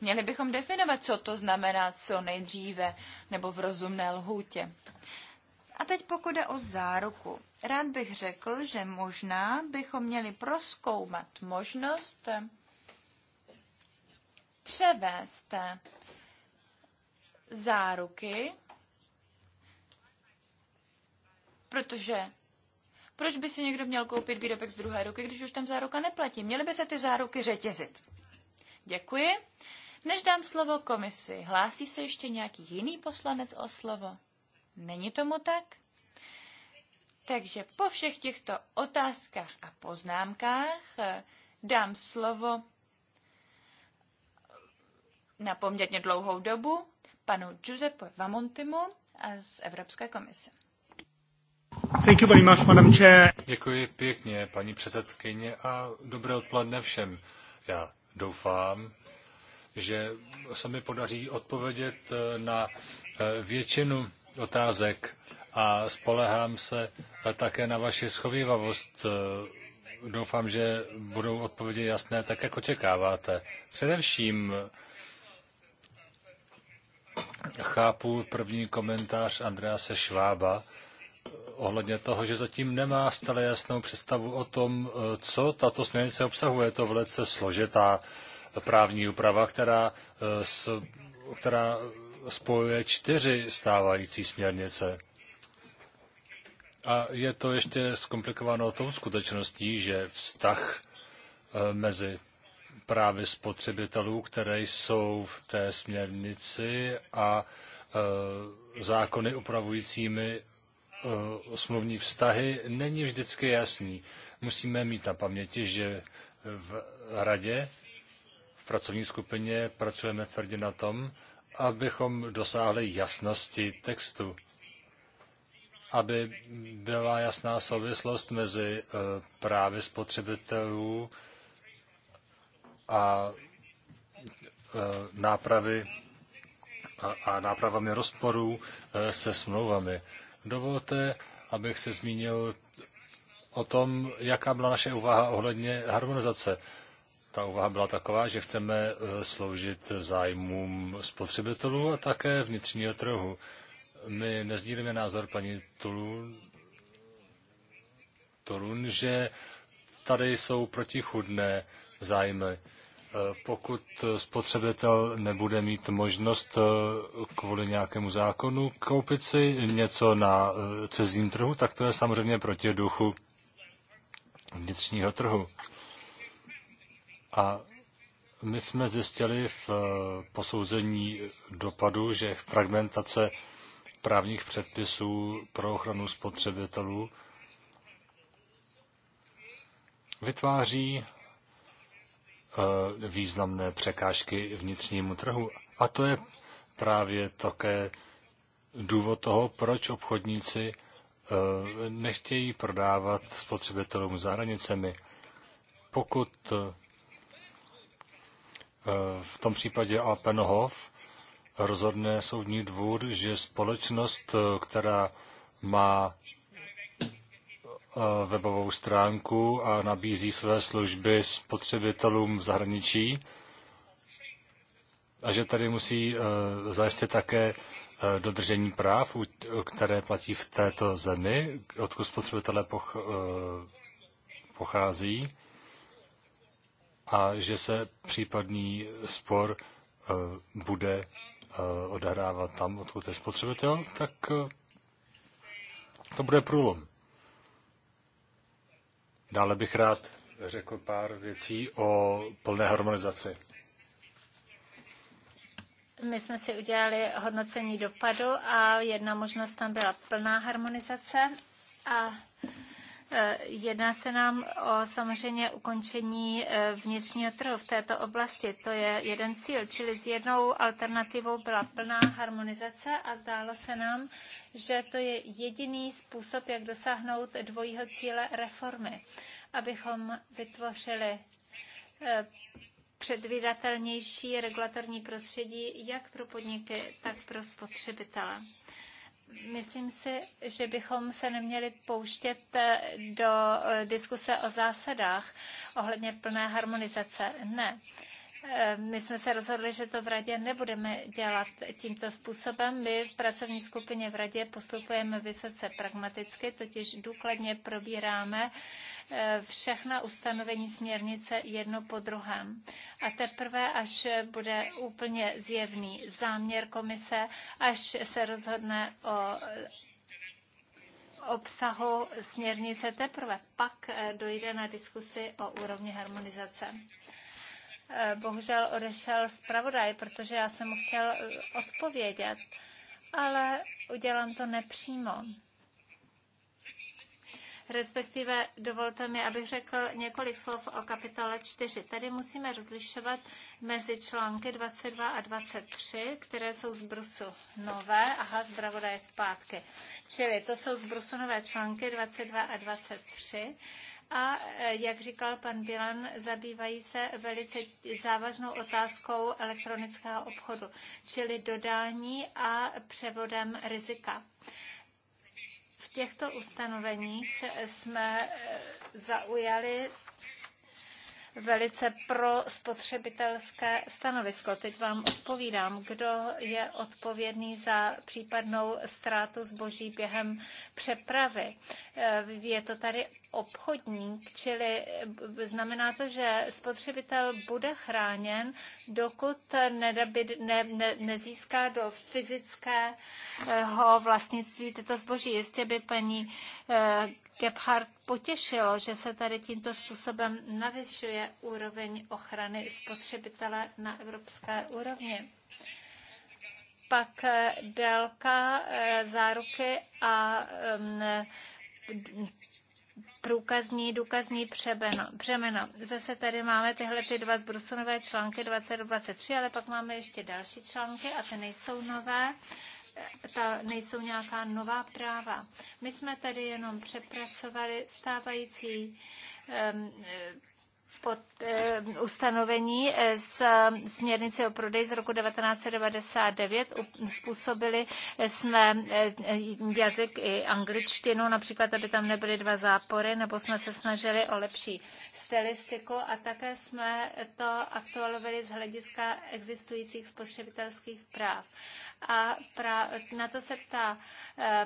Měli bychom definovat, co to znamená co nejdříve nebo v rozumné lhůtě. A teď pokud jde o záruku. Rád bych řekl, že možná bychom měli proskoumat možnost eh, převést eh, záruky Protože proč by si někdo měl koupit výrobek z druhé ruky, když už tam záruka neplatí? Měly by se ty záruky řetězit. Děkuji. Než dám slovo komisi, hlásí se ještě nějaký jiný poslanec o slovo? Není tomu tak? Takže po všech těchto otázkách a poznámkách eh, dám slovo na poměrně dlouhou dobu panu Giuseppe Vamontimu z Evropské komise. Děkuji pěkně, paní předsedkyně, a dobré odpoledne všem. Já doufám, že se mi podaří odpovědět eh, na eh, většinu otázek a spolehám se eh, také na vaši schovývavost. Doufám, že budou odpovědi jasné, tak jak očekáváte. Především chápu první komentář Andrease Švába, ohledně toho, že zatím nemá stále jasnou představu o tom, eh, co tato směrnice obsahuje. Je to velice složitá právní úprava, která, eh, která spojuje čtyři stávající směrnice. A je to ještě zkomplikováno tou skutečností, že vztah eh, mezi právy spotřebitelů, které jsou v té směrnici a zákony upravujícími Eh, smluvní vztahy, není vždycky jasný. Musíme mít na paměti, že v radě, v pracovní skupině pracujeme tvrdě na tom, abychom dosáhli jasnosti textu, aby byla jasná souvislost mezi eh, právy spotřebitelů a eh, nápravy a nápravami rozporů se smlouvami. Dovolte, abych se zmínil o tom, jaká byla naše úvaha ohledně harmonizace. Ta úvaha byla taková, že chceme e, sloužit zájmům spotřebitelů a také vnitřního trhu. My nezdílíme názor paní Tulun, Torun, že tady jsou protichudné zájmy. Eh, pokud spotřebitel nebude mít možnost eh, kvůli nějakému zákonu koupit si něco na eh, cizím trhu, tak to je samozřejmě proti duchu vnitřního trhu. A my jsme zjistili v posouzení dopadu, že fragmentace právních předpisů pro ochranu spotřebitelů vytváří Eh, významné překážky vnitřnímu trhu. A to je právě také důvod toho, proč obchodníci eh, nechtějí prodávat spotřebitelům za hranicemi. Pokud eh, v tom případě Alpenhof rozhodne soudní dvůr, že společnost, která má Eh, webovou stránku a nabízí své služby spotřebitelům v zahraničí a že tady musí eh, zajistit také eh, dodržení práv, které platí v této zemi, odkud spotřebitelé poch, pochází a že se případný spor bude odehrávat tam, odkud je spotřebitel, tak to bude průlom. Dále bych rád řekl pár věcí o plné harmonizaci. My jsme si udělali hodnocení dopadu a jedna možnost tam byla plná harmonizace a Eh, jedná se nám o samozřejmě ukončení eh, vnitřního trhu v této oblasti. To je jeden cíl, čili s jednou alternativou byla plná harmonizace a zdálo se nám, že to je jediný způsob, jak dosáhnout dvojího cíle reformy, abychom vytvořili eh, předvídatelnější regulatorní prostředí jak pro podniky, tak pro spotřebitele. Myslím si, že bychom se neměli pouštět eh, do eh, diskuse o zásadách ohledně plné harmonizace. Ne. Eh, my jsme se rozhodli, že to v radě nebudeme dělat tímto způsobem. My v pracovní skupině v radě postupujeme vysoce pragmaticky, totiž důkladně probíráme eh, všechna ustanovení směrnice jedno po druhém. A teprve, až bude úplně zjevný záměr komise, až se rozhodne o eh, obsahu směrnice teprve, pak dojde na diskusi o úrovni harmonizace. Eh, bohužel odešel zpravodaj, protože já jsem mu chtěl eh, odpovědět, ale udělám to nepřímo. Respektive dovolte mi, abych řekl několik slov o kapitole 4. Tady musíme rozlišovat mezi články 22 a 23, které jsou z Brusu nové. Aha, zbravoda je zpátky. Čili to jsou z Brusu nové články 22 a 23 a, e, jak říkal pan Bilan, zabývají se velice závaznou otázkou elektronického obchodu, čili dodání a převodem rizika. V těchto ustanoveních jsme e, zaujali velice pro spotřebitelské stanovisko. Teď vám odpovídám, kdo je odpovědný za případnou ztrátu zboží během přepravy. Eh, je to tady obchodník, čili znamená to, že spotřebitel bude chráněn, dokud nedabit, ne, ne, nezíská do fyzického vlastnictví tyto zboží. Jistě by paní eh, Gebhardt potěšilo, že se tady tímto způsobem navyšuje úroveň ochrany spotřebitele na evropské úrovni pak eh, délka eh, záruky a ehm, průkazní, důkazní přebeno, břemeno. Zase tady máme tyhle ty dva zbrusunové články 2023, ale pak máme ještě další články a ty nejsou nové ta nejsou nějaká nová práva. My jsme tady jenom přepracovali stávající um, pod um, ustanovení eh, z směrnice o prodeji z roku 1999. Způsobili jsme jazyk i angličtinu, například, aby tam nebyly dva zápory, nebo jsme se snažili o lepší stylistiku a také jsme to aktualovali z hlediska existujících spotřebitelských práv. A pra, na to se ptá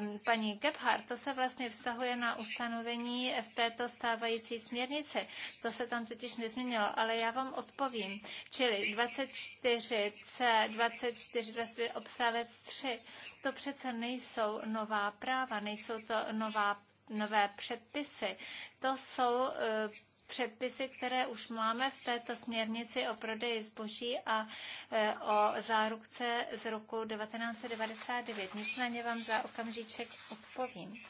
um, paní Gebhardt, to se vlastně vztahuje na ustanovení v této stávající směrnici. To se tam totiž nezměnilo, ale já vám odpovím. Čili 24C, 24, 24 obsávec 3, to přece nejsou nová práva, nejsou to nová nové předpisy. To jsou eh, předpisy, které už máme v této směrnici o prodeji zboží a e, o zárukce z roku 1999. Nicméně vám za okamžíček odpovím.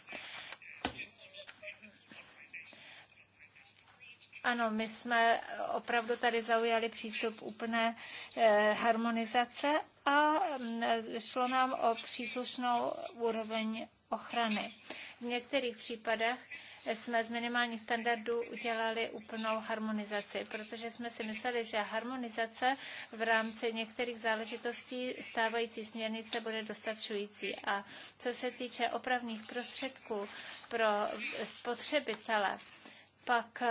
Ano, my jsme opravdu tady zaujali přístup úplné e, harmonizace a šlo nám o příslušnou úroveň ochrany. V některých případech jsme z minimálních standardů udělali úplnou harmonizaci, protože jsme si mysleli, že harmonizace v rámci některých záležitostí stávající směrnice bude dostačující. A co se týče opravných prostředků pro spotřebitele, pak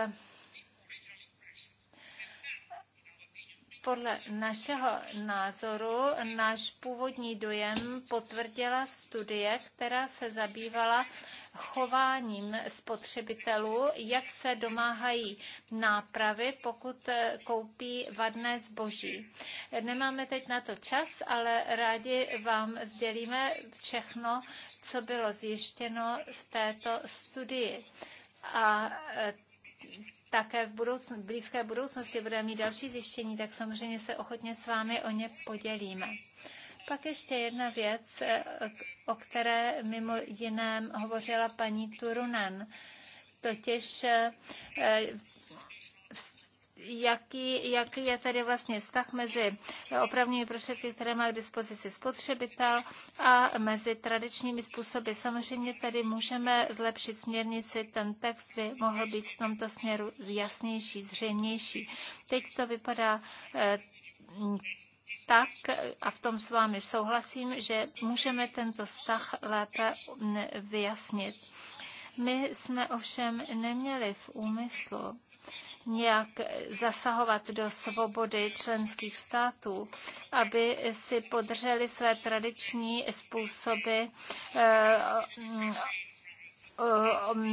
Podle našeho názoru náš původní dojem potvrdila studie, která se zabývala chováním spotřebitelů, jak se domáhají nápravy, pokud eh, koupí vadné zboží. Nemáme teď na to čas, ale rádi vám sdělíme všechno, co bylo zjištěno v této studii. A eh, také v, budoucn- v blízké budoucnosti budeme mít další zjištění, tak samozřejmě se ochotně s vámi o ně podělíme. Pak ještě jedna věc, eh, o které mimo jiném hovořila paní Turunen, totiž eh, eh, jaký, jaký je tady vlastně vztah mezi opravnými prostředky, které má k dispozici spotřebitel a mezi tradičními způsoby. Samozřejmě tady můžeme zlepšit směrnici, ten text by mohl být v tomto směru jasnější, zřejmější. Teď to vypadá eh, tak, a v tom s vámi souhlasím, že můžeme tento vztah lépe vyjasnit. My jsme ovšem neměli v úmyslu nějak zasahovat do svobody členských států, aby si podrželi své tradiční způsoby eh, eh,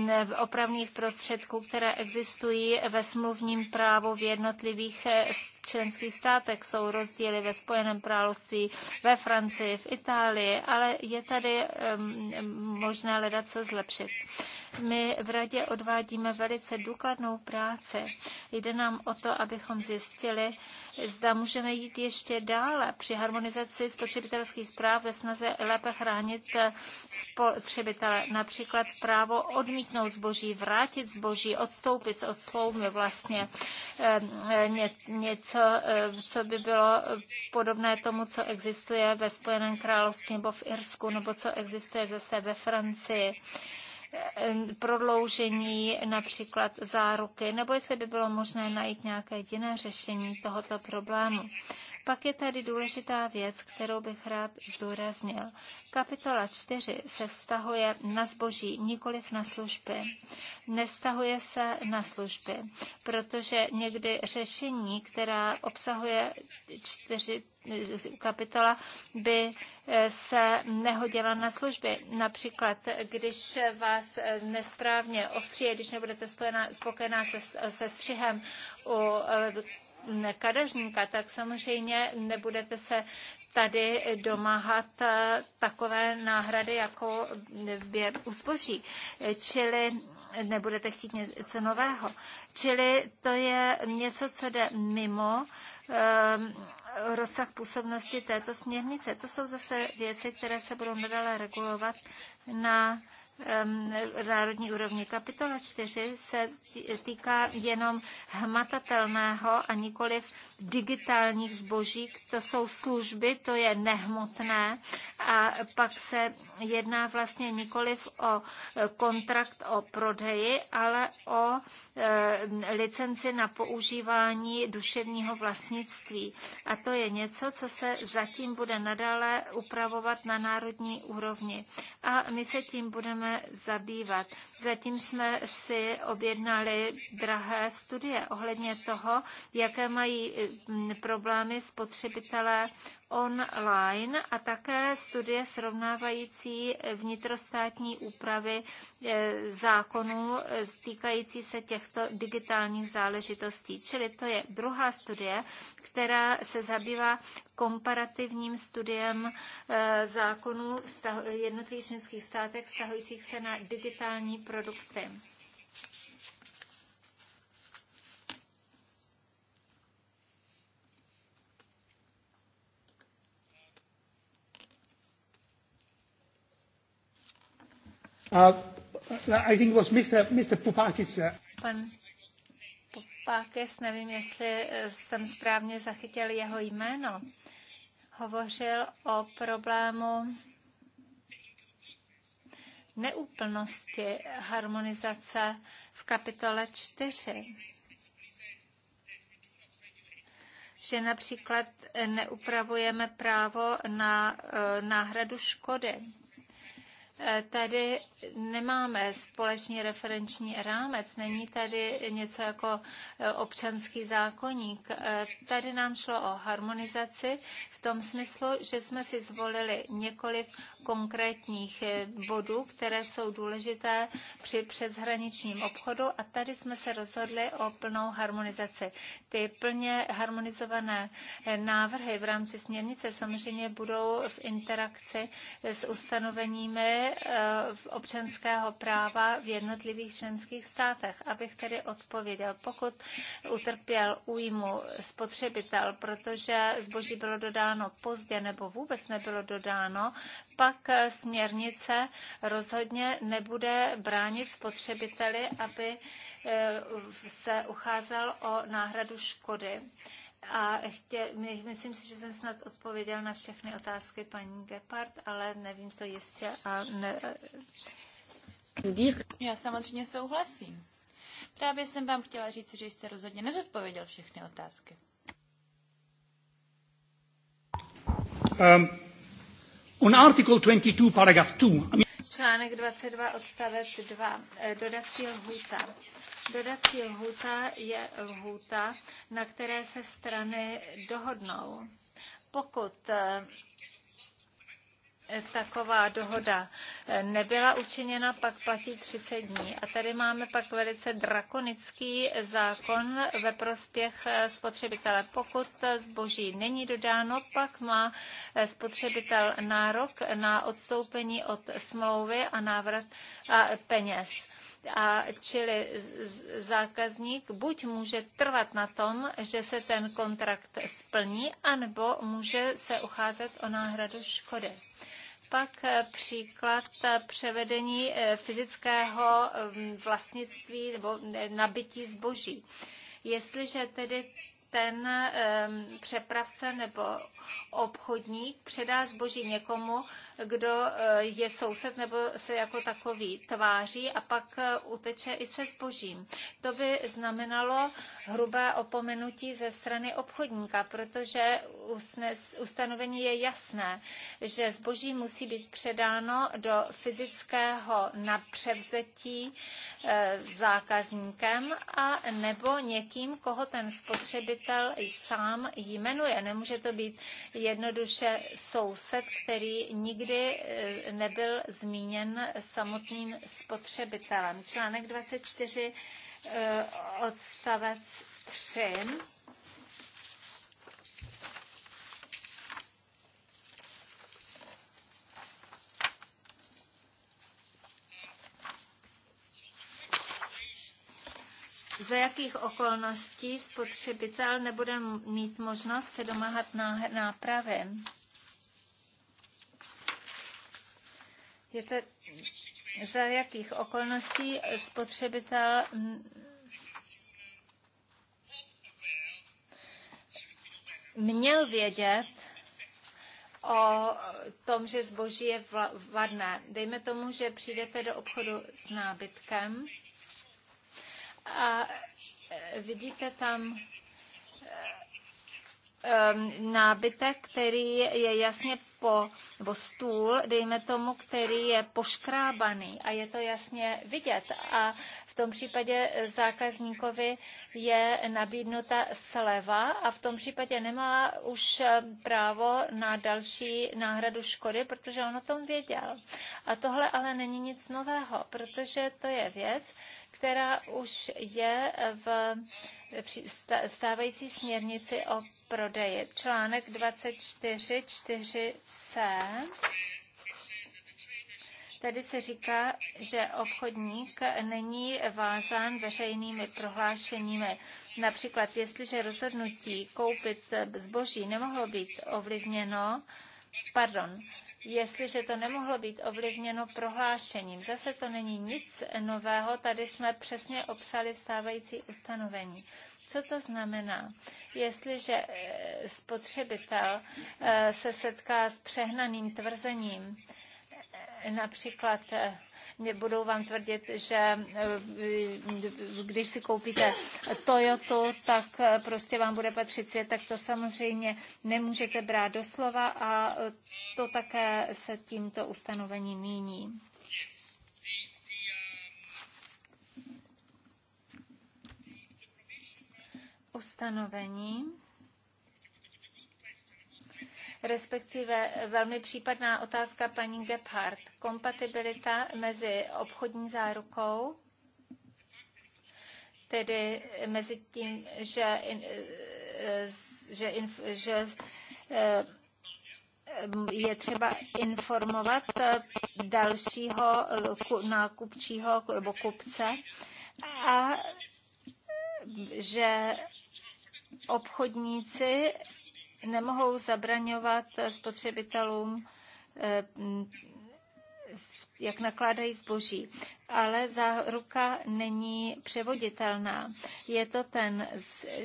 eh, opravných prostředků, které existují ve smluvním právu v jednotlivých členských státech. Jsou rozdíly ve Spojeném království, ve Francii, v Itálii, ale je tady ehm, možné hledat co zlepšit. My v radě odvádíme velice důkladnou práci. Jde nám o to, abychom zjistili, zda můžeme jít ještě dále při harmonizaci spotřebitelských práv ve snaze lépe chránit eh, spotřebitele. Například právo odmítnout zboží, vrátit zboží, odstoupit od sloumy vlastně eh, Ně, něco, eh, co by bylo podobné tomu, co existuje ve Spojeném království nebo v Irsku, nebo co existuje zase ve Francii. Eh, prodloužení například záruky, nebo jestli by bylo možné najít nějaké jiné řešení tohoto problému. Pak je tady důležitá věc, kterou bych rád zdůraznil. Kapitola 4 se vztahuje na zboží, nikoliv na služby. Nestahuje se na služby, protože někdy řešení, která obsahuje čtyři kapitola by eh, se nehodila na služby. Například, když vás eh, nesprávně ostříje, když nebudete spojená, spokojená se, se střihem u eh, kadeřníka, tak samozřejmě nebudete se tady domáhat eh, takové náhrady, jako je uspoří. Čili nebudete chtít něco nového. Čili to je něco, co jde mimo eh, rozsah působnosti této směrnice. To jsou zase věci, které se budou nadále regulovat na národní úrovni. Kapitola 4 se týká jenom hmatatelného a nikoliv digitálních zboží. To jsou služby, to je nehmotné a pak se jedná vlastně nikoliv o e, kontrakt o prodeji, ale o e, licenci na používání duševního vlastnictví. A to je něco, co se zatím bude nadále upravovat na národní úrovni. A my se tím budeme budeme zabývat. Zatím jsme si objednali drahé studie ohledně toho, jaké mají mm, problémy spotřebitelé online a také studie srovnávající vnitrostátní úpravy eh, zákonů eh, týkající se těchto digitálních záležitostí. Čili to je druhá studie, která se zabývá komparativním studiem eh, zákonů v jednotlivých členských státech vztahujících se na digitální produkty. Uh, I think it was Mr. Mr. Pupakis. Uh, Pan Pupakis, nevím, jestli eh, jsem správně zachytil jeho jméno, hovořil o problému neúplnosti harmonizace v kapitole 4. Že například eh, neupravujeme právo na eh, náhradu škody Eh, tady nemáme společný referenční rámec, není tady něco jako eh, občanský zákonník. Eh, tady nám šlo o harmonizaci v tom smyslu, že jsme si zvolili několik konkrétních eh, bodů, které jsou důležité při přeshraničním obchodu a tady jsme se rozhodli o plnou harmonizaci. Ty plně harmonizované eh, návrhy v rámci směrnice samozřejmě budou v interakci s ustanoveními eh, občanského práva v jednotlivých členských státech. Abych tedy odpověděl, pokud utrpěl újmu spotřebitel, protože zboží bylo dodáno pozdě nebo vůbec nebylo dodáno, pak eh, směrnice rozhodně nebude bránit spotřebiteli, aby eh, se ucházel o náhradu škody. A chtě, my, myslím si, že jsem snad odpověděl na všechny otázky paní Gepard, ale nevím to jistě. A ne... Eh. Já samozřejmě souhlasím. Právě jsem vám chtěla říct, že jste rozhodně nezodpověděl všechny otázky. Um. On Article 22, paragraph 2. I mean... Článek 22, odstavec 2. Eh, dodací lhůta. Dodací lhůta je lhůta, na které se strany dohodnou. Pokud eh, E, taková dohoda e, nebyla učiněna, pak platí 30 dní. A tady máme pak velice drakonický zákon ve prospěch e, spotřebitele. Pokud zboží není dodáno, pak má spotřebitel nárok na odstoupení od smlouvy a návrat a peněz a čili zákazník buď může trvat na tom, že se ten kontrakt splní, anebo může se ucházet o náhradu škody naopak eh, příklad eh, převedení eh, fyzického mm, vlastnictví nebo nabití zboží. Jestliže tedy ten přepravce nebo obchodník předá zboží někomu, kdo eh, je soused nebo se jako takový tváří a pak eh, uteče i se zbožím. To by znamenalo hrubé opomenutí ze strany obchodníka, protože ustanovení je jasné, že zboží musí být předáno do fyzického převzetí eh, zákazníkem a nebo někým, koho ten spotřebitel majitel sám jmenuje. Nemůže to být jednoduše soused, který nikdy eh, nebyl zmíněn samotným spotřebitelem. Článek 24 eh, odstavec 3 za jakých okolností spotřebitel nebude mít možnost se domáhat nápravy. Je to, za jakých okolností spotřebitel měl vědět o tom, že zboží je vadné. Dejme tomu, že přijdete do obchodu s nábytkem a e, vidíte tam e, e, nábytek, který je jasně po, nebo stůl, dejme tomu, který je poškrábaný a je to jasně vidět. A v tom případě zákazníkovi je nabídnuta sleva a v tom případě nemá už právo na další náhradu škody, protože on o tom věděl. A tohle ale není nic nového, protože to je věc, která už je v stávající směrnici o prodeji. Článek 24.4c. Tady se říká, že obchodník není vázán veřejnými prohlášeními. Například, jestliže rozhodnutí koupit zboží nemohlo být ovlivněno, pardon, jestliže to nemohlo být ovlivněno prohlášením. Zase to není nic nového, tady jsme přesně obsali stávající ustanovení. Co to znamená? Jestliže eh, spotřebitel eh, se setká s přehnaným tvrzením, například eh, nebudou vám tvrdit, že eh, když si koupíte Toyotu, tak eh, prostě vám bude patřit svět, tak to samozřejmě nemůžete brát doslova a to také se tímto ustanovením míní. Ustanovení respektive velmi případná otázka paní Gebhardt. Kompatibilita mezi obchodní zárukou, tedy mezi tím, že, eh, že, že eh, je třeba informovat eh, dalšího nákupčího nebo kupce a že obchodníci nemohou zabraňovat spotřebitelům eh, jak nakládají zboží. Ale záruka není převoditelná. Je to ten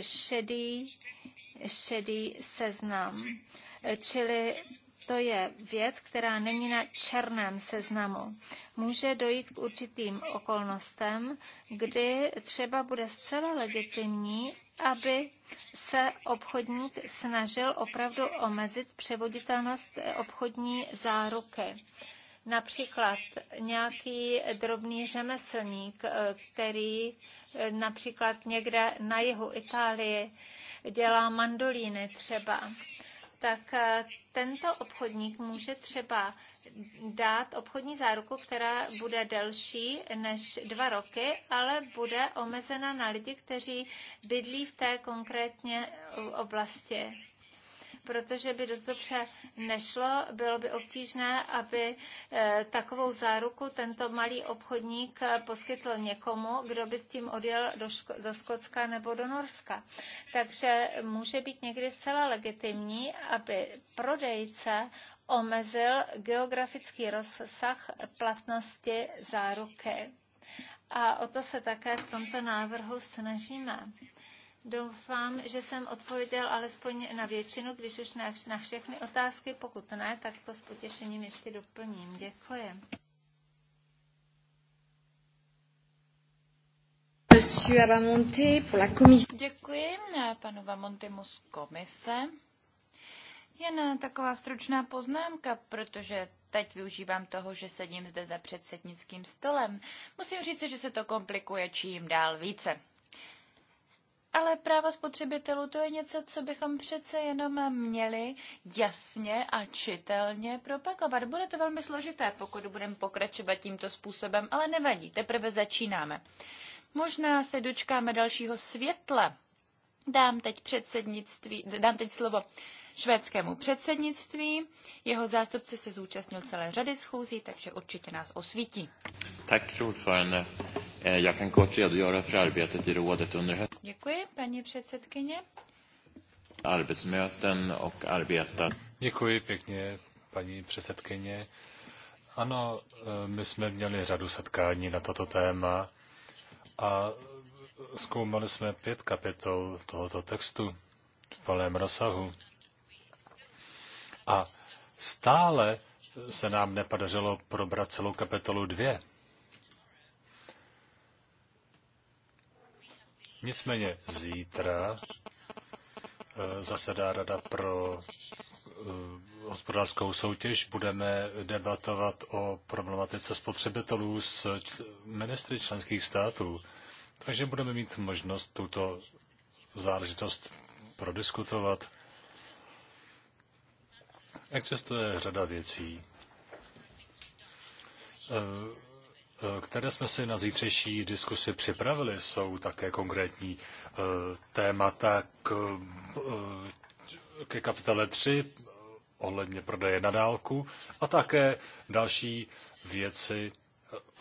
šedý, šedý seznam. Čili to je věc, která není na černém seznamu. Může dojít k určitým okolnostem, kdy třeba bude zcela legitimní aby se obchodník snažil opravdu omezit převoditelnost obchodní záruky. Například nějaký drobný řemeslník, eh, který eh, například někde na jihu Itálie dělá mandolíny třeba, tak eh, tento obchodník může třeba dát obchodní záruku, která bude delší než dva roky, ale bude omezena na lidi, kteří bydlí v té konkrétně oblasti protože by dost dobře nešlo, bylo by obtížné, aby eh, takovou záruku tento malý obchodník eh, poskytl někomu, kdo by s tím odjel do, Ško- do Skotska nebo do Norska. Takže může být někdy zcela legitimní, aby prodejce omezil geografický rozsah platnosti záruky. A o to se také v tomto návrhu snažíme. Doufám, že jsem odpověděl alespoň na většinu, když už ne na všechny otázky. Pokud ne, tak to s potěšením ještě doplním. Děkuji. Děkuji eh, panu Vamontimu z komise. Jen eh, taková stručná poznámka, protože teď využívám toho, že sedím zde za předsednickým stolem. Musím říct, že se to komplikuje čím dál více. Ale práva spotřebitelů to je něco, co bychom přece jenom měli jasně a čitelně propagovat. Bude to velmi složité, pokud budeme pokračovat tímto způsobem, ale nevadí, teprve začínáme. Možná se dočkáme dalšího světla. Dám teď předsednictví, dám teď slovo švédskému předsednictví. Jeho zástupce se zúčastnil celé řady schůzí, takže určitě nás osvítí. Tak, ordförande. Eh, Děkuji, paní předsedkyně. Arbetsmöten och arbeta. Děkuji pěkně, paní předsedkyně. Ano, eh, my jsme měli řadu setkání na toto téma a zkoumali jsme pět kapitol tohoto textu v plném rozsahu. A stále se nám nepodařilo probrat celou kapitolu 2. Nicméně zítra eh, zasedá Rada pro eh, hospodářskou soutěž. Budeme debatovat o problematice spotřebitelů s ministry členských států. Takže budeme mít možnost tuto záležitost prodiskutovat. Existuje řada věcí, eh, eh, které jsme si na zítřejší diskusi připravili. Jsou také konkrétní eh, témata k, ke kapitole 3 ohledně prodeje na dálku a také další věci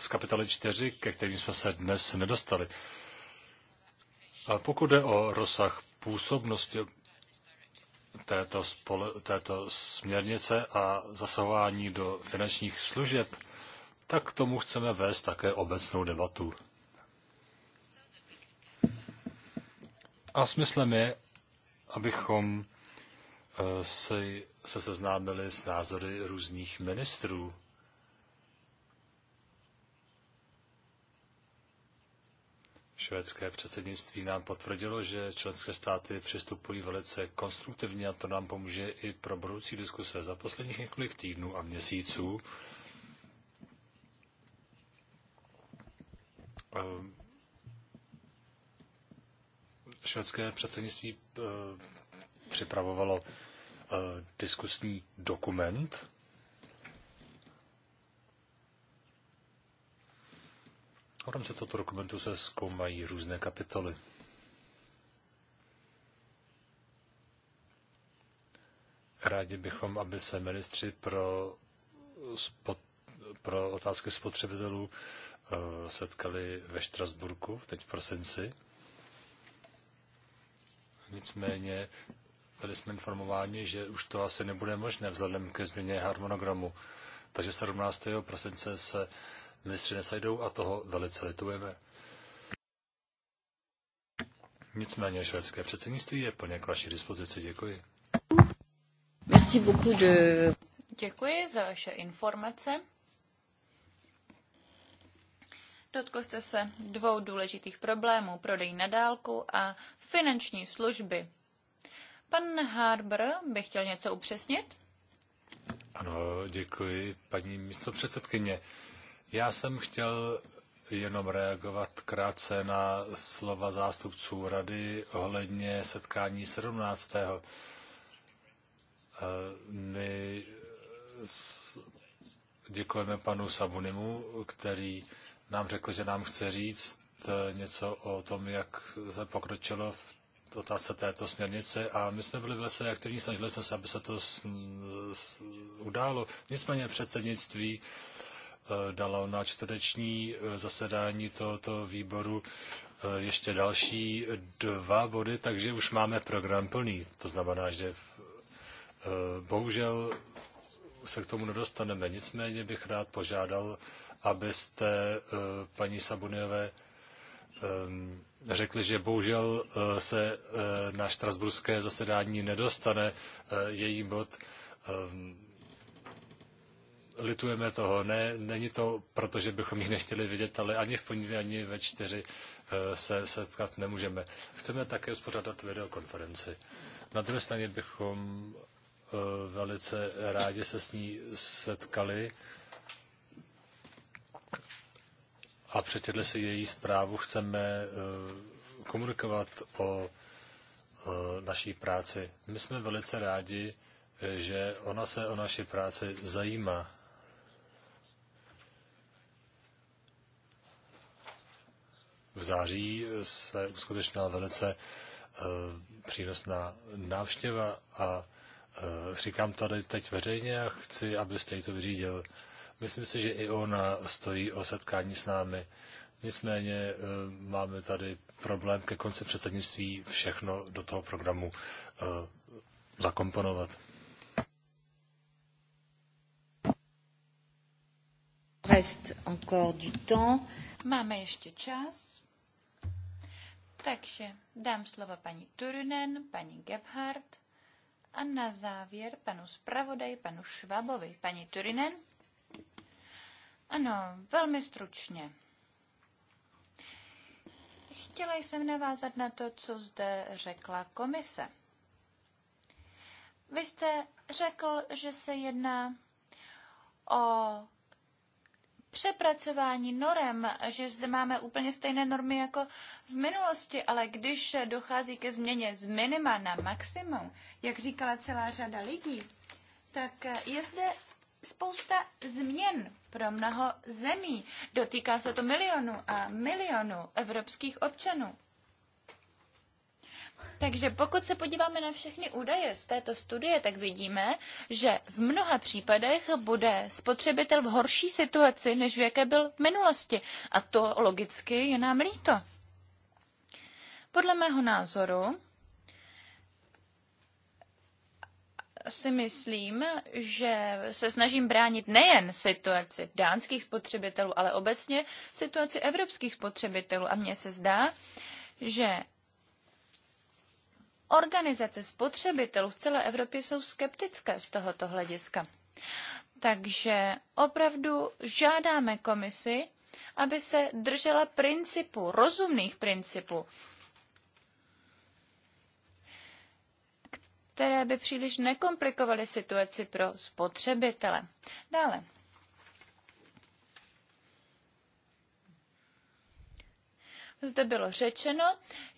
z kapitoly 4, ke kterým jsme se dnes nedostali. A pokud jde o rozsah působnosti, této, spole, této směrnice a zasahování do finančních služeb, tak k tomu chceme vést také obecnou debatu. A smyslem je, abychom eh, se, se seznámili s názory různých ministrů Švédské předsednictví nám potvrdilo, že členské státy přistupují velice konstruktivně a to nám pomůže i pro budoucí diskuse. Za posledních několik týdnů a měsíců ehm, švédské předsednictví ehm, připravovalo ehm, diskusní dokument V rámci tohoto dokumentu se zkoumají různé kapitoly. Rádi bychom, aby se ministři pro, spot, pro otázky spotřebitelů eh, setkali ve Štrasburku, teď v prosinci. Nicméně byli jsme informováni, že už to asi nebude možné vzhledem ke změně harmonogramu. Takže 17. prosince se ministři nesejdou a toho velice litujeme. Nicméně švédské předsednictví je plně k vaší dispozici. Děkuji. Merci beaucoup de... Děkuji za vaše informace. Dotkl jste se dvou důležitých problémů, prodej na dálku a finanční služby. Pan Harbour by chtěl něco upřesnit? Ano, děkuji, paní místo předsedkyně. Já jsem chtěl jenom reagovat krátce na slova zástupců rady ohledně setkání 17. Eh, my děkujeme panu Sabunimu, který nám řekl, že nám chce říct eh, něco o tom, jak se pokročilo v otázce této směrnice a my jsme byli velice aktivní, snažili jsme se, aby se to událo. Nicméně předsednictví Eh, dalo na čtvrteční eh, zasedání tohoto výboru eh, ještě další dva body, takže už máme program plný. To znamená, že bohužel se k tomu nedostaneme. Nicméně bych rád požádal, abyste paní Sabunové řekli, že bohužel se na štrasburské zasedání nedostane její bod litujeme toho. Ne, není to proto, že bychom ji nechtěli vidět, ale ani v pondělí, ani ve čtyři eh, se setkat nemůžeme. Chceme také uspořádat videokonferenci. Na druhé straně bychom eh, velice rádi se s ní setkali a přečetli si její zprávu. Chceme eh, komunikovat o naší práci. My jsme velice rádi, že ona se o naši práci zajímá. v září se uskutečnila velice eh, přínosná návštěva a eh, říkám tady teď veřejně a chci, abyste jí to vyřídil. Myslím si, že i ona stojí o setkání s námi. Nicméně eh, máme tady problém ke konci předsednictví všechno do toho programu zakomponovat. Reste encore du temps. Máme ještě čas. Takže dám slovo paní Turunen, paní Gebhardt a na závěr panu zpravodaj, panu Švabovi. Paní Turinen? Ano, velmi stručně. Chtěla jsem navázat na to, co zde řekla komise. Vy jste řekl, že se jedná o přepracování norem, že zde máme úplně stejné normy jako v minulosti, ale když dochází ke změně z minima na maximum, jak říkala celá řada lidí, tak je zde spousta změn pro mnoho zemí. Dotýká se to milionů a milionů evropských občanů. Takže pokud se podíváme na všechny údaje z této studie, tak vidíme, že v mnoha případech bude spotřebitel v horší situaci, než v jaké byl v minulosti. A to logicky je nám líto. Podle mého názoru si myslím, že se snažím bránit nejen situaci dánských spotřebitelů, ale obecně situaci evropských spotřebitelů. A mně se zdá, že Organizace spotřebitelů v celé Evropě jsou skeptické z tohoto hlediska. Takže opravdu žádáme komisi, aby se držela principu, rozumných principů, které by příliš nekomplikovaly situaci pro spotřebitele. Dále, zde bylo řečeno,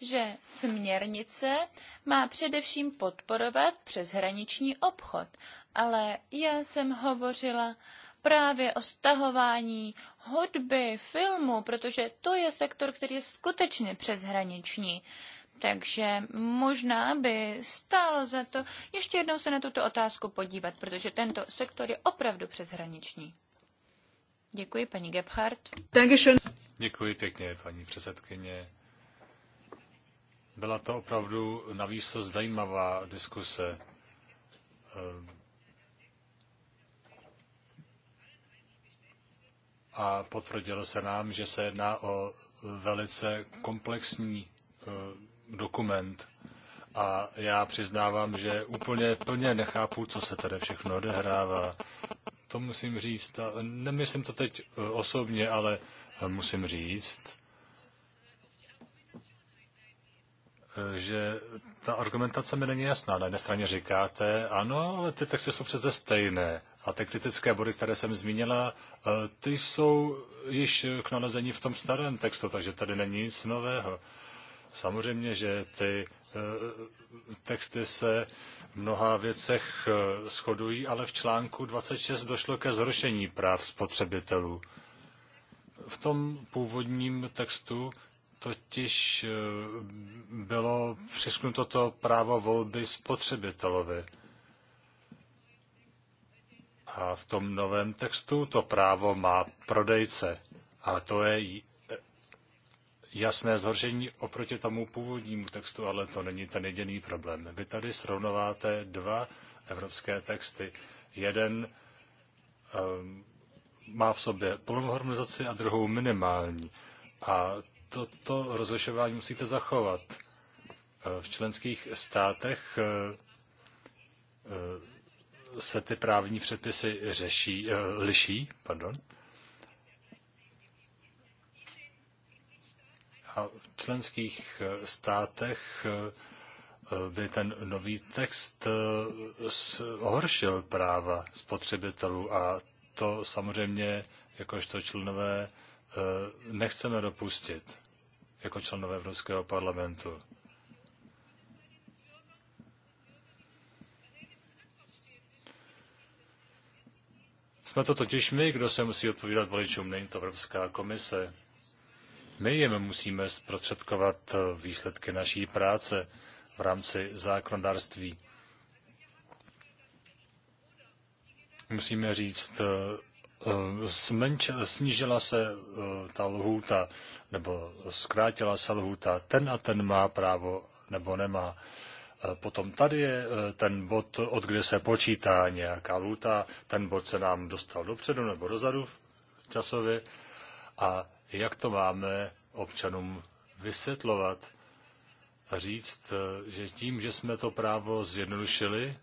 že směrnice má především podporovat přeshraniční obchod, ale já jsem hovořila právě o stahování hudby, filmu, protože to je sektor, který je skutečně přeshraniční. Takže možná by stálo za to ještě jednou se na tuto otázku podívat, protože tento sektor je opravdu přeshraniční. Děkuji, paní Gebhardt. Děkuji pěkně, paní předsedkyně. Byla to opravdu navýsto zajímavá diskuse. A potvrdilo se nám, že se jedná o velice komplexní eh, dokument. A já přiznávám, že úplně plně nechápu, co se tady všechno odehrává. To musím říct. Nemyslím to teď eh, osobně, ale musím říct, že ta argumentace mi není jasná. Na jedné straně říkáte, ano, ale ty texty jsou přece stejné. A ty kritické body, které jsem zmínila, eh, ty jsou již k nalezení v tom starém textu, takže tady není nic nového. Samozřejmě, že ty eh, texty se v mnoha věcech eh, shodují, ale v článku 26 došlo ke zhoršení práv spotřebitelů. V tom původním textu totiž eh, bylo přesknuto to právo volby spotřebitelovi. A v tom novém textu to právo má prodejce. A to je eh, jasné zhoršení oproti tomu původnímu textu, ale to není ten jediný problém. Vy tady srovnáváte dva evropské texty. Jeden um, má v sobě plnou harmonizaci a druhou minimální. A toto rozlišování musíte zachovat. Eh, v členských státech eh, eh, se ty právní předpisy řeší, liší. Pardon. A v členských státech by ten nový text zhoršil práva spotřebitelů a to samozřejmě jakožto členové eh, nechceme dopustit jako členové Evropského parlamentu. Jsme to totiž my, kdo se musí odpovídat voličům, není to Evropská komise. My jim musíme zprostředkovat eh, výsledky naší práce v rámci zákonodárství. musíme říct, eh, eh, snížila se eh, ta lhůta, nebo zkrátila se lhůta, ten a ten má právo nebo nemá. Potom tady je ten bod, od kde se počítá nějaká lhůta, ten bod se nám dostal dopředu nebo dozadu časově a jak to máme občanům vysvětlovat, říct, že tím, že jsme to právo zjednodušili,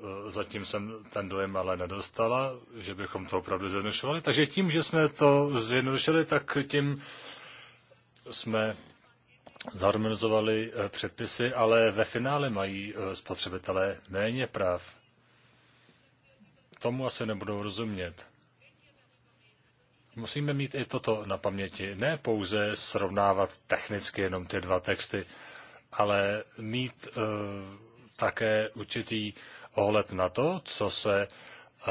Eh, zatím jsem ten dojem ale nedostala, že bychom to opravdu zjednodušovali. Takže tím, že jsme to zjednodušili, tak tím jsme zharmonizovali eh, předpisy, ale ve finále mají eh, spotřebitelé méně práv. Tomu asi nebudou rozumět. Musíme mít i toto na paměti. Ne pouze srovnávat technicky jenom ty dva texty, ale mít uh, také určitý ohled na to, co se, eh,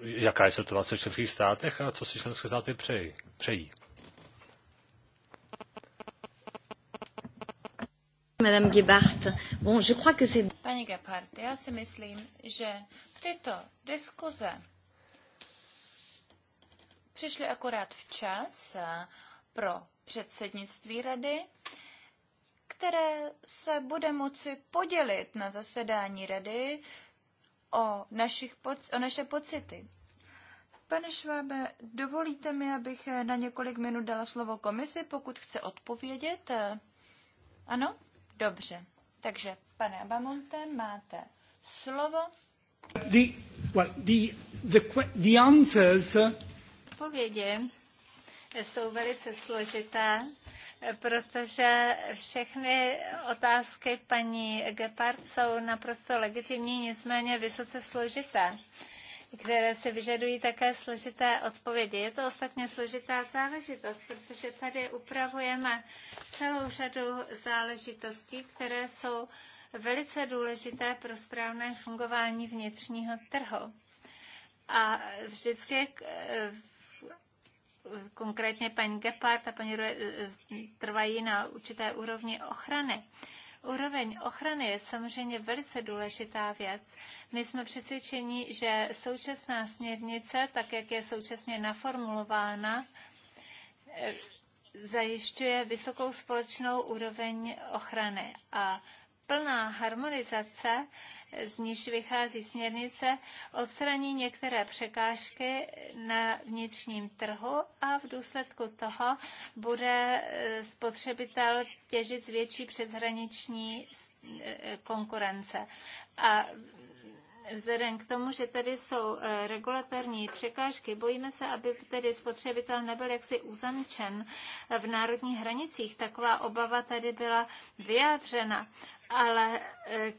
jaká je situace v členských státech a co si členské státy přejí. přejí. Madame Gebhardt, bon, je crois que c'est... Paní Gebhardt, já si myslím, že tyto diskuze přišly akorát včas eh, pro předsednictví rady které se bude moci podělit na zasedání rady o, našich, o naše pocity. Pane Švábe, dovolíte mi, abych na několik minut dala slovo komisi, pokud chce odpovědět? Ano? Dobře. Takže, pane Abamonte, máte slovo. The, well, the, the, the answers... Odpovědi uh, jsou velice složité protože všechny otázky paní Gepard jsou naprosto legitimní, nicméně vysoce složité které se vyžadují také složité odpovědi. Je to ostatně složitá záležitost, protože tady upravujeme celou řadu záležitostí, které jsou velice důležité pro správné fungování vnitřního trhu. A vždycky eh, konkrétně paní Gepard a paní Rue eh, trvají na určité úrovni ochrany. Úroveň ochrany je samozřejmě velice důležitá věc. My jsme přesvědčeni, že současná směrnice, tak jak je současně naformulována, eh, zajišťuje vysokou společnou úroveň ochrany. A plná harmonizace, z níž vychází směrnice, odstraní některé překážky na vnitřním trhu a v důsledku toho bude eh, spotřebitel těžit z větší přeshraniční eh, konkurence. A vzhledem k tomu, že tady jsou eh, regulatorní překážky, bojíme se, aby tedy spotřebitel nebyl jaksi uzamčen v národních hranicích. Taková obava tady byla vyjádřena ale eh,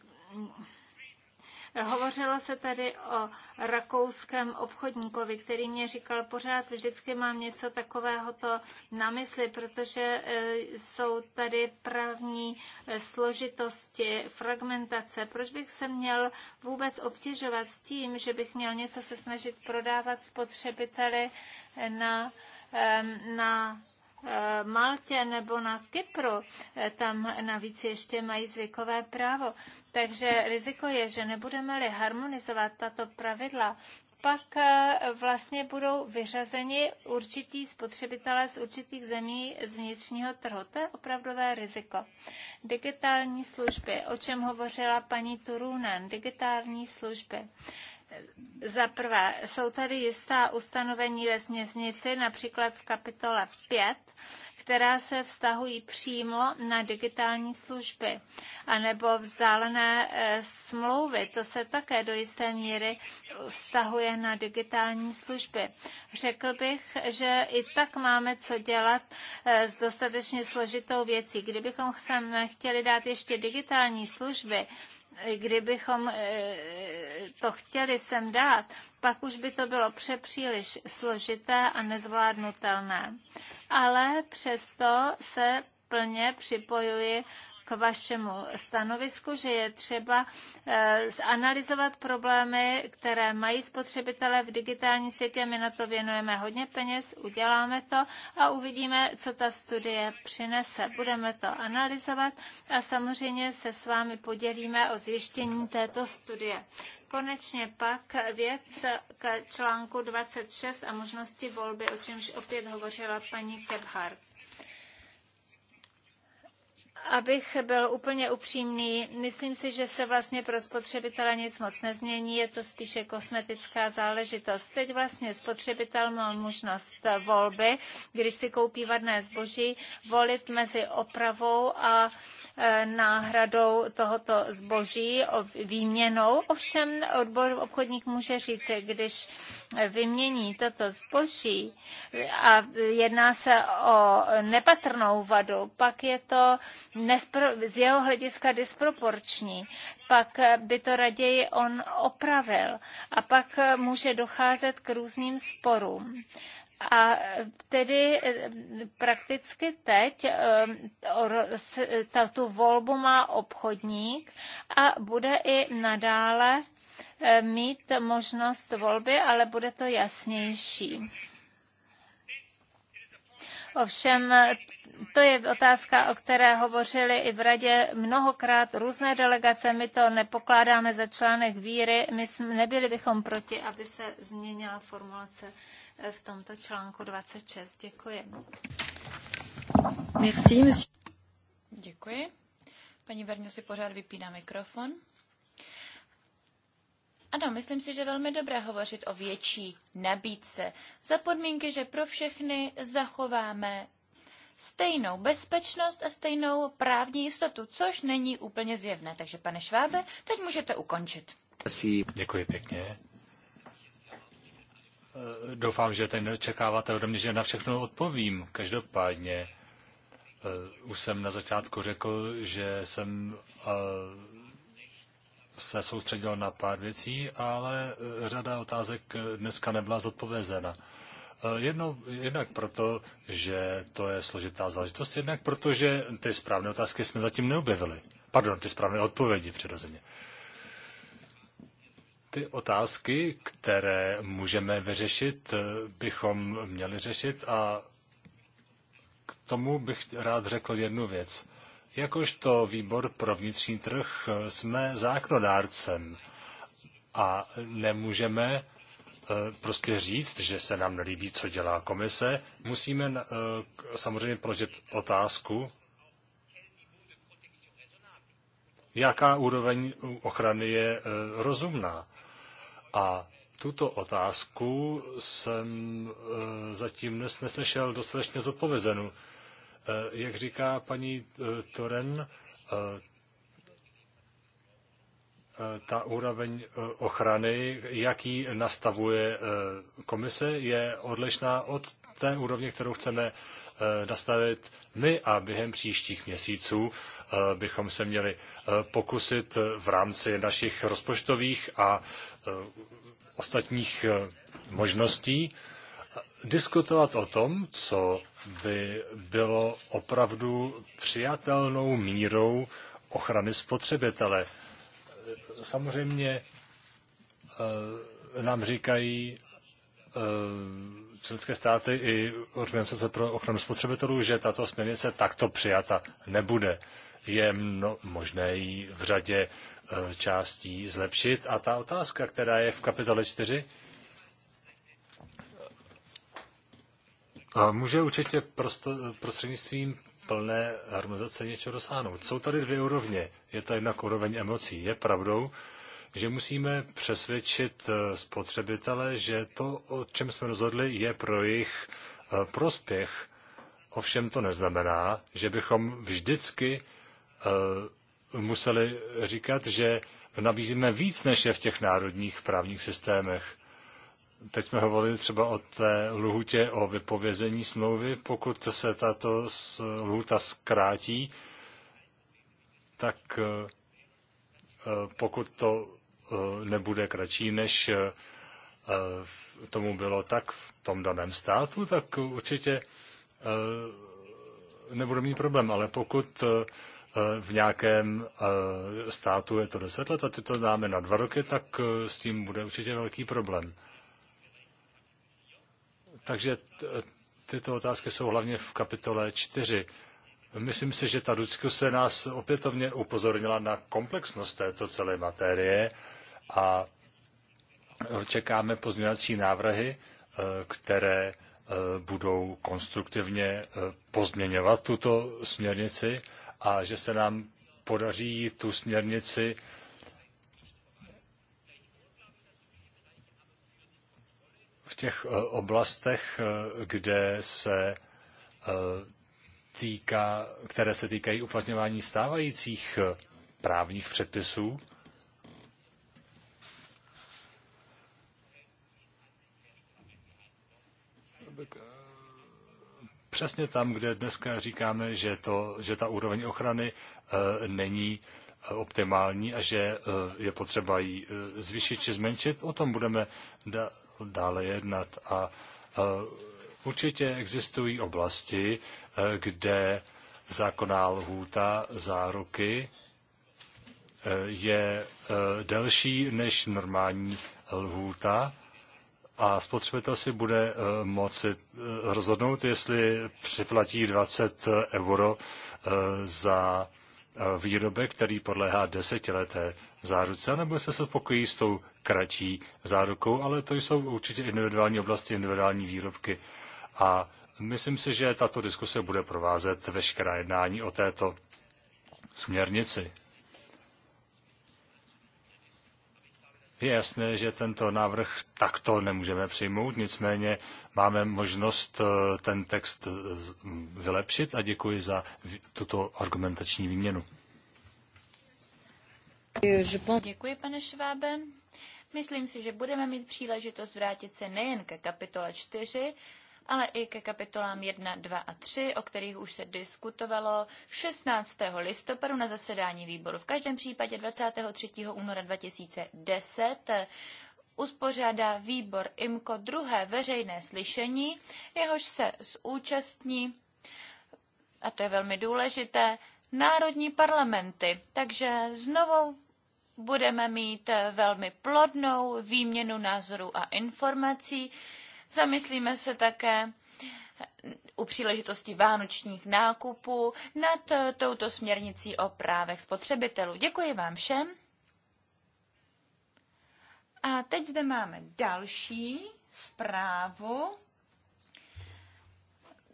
Hovořilo se tady o rakouském obchodníkovi, který mě říkal pořád, vždycky mám něco takového to na mysli, protože eh, jsou tady právní eh, složitosti, fragmentace. Proč bych se měl vůbec obtěžovat s tím, že bych měl něco se snažit prodávat spotřebiteli na, na Eh, Maltě nebo na Kypru. Eh, tam navíc ještě mají zvykové právo. Takže riziko je, že nebudeme-li harmonizovat tato pravidla, pak eh, vlastně budou vyřazeni určití spotřebitelé z určitých zemí z vnitřního trhu. To je opravdové riziko. Digitální služby, o čem hovořila paní Turunen, digitální služby. Za prvé, jsou tady jistá ustanovení ve směrnici, například v kapitole 5, která se vztahují přímo na digitální služby anebo vzdálené eh, smlouvy. To se také do jisté míry vztahuje na digitální služby. Řekl bych, že i tak máme co dělat eh, s dostatečně složitou věcí. Kdybychom sem chtěli dát ještě digitální služby, kdybychom eh, to chtěli sem dát, pak už by to bylo přepříliš složité a nezvládnutelné. Ale přesto se plně připojuji k vašemu stanovisku, že je třeba eh, zanalizovat problémy, které mají spotřebitelé v digitální světě. My na to věnujeme hodně peněz, uděláme to a uvidíme, co ta studie přinese. Budeme to analyzovat a samozřejmě se s vámi podělíme o zjištění této studie konečně pak věc k článku 26 a možnosti volby, o čemž opět hovořila paní Kebhardt. Abych byl úplně upřímný, myslím si, že se vlastně pro spotřebitele nic moc nezmění, je to spíše kosmetická záležitost. Teď vlastně spotřebitel má možnost volby, když si koupí vadné zboží, volit mezi opravou a Eh, náhradou tohoto zboží, výměnou. Ovšem odbor obchodník může říct, když vymění toto zboží eh, a jedná se o nepatrnou vadu, pak je to z jeho hlediska disproporční pak eh, by to raději on opravil a pak může docházet k různým sporům. A eh, tedy eh, prakticky teď eh, tu volbu má obchodník a bude i nadále mít možnost volby, ale bude to jasnější. Ovšem, to je otázka, o které hovořili i v radě mnohokrát různé delegace. My to nepokládáme za článek víry. My jsme, nebyli bychom proti, aby se změnila formulace v tomto článku 26. Děkuji. Merci, Děkuji. Paní Verňo si pořád vypíná mikrofon. Ano, myslím si, že velmi dobré hovořit o větší nabídce za podmínky, že pro všechny zachováme stejnou bezpečnost a stejnou právní jistotu, což není úplně zjevné. Takže, pane Švábe, teď můžete ukončit. Děkuji pěkně. Eh, doufám, že ten neočekáváte ode mě, že na všechno odpovím. Každopádně eh, už jsem na začátku řekl, že jsem eh, se soustředil na pár věcí, ale řada otázek dneska nebyla zodpovězena. Jedno, jednak proto, že to je složitá záležitost, jednak proto, že ty správné otázky jsme zatím neobjevili. Pardon, ty správné odpovědi přirozeně. Uh, ty otázky, které můžeme vyřešit, eh, bychom měli řešit a k tomu bych rád řekl jednu věc. Jakožto výbor pro vnitřní trh eh, jsme zákonodárcem a nemůžeme eh, prostě říct, že se nám nelíbí, co dělá komise. Musíme samozřejmě položit otázku, jaká úroveň ochrany je rozumná. A tuto otázku jsem eh, zatím dnes neslyšel dostatečně zodpovězenu. Eh, jak říká paní eh, Toren, ta úroveň ochrany, jaký nastavuje komise, je odlišná od té úrovně, kterou chceme Eh, nastavit my a během příštích měsíců eh, bychom se měli eh, pokusit v rámci našich rozpočtových a ostatních možností diskutovat o tom, co by bylo opravdu přijatelnou mírou ochrany spotřebitele. Samozřejmě nám říkají Eh, členské státy i Organizace pro ochranu spotřebitelů, že tato směrnice takto přijata nebude. Je mno, možné ji v řadě eh, částí zlepšit. A ta otázka, která je v kapitole 4, může určitě prosto, prostřednictvím plné harmonizace něčeho dosáhnout. Jsou tady dvě úrovně. Je to jednak úroveň emocí. Je pravdou, že musíme přesvědčit eh, spotřebitele, že to, o čem jsme rozhodli, je pro jejich eh, prospěch. Ovšem to neznamená, že bychom vždycky eh, museli říkat, že nabízíme víc, než je v těch národních právních systémech. Teď jsme hovorili třeba o té lhutě o vypovězení smlouvy. Pokud se tato lhuta zkrátí, tak pokud to Eh, nebude kratší, než eh, tomu bylo tak v tom daném státu, tak určitě eh, nebude mít problém. Ale pokud v nějakém státu je to 10 let a ty to dáme na dva roky, tak s tím bude určitě velký problém. Takže tyto otázky jsou hlavně v kapitole 4. Myslím si, že ta diskuse nás opětovně upozornila na komplexnost této celé materie a e, čekáme pozměňovací návrhy, e, které e, budou konstruktivně pozměňovat tuto směrnici a že se nám podaří tu směrnici v těch oblastech, kde se týká, které se týkají uplatňování stávajících právních předpisů, přesně tam, kde dneska říkáme, že, to, že ta úroveň ochrany e, není optimální a že e, je potřeba ji e, zvýšit či zmenšit, o tom budeme dále jednat. A určitě existují oblasti, kde zákonná lhůta záruky je delší než normální lhůta a spotřebitel si bude eh, moci eh, rozhodnout, jestli připlatí 20 eh, euro za výrobek, který podléhá desetileté záruce, nebo se spokojí s tou kratší zárukou, ale to jsou určitě individuální oblasti, individuální výrobky. A myslím si, že tato diskuse bude provázet veškerá jednání o této směrnici. Je jasné, že tento návrh takto nemůžeme přijmout, nicméně máme možnost eh, ten text eh, vylepšit a děkuji za tuto argumentační výměnu. Děkuji, pane Švábe. Myslím si, že budeme mít příležitost vrátit se nejen ke kapitole 4, ale i ke kapitolám 1, 2 a 3, o kterých už se diskutovalo 16. listopadu na zasedání výboru. V každém případě 23. února 2010 uspořádá výbor IMKO druhé veřejné slyšení, jehož se zúčastní, a to je velmi důležité, národní parlamenty. Takže znovu budeme mít velmi plodnou výměnu názorů a informací, Zamyslíme se také u příležitosti vánočních nákupů nad eh, touto směrnicí o právech spotřebitelů. Děkuji vám všem. A teď zde máme další zprávu.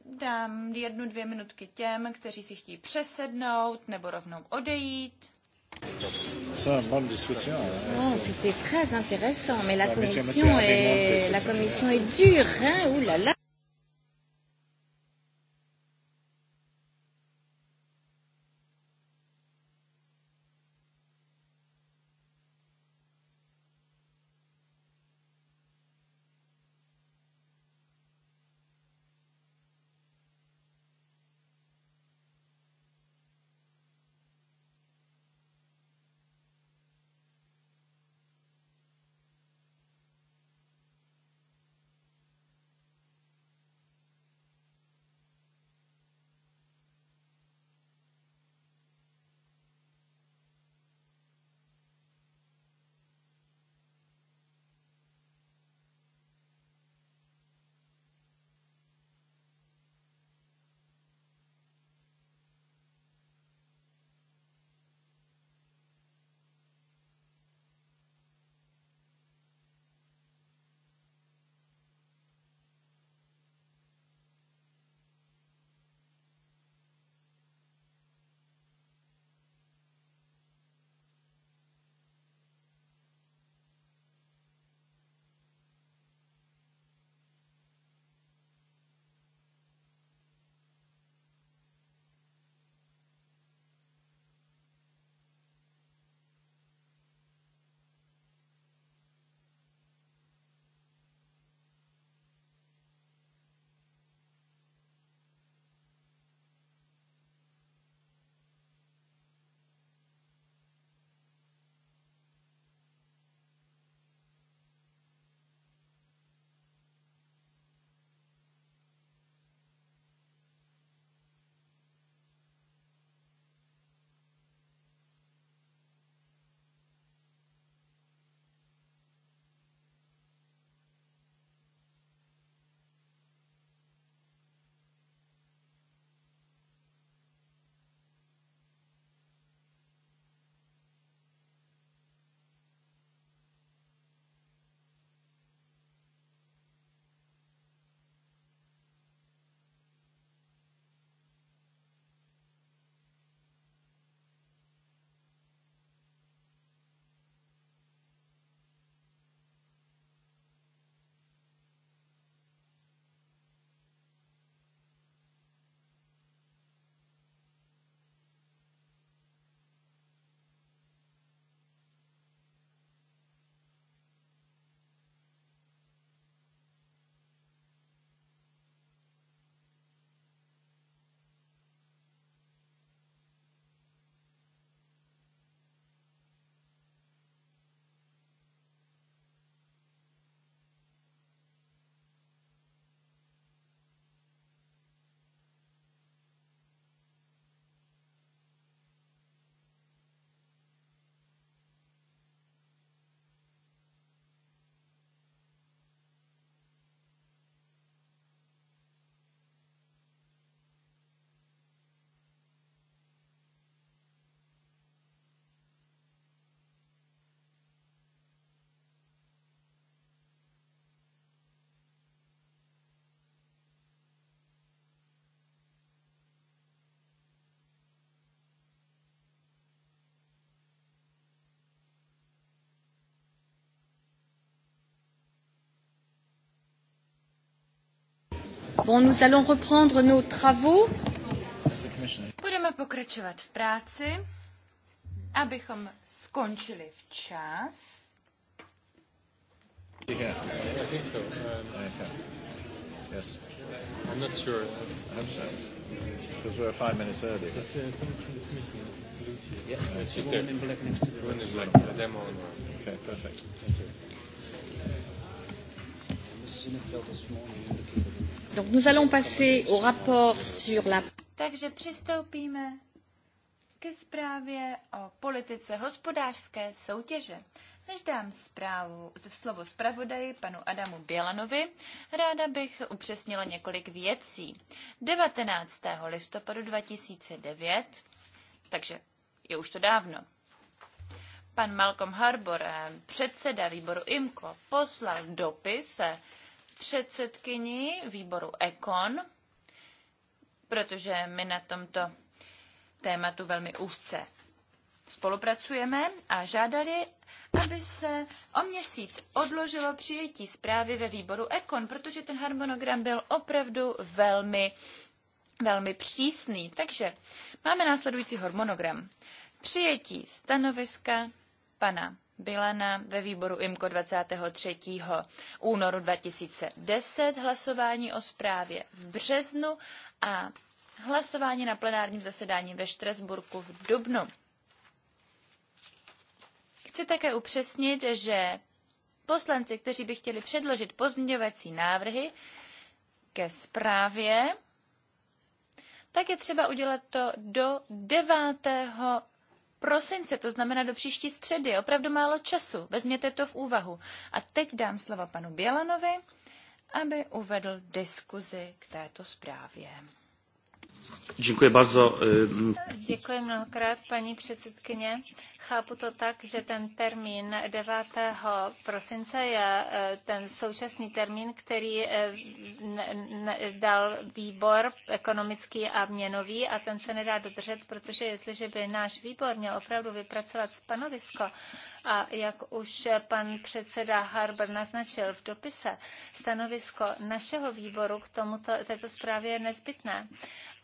Dám jednu, dvě minutky těm, kteří si chtějí přesednout nebo rovnou odejít. C'est une bonne discussion. Non, oh, c'était très intéressant, mais la commission, est, la commission est dure, hein, Ouh là là. Bon, nous allons reprendre nos travaux. Budeme pokračovat v práci, abychom skončili včas. Yeah. I'm not sure. I hope Because we're five minutes early. But... Uh, yes, yeah, it's just there. in black next to the one in black. Yeah. Okay, perfect. Thank you. Mrs. Zinnefeld this morning indicated Donc nous allons passer au rapport sur la... Takže přistoupíme ke zprávě o politice hospodářské soutěže. Než dám zprávu, slovo zpravodaji panu Adamu Bělanovi, ráda bych upřesnila několik věcí. 19. listopadu 2009, takže je už to dávno, pan Malcolm Harbour, eh, předseda výboru IMCO, poslal dopis eh, předsedkyni výboru Ekon, protože my na tomto tématu velmi úzce spolupracujeme a žádali, aby se o měsíc odložilo přijetí zprávy ve výboru Ekon, protože ten harmonogram byl opravdu velmi, velmi přísný. Takže máme následující harmonogram. Přijetí stanoviska pana na ve výboru IMKO 23. únoru 2010, hlasování o zprávě v březnu a hlasování na plenárním zasedání ve Štrasburku v dubnu. Chci také upřesnit, že poslanci, kteří by chtěli předložit pozměňovací návrhy ke zprávě, tak je třeba udělat to do 9 prosince, to znamená do příští středy, je opravdu málo času. Vezměte to v úvahu. A teď dám slova panu Bělanovi, aby uvedl diskuzi k této zprávě. Děkuji mnohokrát, paní předsedkyně. Chápu to tak, že ten termín 9. prosince je e, ten současný termín, který e, dal výbor ekonomický a měnový a ten se nedá dodržet, protože jestliže by náš výbor měl opravdu vypracovat stanovisko a jak už pan předseda Harbour naznačil v dopise, stanovisko našeho výboru k tomuto, této zprávě je nezbytné.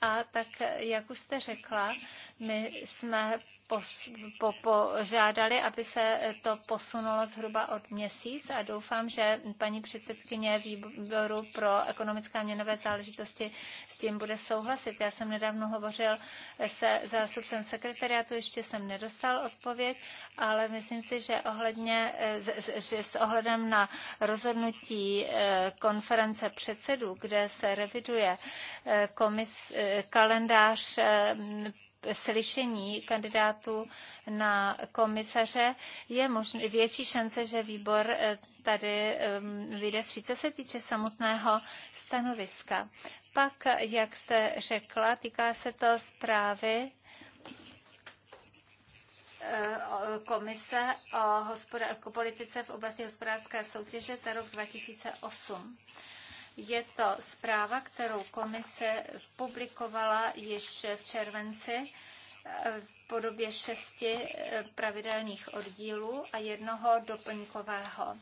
A tak, jak už jste řekla, my jsme požádali, aby se to posunulo zhruba od měsíc a doufám, že paní předsedkyně výboru pro ekonomické a měnové záležitosti s tím bude souhlasit. Já jsem nedávno hovořil se zástupcem sekretariátu, ještě jsem nedostal odpověď, ale myslím si, že, ohledně, že s ohledem na rozhodnutí eh, konference předsedů, kde se reviduje eh, komis, eh, kalendář slyšení kandidátů na komisaře je možný, větší šance, že výbor eh, tady vyjde Co se týče samotného stanoviska. Pak, jak jste řekla, týká se to zprávy eh, komise o, o politice v oblasti hospodářské soutěže za rok 2008. Je to zpráva, kterou komise publikovala již v červenci eh, v podobě šesti eh, pravidelných oddílů a jednoho doplňkového.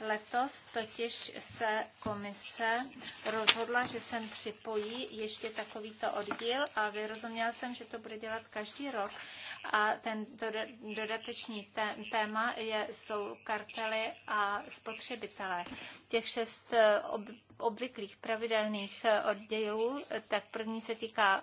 Letos totiž se komise rozhodla, že sem připojí ještě takovýto oddíl a vyrozuměla jsem, že to bude dělat každý rok. A ten dodateční téma jsou kartely a spotřebitelé. Těch šest eh, obvyklých pravidelných eh, oddělů, tak první se týká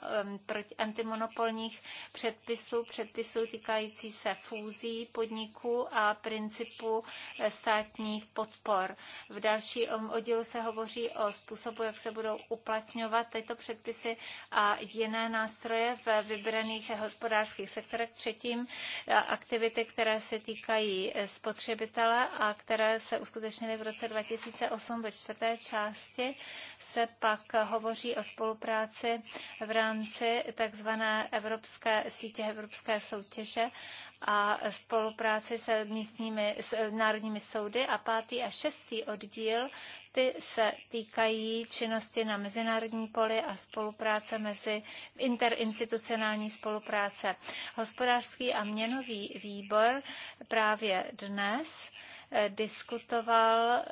antimonopolních předpisů, předpisů týkající se fúzí podniků a principu eh, státních podpor. V další oddělu se hovoří o způsobu, jak se budou uplatňovat tyto předpisy a jiné nástroje v vybraných hospodářských sektorech. Třetím eh, aktivity, které se týkají spotřebitele a které se uskutečnily v roce 2008 ve čtvrté části oblasti se pak hovoří o spolupráci v rámci takzvané evropské sítě evropské soutěže a spolupráci se místními s národními soudy a pátý a šestý oddíl, ty se týkají činnosti na mezinárodní poli a spolupráce mezi interinstitucionální spolupráce. Hospodářský a měnový výbor právě dnes eh, diskutoval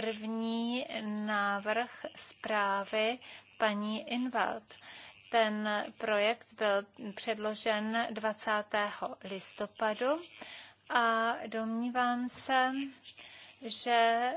první návrh zprávy paní Invald. Ten projekt byl předložen 20. listopadu a domnívám se, že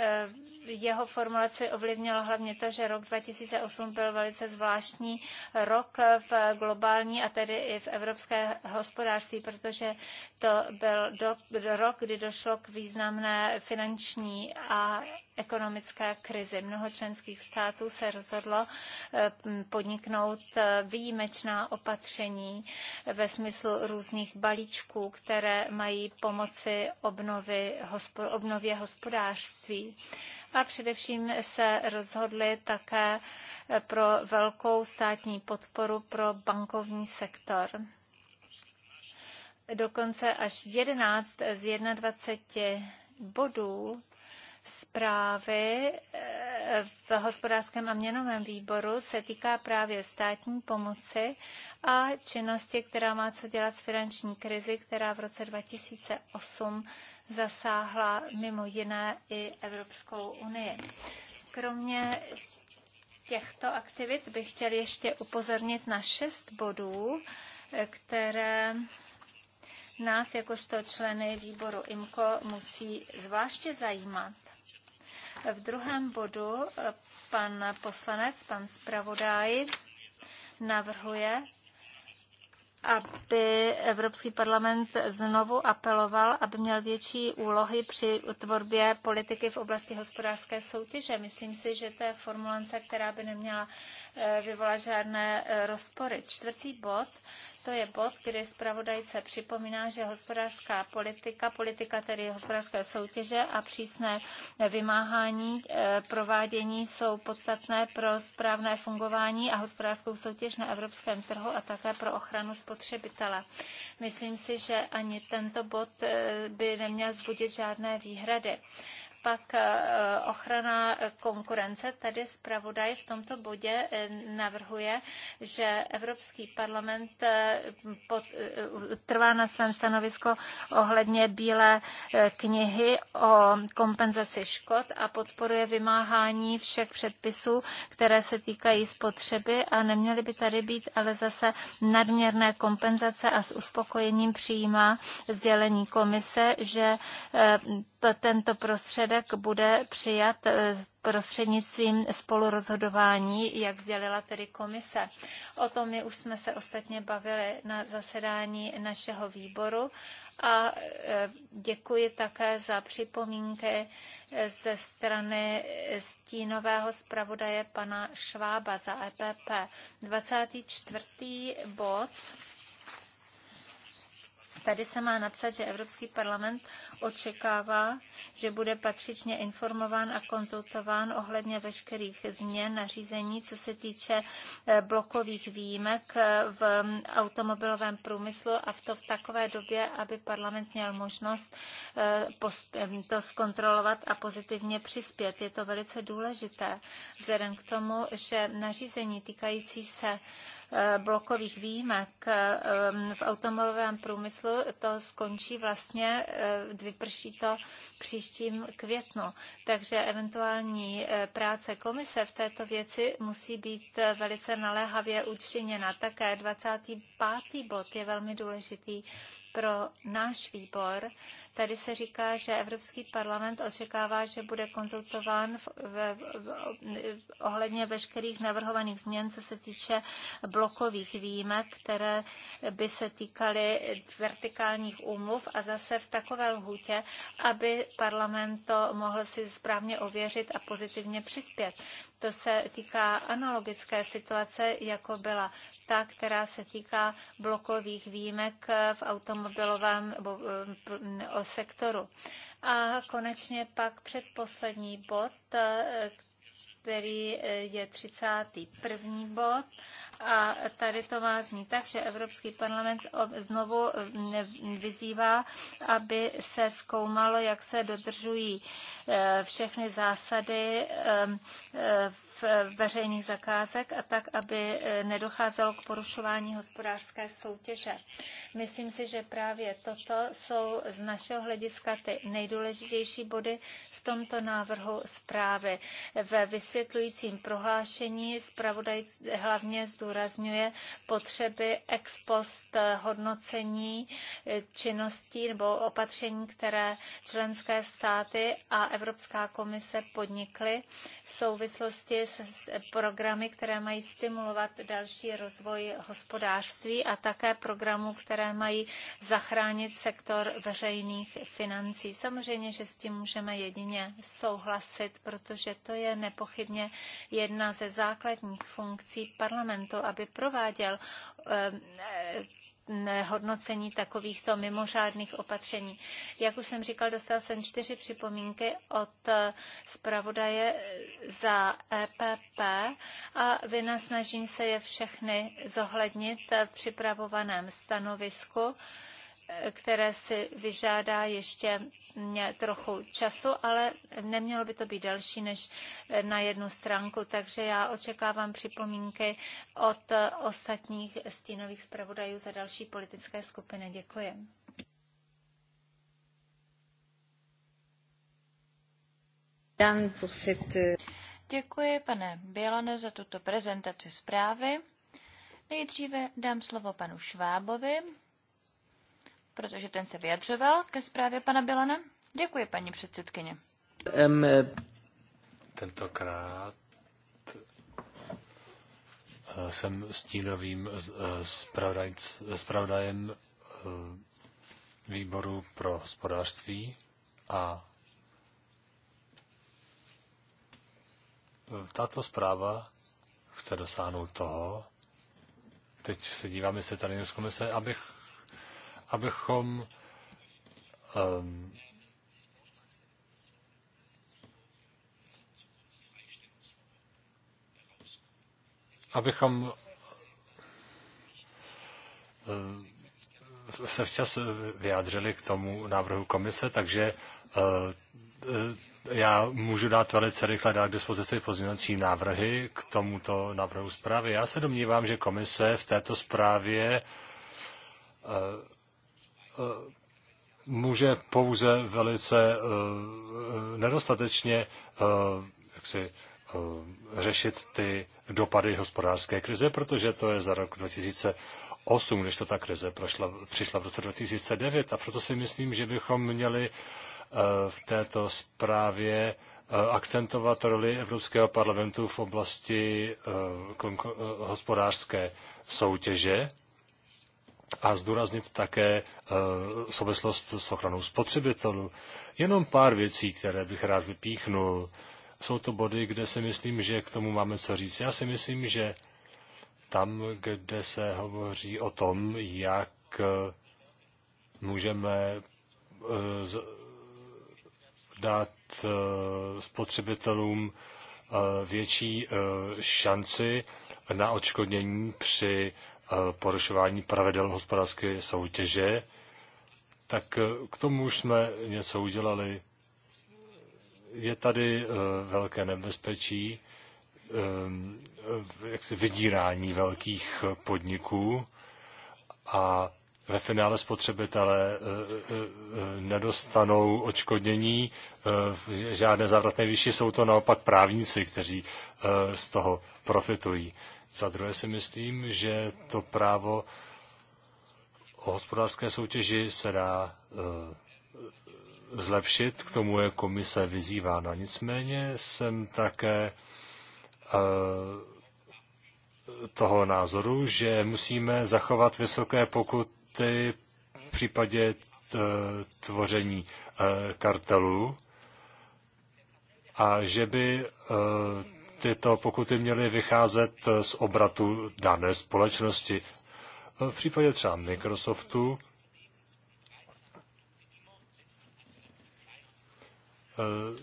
Eh, jeho formulaci ovlivnilo hlavně to, že rok 2008 byl velice zvláštní rok v globální a tedy i v evropské hospodářství, protože to byl do, rok, kdy došlo k významné finanční a ekonomické krizi. Mnoho členských států se rozhodlo eh, podniknout eh, výjimečná opatření ve smyslu různých balíčků, které mají pomoci obnovy, obnově hospodářství a především se rozhodli také eh, pro velkou státní podporu pro bankovní sektor. Dokonce až 11 z 21 bodů zprávy eh, v hospodářském a měnovém výboru se týká právě státní pomoci a činnosti, která má co dělat s finanční krizi, která v roce 2008 zasáhla mimo jiné i Evropskou unii. Kromě těchto aktivit bych chtěl ještě upozornit na šest bodů, eh, které nás jakožto členy výboru IMCO musí zvláště zajímat. V druhém bodu eh, pan poslanec, pan zpravodaj navrhuje, aby Evropský parlament znovu apeloval, aby měl větší úlohy při tvorbě politiky v oblasti hospodářské soutěže. Myslím si, že to je formulace, která by neměla eh, vyvolat žádné eh, rozpory. Čtvrtý bod to je bod, kdy zpravodajce připomíná, že hospodářská politika, politika tedy hospodářské soutěže a přísné vymáhání e, provádění jsou podstatné pro správné fungování a hospodářskou soutěž na evropském trhu a také pro ochranu spotřebitele. Myslím si, že ani tento bod e, by neměl zbudit žádné výhrady pak eh, ochrana konkurence. Tady zpravodaj v tomto bodě eh, navrhuje, že Evropský parlament eh, trvá na svém stanovisko ohledně Bílé knihy o kompenzaci škod a podporuje vymáhání všech předpisů, které se týkají spotřeby a neměly by tady být ale zase nadměrné kompenzace a s uspokojením přijímá sdělení komise, že to, tento prostředek výsledek bude přijat eh, prostřednictvím spolurozhodování, jak sdělila tedy komise. O tom my už jsme se ostatně bavili na zasedání našeho výboru a eh, děkuji také za připomínky eh, ze strany stínového zpravodaje pana Švába za EPP. 24. bod Tady se má napsat, že Evropský parlament očekává, že bude patřičně informován a konzultován ohledně veškerých změn nařízení, co se týče eh, blokových výjimek eh, v automobilovém průmyslu a v to v takové době, aby parlament měl možnost eh, to zkontrolovat a pozitivně přispět. Je to velice důležité vzhledem k tomu, že nařízení týkající se Eh, blokových výjimek eh, v automobilovém průmyslu, to skončí vlastně, eh, vyprší to příštím květnu. Takže eventuální práce komise v této věci musí být velice naléhavě učiněna. Také 25. bod je velmi důležitý pro náš výbor. Tady se říká, že Evropský parlament očekává, že bude konzultován v, v, v, ohledně veškerých navrhovaných změn, co se týče blokových výjimek, které by se týkaly vertikálních úmluv a zase v takové lhůtě, aby parlament to mohl si správně ověřit a pozitivně přispět. To se týká analogické situace, jako byla ta, která se týká blokových výjimek v automobilovém eh, sektoru. A konečně pak předposlední bod, eh, který eh, je 31. bod a tady to má zní tak, že Evropský parlament znovu vyzývá, aby se zkoumalo, jak se dodržují eh, všechny zásady eh, v veřejných zakázek a tak, aby eh, nedocházelo k porušování hospodářské soutěže. Myslím si, že právě toto jsou z našeho hlediska ty nejdůležitější body v tomto návrhu zprávy. Ve vysvětlujícím prohlášení zpravodaj hlavně zdůrazňuje, zdůrazňuje potřeby ex post hodnocení eh, činností nebo opatření, které členské státy a Evropská komise podnikly v souvislosti s eh, programy, které mají stimulovat další rozvoj hospodářství a také programů, které mají zachránit sektor veřejných financí. Samozřejmě, že s tím můžeme jedině souhlasit, protože to je nepochybně jedna ze základních funkcí parlamentu parlamentu, aby prováděl eh, eh, hodnocení takovýchto mimořádných opatření. Jak už jsem říkal, dostal jsem čtyři připomínky od eh, zpravodaje za EPP a vynasnažím se je všechny zohlednit v připravovaném stanovisku které si vyžádá ještě trochu času, ale nemělo by to být delší než na jednu stránku, takže já očekávám připomínky od ostatních stínových zpravodajů za další politické skupiny. Děkuji. Děkuji, pane Bělane, za tuto prezentaci zprávy. Nejdříve dám slovo panu Švábovi, protože ten se vyjadřoval ke zprávě pana Bilana. Děkuji, paní předsedkyně. Um, tentokrát eh, jsem stínovým eh, zpravodajem výboru pro hospodářství a tato zpráva chce dosáhnout toho, teď se díváme se tady z komise, abych abychom um, abychom uh, se včas vyjádřili k tomu návrhu komise, takže uh, já můžu dát velice rychle dát k dispozici pozměňovací návrhy k tomuto návrhu zprávy. Já se domnívám, že komise v této zprávě uh, Eh, může pouze velice eh, nedostatečně eh, jaksi, řešit ty dopady hospodářské krize, protože to je za rok 2008, když to ta krize prošla, přišla v roce 2009. A proto si myslím, že bychom měli v této zprávě akcentovat roli Evropského parlamentu v oblasti hospodářské soutěže a zdůraznit také eh, souvislost s ochranou spotřebitelů. Jenom pár věcí, které bych rád vypíchnul. Jsou to body, kde si myslím, že k tomu máme co říct. Já si myslím, že tam, kde se hovoří o tom, jak eh, můžeme eh, dát spotřebitelům větší šanci na odškodnění při Eh, porušování pravidel hospodářské soutěže, tak eh, k tomu už jsme něco udělali. Je tady eh, velké nebezpečí, jaksi vydírání velkých podniků a ve finále spotřebitelé nedostanou očkodnění v žádné závratné výši, jsou to naopak právníci, kteří z toho profitují. Za druhé si myslím, že to právo o hospodářské soutěži se dá eh, zlepšit, k tomu je komise vyzývána. Nicméně jsem také eh, toho názoru, že musíme zachovat vysoké pokuty v případě eh, tvoření kartelů a že by tyto pokuty měly vycházet eh, z obratu dané společnosti. V případě třeba Microsoftu eh,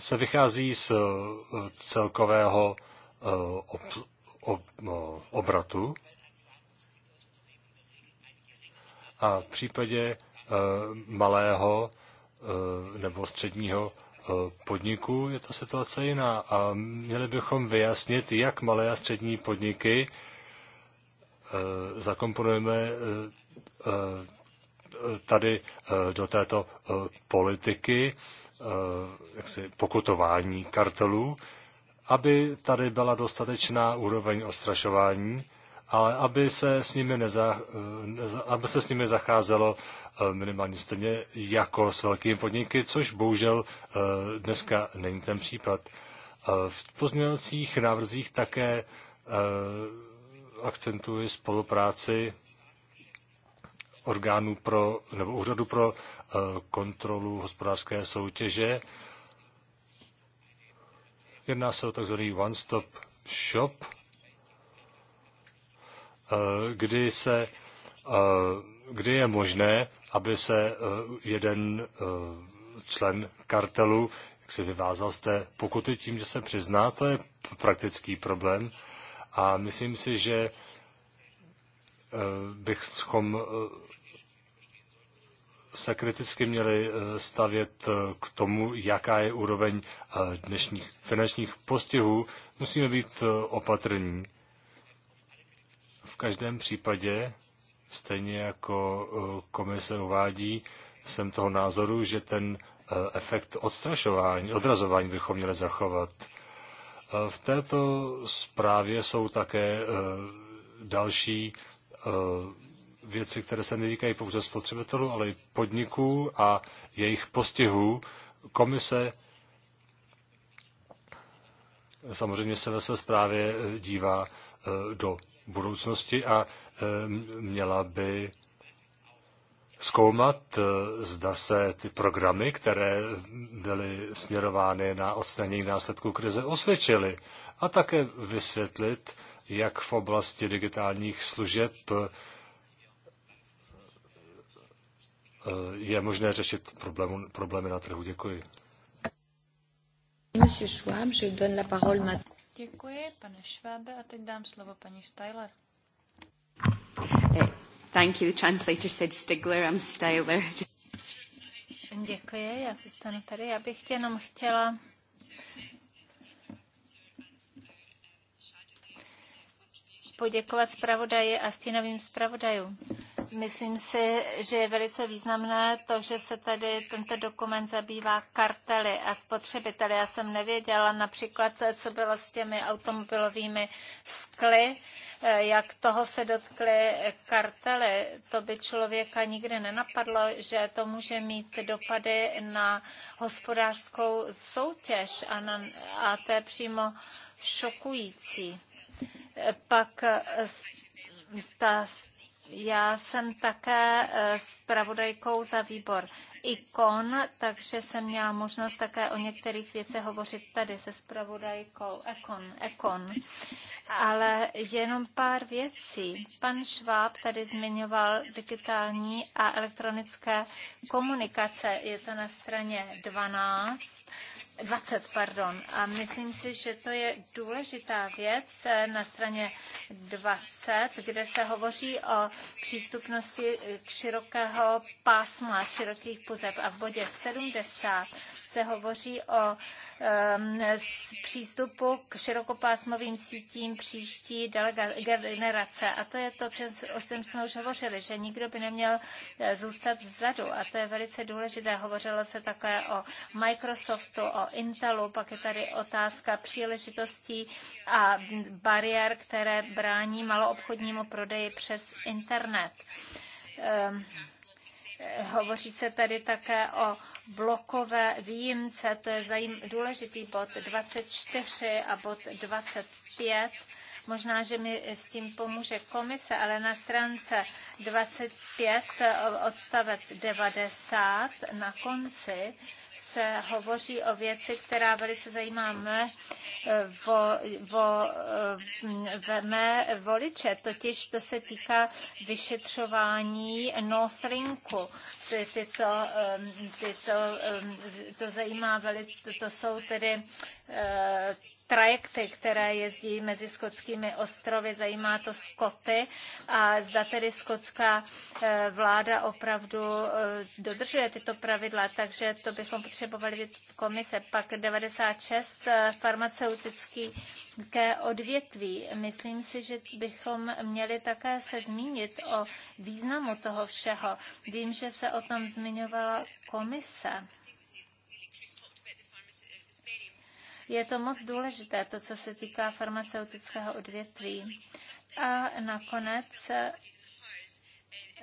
se vychází z eh, celkového ob, ob, no, obratu a v případě malého Eh, nebo středního eh, podniku je ta situace jiná a měli bychom vyjasnit, jak malé a střední podniky eh, zakomponujeme tady do této politiky jaksi pokutování kartelů, aby tady byla dostatečná úroveň ostrašování ale aby se s nimi, neza, aby se s nimi zacházelo eh, minimálně stejně jako s velkými podniky, což bohužel eh, dneska není ten případ. Eh, v pozměňovacích návrzích také akcentuji spolupráci orgánů pro, nebo úřadu pro kontrolu hospodářské soutěže. Jedná se o takzvaný one-stop shop, Eh, kdy se eh, kdy je možné, aby se eh, jeden člen kartelu jak si vyvázal z té pokuty tím, že se přizná, to je praktický problém. A myslím si, že bychom se kriticky měli stavět k tomu, jaká je úroveň dnešních finančních postihů. Musíme být opatrní. V každém případě, stejně jako eh, komise uvádí, jsem toho názoru, že ten eh, efekt odstrašování, odrazování bychom měli zachovat. Eh, v této zprávě jsou také další věci, které se netýkají pouze spotřebitelů, ale i podniků a jejich postihů. Komise samozřejmě se ve své zprávě dívá do budoucnosti a měla by zkoumat, e, zda se ty programy, které byly směrovány na odstranění následků krize, osvědčily a také vysvětlit, jak v oblasti digitálních služeb e, je možné řešit problémy, problémy na trhu. Děkuji. Monsieur Schwab, je donne la parole maintenant. Děkuji, pane Švábe, a teď dám slovo paní Styler. Eh, thank you. The translator said Stigler, I'm Styler. Děkuji, já se stanu tady. Já bych tě jenom chtěla poděkovat zpravodaji a stínovým zpravodajům Myslím si, že je velice významné to, že se tady tento dokument zabývá kartely a spotřebiteli. Já jsem nevěděla například, co bylo s těmi automobilovými skly, eh, jak toho se dotkly kartely. To by člověka nikdy nenapadlo, že to může mít dopady na hospodářskou soutěž a, na, a to je přímo šokující. Pak ta já jsem také s e, pravodajkou za výbor ikon, takže jsem měla možnost také o některých věcech hovořit tady se spravodajkou Ekon, Ekon. Ale jenom pár věcí. Pan Šváb tady zmiňoval digitální a elektronické komunikace. Je to na straně 12 20, pardon. A myslím si, že to je důležitá věc eh, na straně 20, kde se hovoří o přístupnosti eh, k širokého pásma, širokých pozeb. A v bodě 70 se hovoří o um, přístupu k širokopásmovým sítím příští generace. A to je to, o čem jsme už hovořili, že nikdo by neměl eh, zůstat vzadu. A to je velice důležité. Hovořilo se také o Microsoftu, o Intelu, pak je tady otázka příležitostí a bariér, které brání maloobchodnímu prodeji přes internet. Um, Hovoří se tady také o blokové výjimce, to je důležitý bod 24 a bod 25 Možná, že mi s tím pomůže komise, ale na stránce 25 eh, odstavec 90 na konci se hovoří o věci, která velice zajímá mé, eh, vo, vo, eh, v mé voliče, totiž to se týká vyšetřování Northlinku. Ty, ty to, ehm, ehm, to zajímá velice, to jsou tedy trajekty, které jezdí mezi skotskými ostrovy, zajímá to Skoty a zda tedy skotská eh, vláda opravdu eh, dodržuje tyto pravidla, takže to bychom potřebovali vědět komise. Pak 96 eh, farmaceutické odvětví. Myslím si, že bychom měli také se zmínit o významu toho všeho. Vím, že se o tom zmiňovala komise. Je to moc důležité, to, co se týká farmaceutického odvětví. A nakonec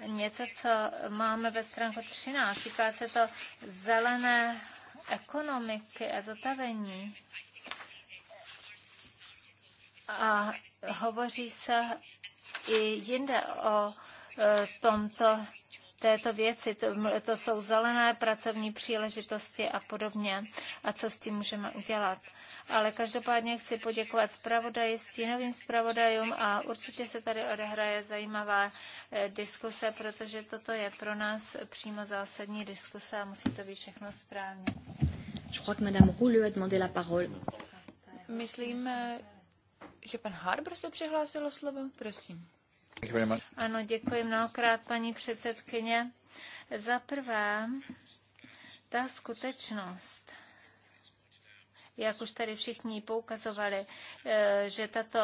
něco, co máme ve stránku 13. Týká se to zelené ekonomiky a zotavení. A hovoří se i jinde o e, tomto této věci, to, to jsou zelené pracovní příležitosti a podobně. A co s tím můžeme udělat? ale každopádně chci poděkovat zpravodaji, stínovým zpravodajům a určitě se tady odehraje zajímavá eh, diskuse, protože toto je pro nás přímo zásadní diskuse a musí to být všechno správně. Myslím, eh, že pan Harbour se přihlásil o slovo. Prosím. Ano, děkuji mnohokrát, paní předsedkyně. Za prvé, ta skutečnost, jak už tady všichni poukazovali, eh, že tato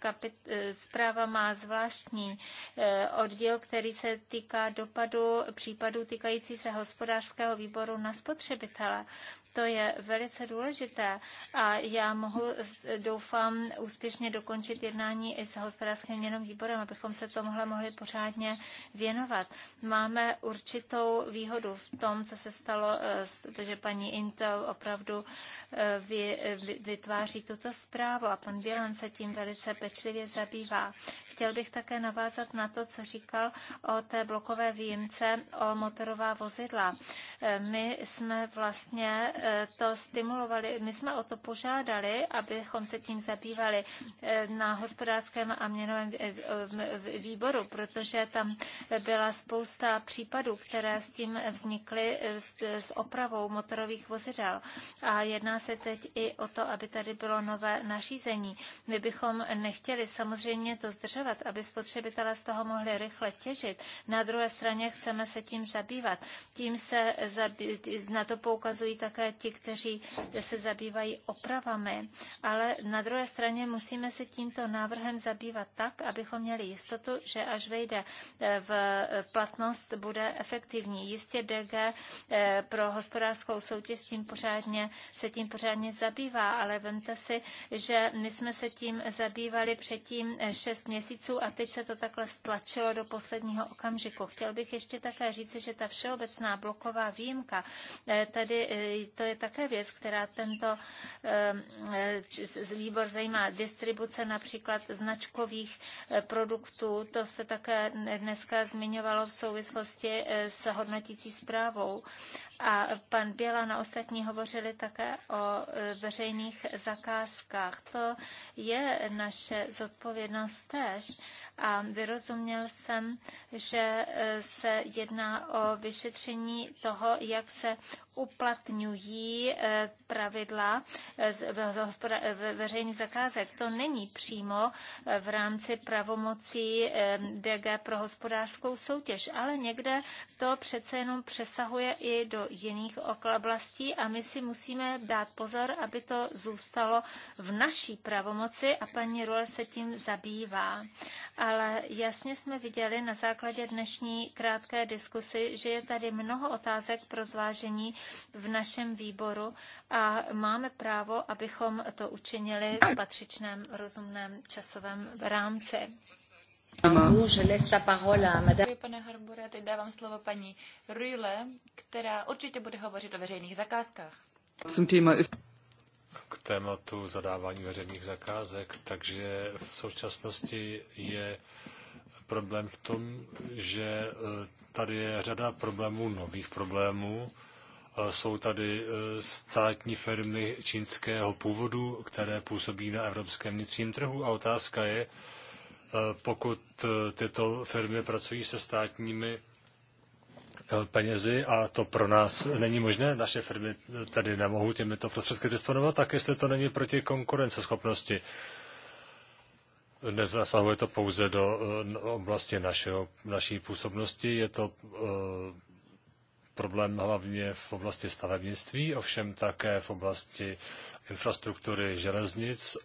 kapit- zpráva má zvláštní eh, oddíl, který se týká dopadu případů týkající se hospodářského výboru na spotřebitele. To je velice důležité a já mohu, doufám, úspěšně dokončit jednání i s hospodářským měnovým výborem, abychom se tomuhle mohli pořádně věnovat. Máme určitou výhodu v tom, co se stalo, eh, že paní Intel opravdu eh, vytváří tuto zprávu a pan Bělan se tím velice pečlivě zabývá. Chtěl bych také navázat na to, co říkal o té blokové výjimce o motorová vozidla. Eh, my jsme vlastně Eh, to stimulovali. My jsme o to požádali, abychom se tím zabývali eh, na hospodářském a měnovém eh, výboru, protože tam byla spousta případů, které s tím vznikly s opravou motorových vozidel. A jedná se teď i o to, aby tady bylo nové nařízení. My bychom nechtěli samozřejmě to zdržovat, aby spotřebitelé z toho mohli rychle těžit. Na druhé straně chceme se tím zabývat. Tím se zabý, na to poukazují také ti, kteří se zabývají opravami. Ale na druhé straně musíme se tímto návrhem zabývat tak, abychom měli jistotu, že až vejde e, v platnost, bude efektivní. Jistě DG e, pro hospodářskou soutěž tím pořádně, se tím pořádně zabývá, ale vemte si, že my jsme se tím zabývali předtím šest měsíců a teď se to takhle stlačilo do posledního okamžiku. Chtěl bych ještě také říci, že ta všeobecná bloková výjimka, e, tady to je také věc, která tento ehm, výbor zajímá. Distribuce například značkových eh, produktů, to se také dneska zmiňovalo v souvislosti eh, s hodnotící zprávou. A pan Běla na ostatní hovořili také o e, veřejných zakázkách. To je naše zodpovědnost též. A vyrozuměl jsem, že e, se jedná o vyšetření toho, jak se uplatňují e, pravidla veřejných zakázek. To není přímo v rámci pravomocí DG pro hospodářskou soutěž, ale někde to přece jenom přesahuje i do jiných oblastí a my si musíme dát pozor, aby to zůstalo v naší pravomoci a paní Rule se tím zabývá. Ale jasně jsme viděli na základě dnešní krátké diskusy, že je tady mnoho otázek pro zvážení v našem výboru a máme právo, abychom to učinili v patřičném rozumném časovém rámci. Děkuji, pane Harbore, teď dávám slovo paní Rühle, která určitě bude hovořit o veřejných zakázkách. K tématu zadávání veřejných zakázek, takže v současnosti je problém v tom, že eh, tady je řada problémů, nových problémů. Eh, jsou tady eh, státní firmy čínského původu, které působí na evropském vnitřním trhu a otázka je, Eh, pokud eh, tyto firmy pracují se státními eh, penězi a to pro nás není možné, naše firmy tedy nemohou těmito prostředky disponovat, tak jestli to není proti konkurenceschopnosti. Nezasahuje to pouze do oblasti našeho, naší působnosti, je to problém hlavně v oblasti stavebnictví, ovšem také v oblasti infrastruktury železnic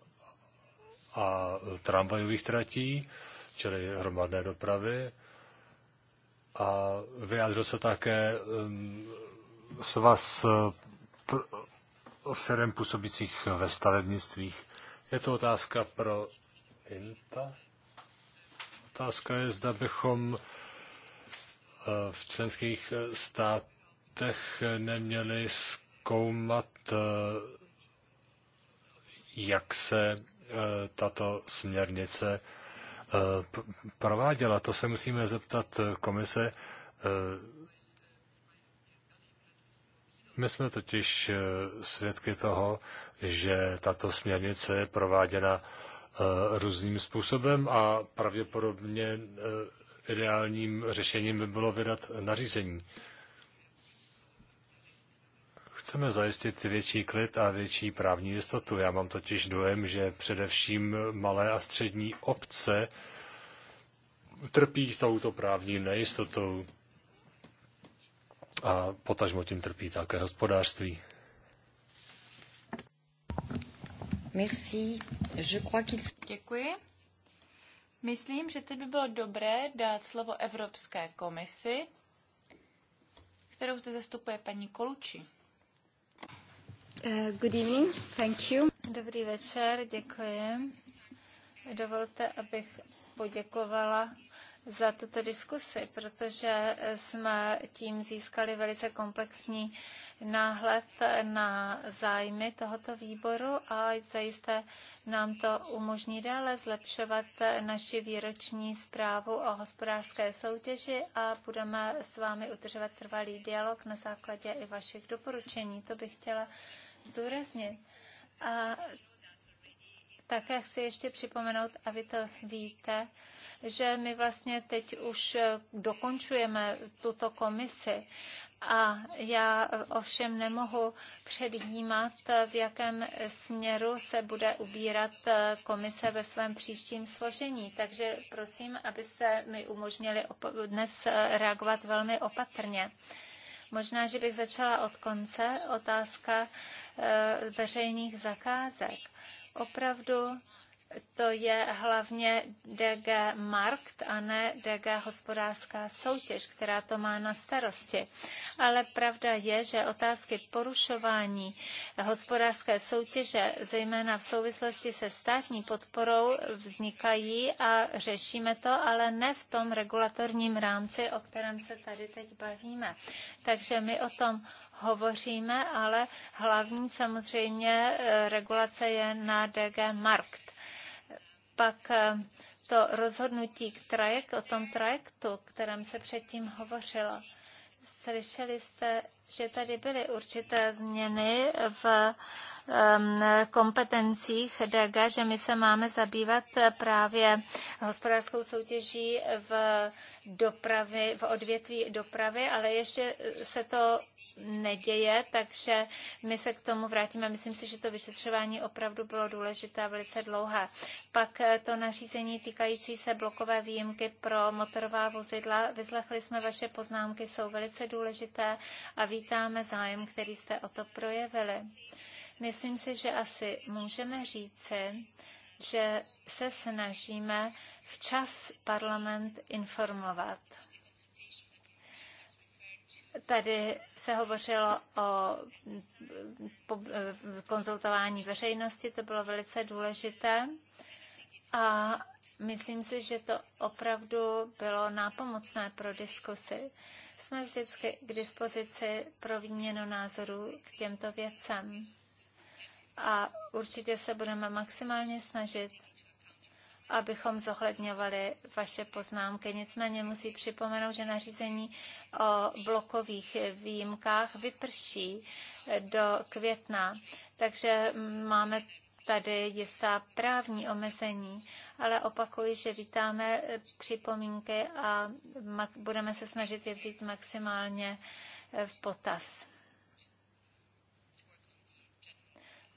a tramvajových tratí, čili hromadné dopravy. A vyjádřil se také s vás firm působících ve stavebnictvích. Je to otázka pro INTA. Otázka je, zda bychom uh, v členských státech neměli zkoumat, uh, jak se Eh, tato směrnice eh, prováděla. To se musíme zeptat eh, komise. My jsme totiž svědky toho, že tato směrnice je prováděna různým způsobem a pravděpodobně ideálním řešením by bylo vydat nařízení. Chceme zajistit větší klid a větší právní jistotu. Já mám totiž dojem, že především malé a střední obce trpí touto právní nejistotou a potažmo tím trpí také hospodářství. Merci. Je crois qu'il... Děkuji. Myslím, že teď by bylo dobré dát slovo Evropské komisi, kterou zde zastupuje paní Koluči. Eh, good evening, thank you. Dobrý večer, děkuji. Dovolte, abych poděkovala za tuto diskusi, protože jsme tím získali velice komplexní náhled na zájmy tohoto výboru a zajisté nám to umožní dále zlepšovat naši výroční zprávu o hospodářské soutěži a budeme s vámi udržovat trvalý dialog na základě i vašich doporučení. To bych chtěla zdůraznit. A také chci ještě připomenout, a vy to víte, že my vlastně teď už dokončujeme tuto komisi. A já ovšem nemohu předjímat, v jakém směru se bude ubírat komise ve svém příštím složení. Takže prosím, abyste mi umožnili dnes reagovat velmi opatrně. Možná, že bych začala od konce. Otázka eh, veřejných zakázek. Opravdu to je hlavně DG Markt a ne DG hospodářská soutěž, která to má na starosti. Ale pravda je, že otázky porušování hospodářské soutěže, zejména v souvislosti se státní podporou, vznikají a řešíme to, ale ne v tom regulatorním rámci, o kterém se tady teď bavíme. Takže my o tom hovoříme, ale hlavní samozřejmě eh, regulace je na DG Markt pak eh, to rozhodnutí k trajekt, o tom trajektu, kterém se předtím hovořilo. Slyšeli jste, že tady byly určité změny v Um, kompetencích DG, že my se máme zabývat právě hospodářskou soutěží v dopravy, v odvětví dopravy, ale ještě se to neděje, takže my se k tomu vrátíme. Myslím si, že to vyšetřování opravdu bylo důležité a velice dlouhé. Pak eh, to nařízení týkající se blokové výjimky pro motorová vozidla. Vyslechli jsme vaše poznámky, jsou velice důležité a vítáme zájem, který jste o to projevili. Myslím si, že asi můžeme říci, že se snažíme včas parlament informovat. Tady se hovořilo o konzultování veřejnosti, to bylo velice důležité. A myslím si, že to opravdu bylo nápomocné pro diskusy. Jsme vždycky k dispozici pro výměnu názorů k těmto věcem a určitě se budeme maximálně snažit, abychom zohledňovali vaše poznámky. Nicméně musí připomenout, že nařízení o blokových výjimkách vyprší do května, takže máme tady jistá právní omezení, ale opakuji, že vítáme připomínky a budeme se snažit je vzít maximálně v potaz.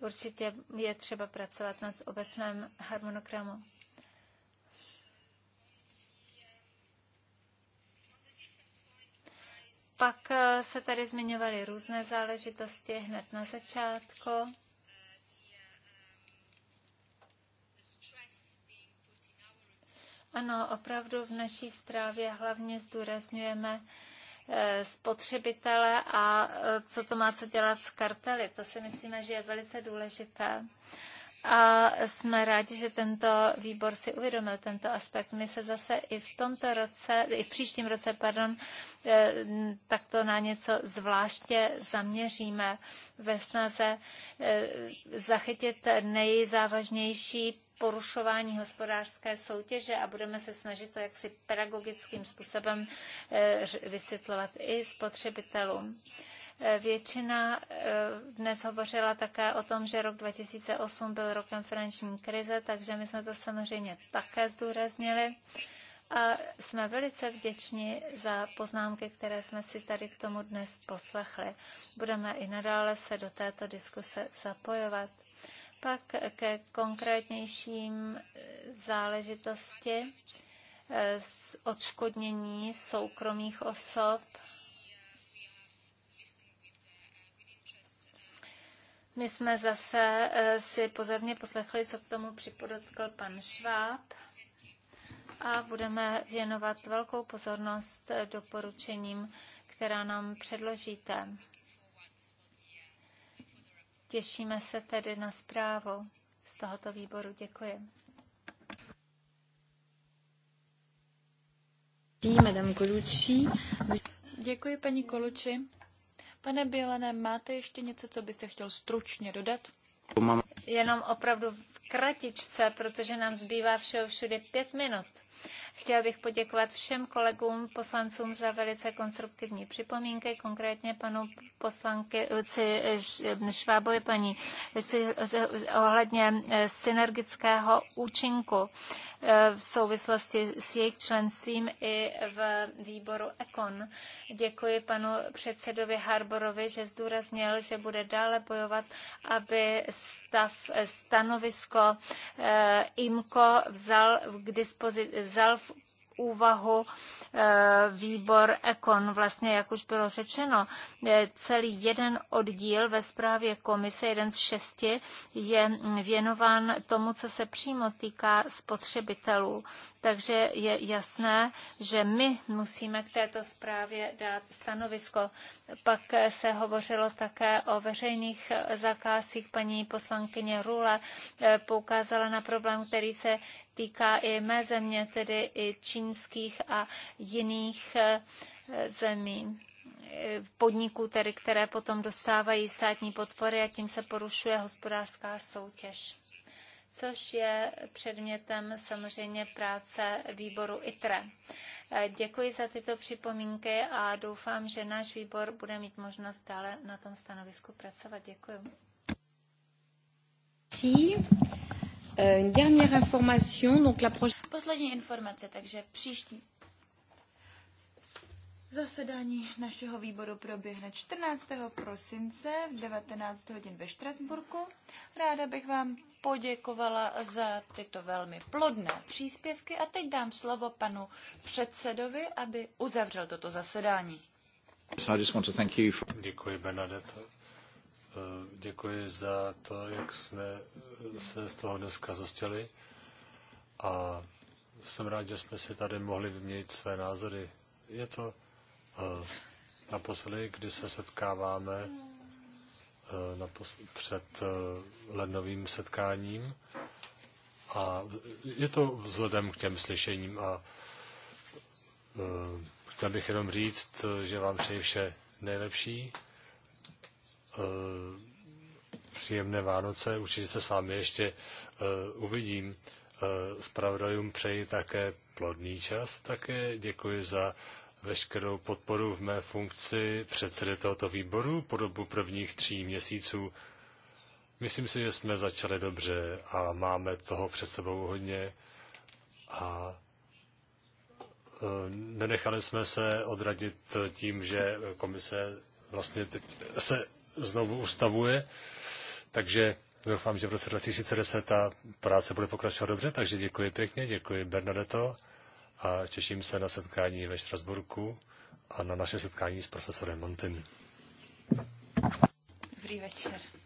určitě je třeba pracovat nad obecném harmonogramu. Pak eh, se tady zmiňovaly různé záležitosti hned na začátku. Ano, opravdu v naší zprávě hlavně zdůrazňujeme Eh, spotřebitele a eh, co to má co dělat s kartely. To si myslíme, že je velice důležité. A jsme rádi, že tento výbor si uvědomil tento aspekt. My se zase i v tomto roce, i v příštím roce, pardon, eh, takto na něco zvláště zaměříme ve snaze zachytit nejzávažnější porušování hospodářské soutěže a budeme se snažit to jaksi pedagogickým způsobem eh, vysvětlovat i spotřebitelům. Eh, většina eh, dnes hovořila také o tom, že rok 2008 byl rokem finanční krize, takže my jsme to samozřejmě také zdůraznili. A jsme velice vděční za poznámky, které jsme si tady k tomu dnes poslechli. Budeme i nadále se do této diskuse zapojovat. Pak ke konkrétnějším eh, záležitosti z eh, odškodnění soukromých osob. My jsme zase eh, si pozorně poslechli, co k tomu připodotkl pan Šváb a budeme věnovat velkou pozornost doporučením, která nám předložíte. Těšíme se tedy na zprávu z tohoto výboru. Děkuji. Děkuji, paní Koluči. Pane Bělené, máte ještě něco, co byste chtěl stručně dodat? Jenom opravdu v kratičce, protože nám zbývá všeho všude pět minut. Chtěl bych poděkovat všem kolegům, poslancům za velice konstruktivní připomínky, konkrétně panu poslanky eh, eh, Švábovi, paní eh, ohledně synergického účinku v souvislosti s jejich členstvím i v výboru ekon. Děkuji panu předsedovi Harborovi, že zdůraznil, že bude dále bojovat, aby stav, stanovisko IMCO vzal k dispozici vzal v úvahu eh, výbor Ekon, vlastně, jak už bylo řečeno, eh, celý jeden oddíl ve zprávě komise, jeden z šesti, je věnován tomu, co se přímo týká spotřebitelů. Takže je jasné, že my musíme k této zprávě dát stanovisko. Pak se hovořilo také o veřejných zakázkách. Paní poslankyně Rule eh, poukázala na problém, který se týká i mé země, tedy i čínských a jiných eh, zemí eh, podniků, tedy, které potom dostávají státní podpory a tím se porušuje hospodářská soutěž což je předmětem samozřejmě práce výboru ITRE. Děkuji za tyto připomínky a doufám, že náš výbor bude mít možnost dále na tom stanovisku pracovat. Děkuji. Euh, Poslední informace, takže příští Zasedání našeho výboru proběhne 14. prosince v 19 hodin ve Štrasburku. Ráda bych vám poděkovala za tyto velmi plodné příspěvky a teď dám slovo panu předsedovi, aby uzavřel toto zasedání. Děkuji, Bernadette. Eh, děkuji za to, jak jsme eh, se z toho dneska zastěli. a jsem rád, že jsme si tady mohli vyměnit své názory. Je to eh, naposledy, kdy se setkáváme Eh, před eh, lednovým setkáním. A je to vzhledem k těm slyšením a eh, chtěl bych jenom říct, že vám přeji vše nejlepší. Příjemné Vánoce, určitě se s vámi ještě uvidím. Spravodajům přeji také plodný čas, také děkuji za veškerou podporu v mé funkci předsedy tohoto výboru po dobu prvních tří měsíců. Myslím si, že jsme začali dobře a máme toho před sebou hodně a e, nenechali jsme se odradit tím, že komise vlastně teď se znovu ustavuje, takže doufám, že v roce 2010 ta práce bude pokračovat dobře, takže děkuji pěkně, děkuji Bernadeto a těším se na setkání ve Štrasburku a na naše setkání s profesorem Montem. Dobrý večer.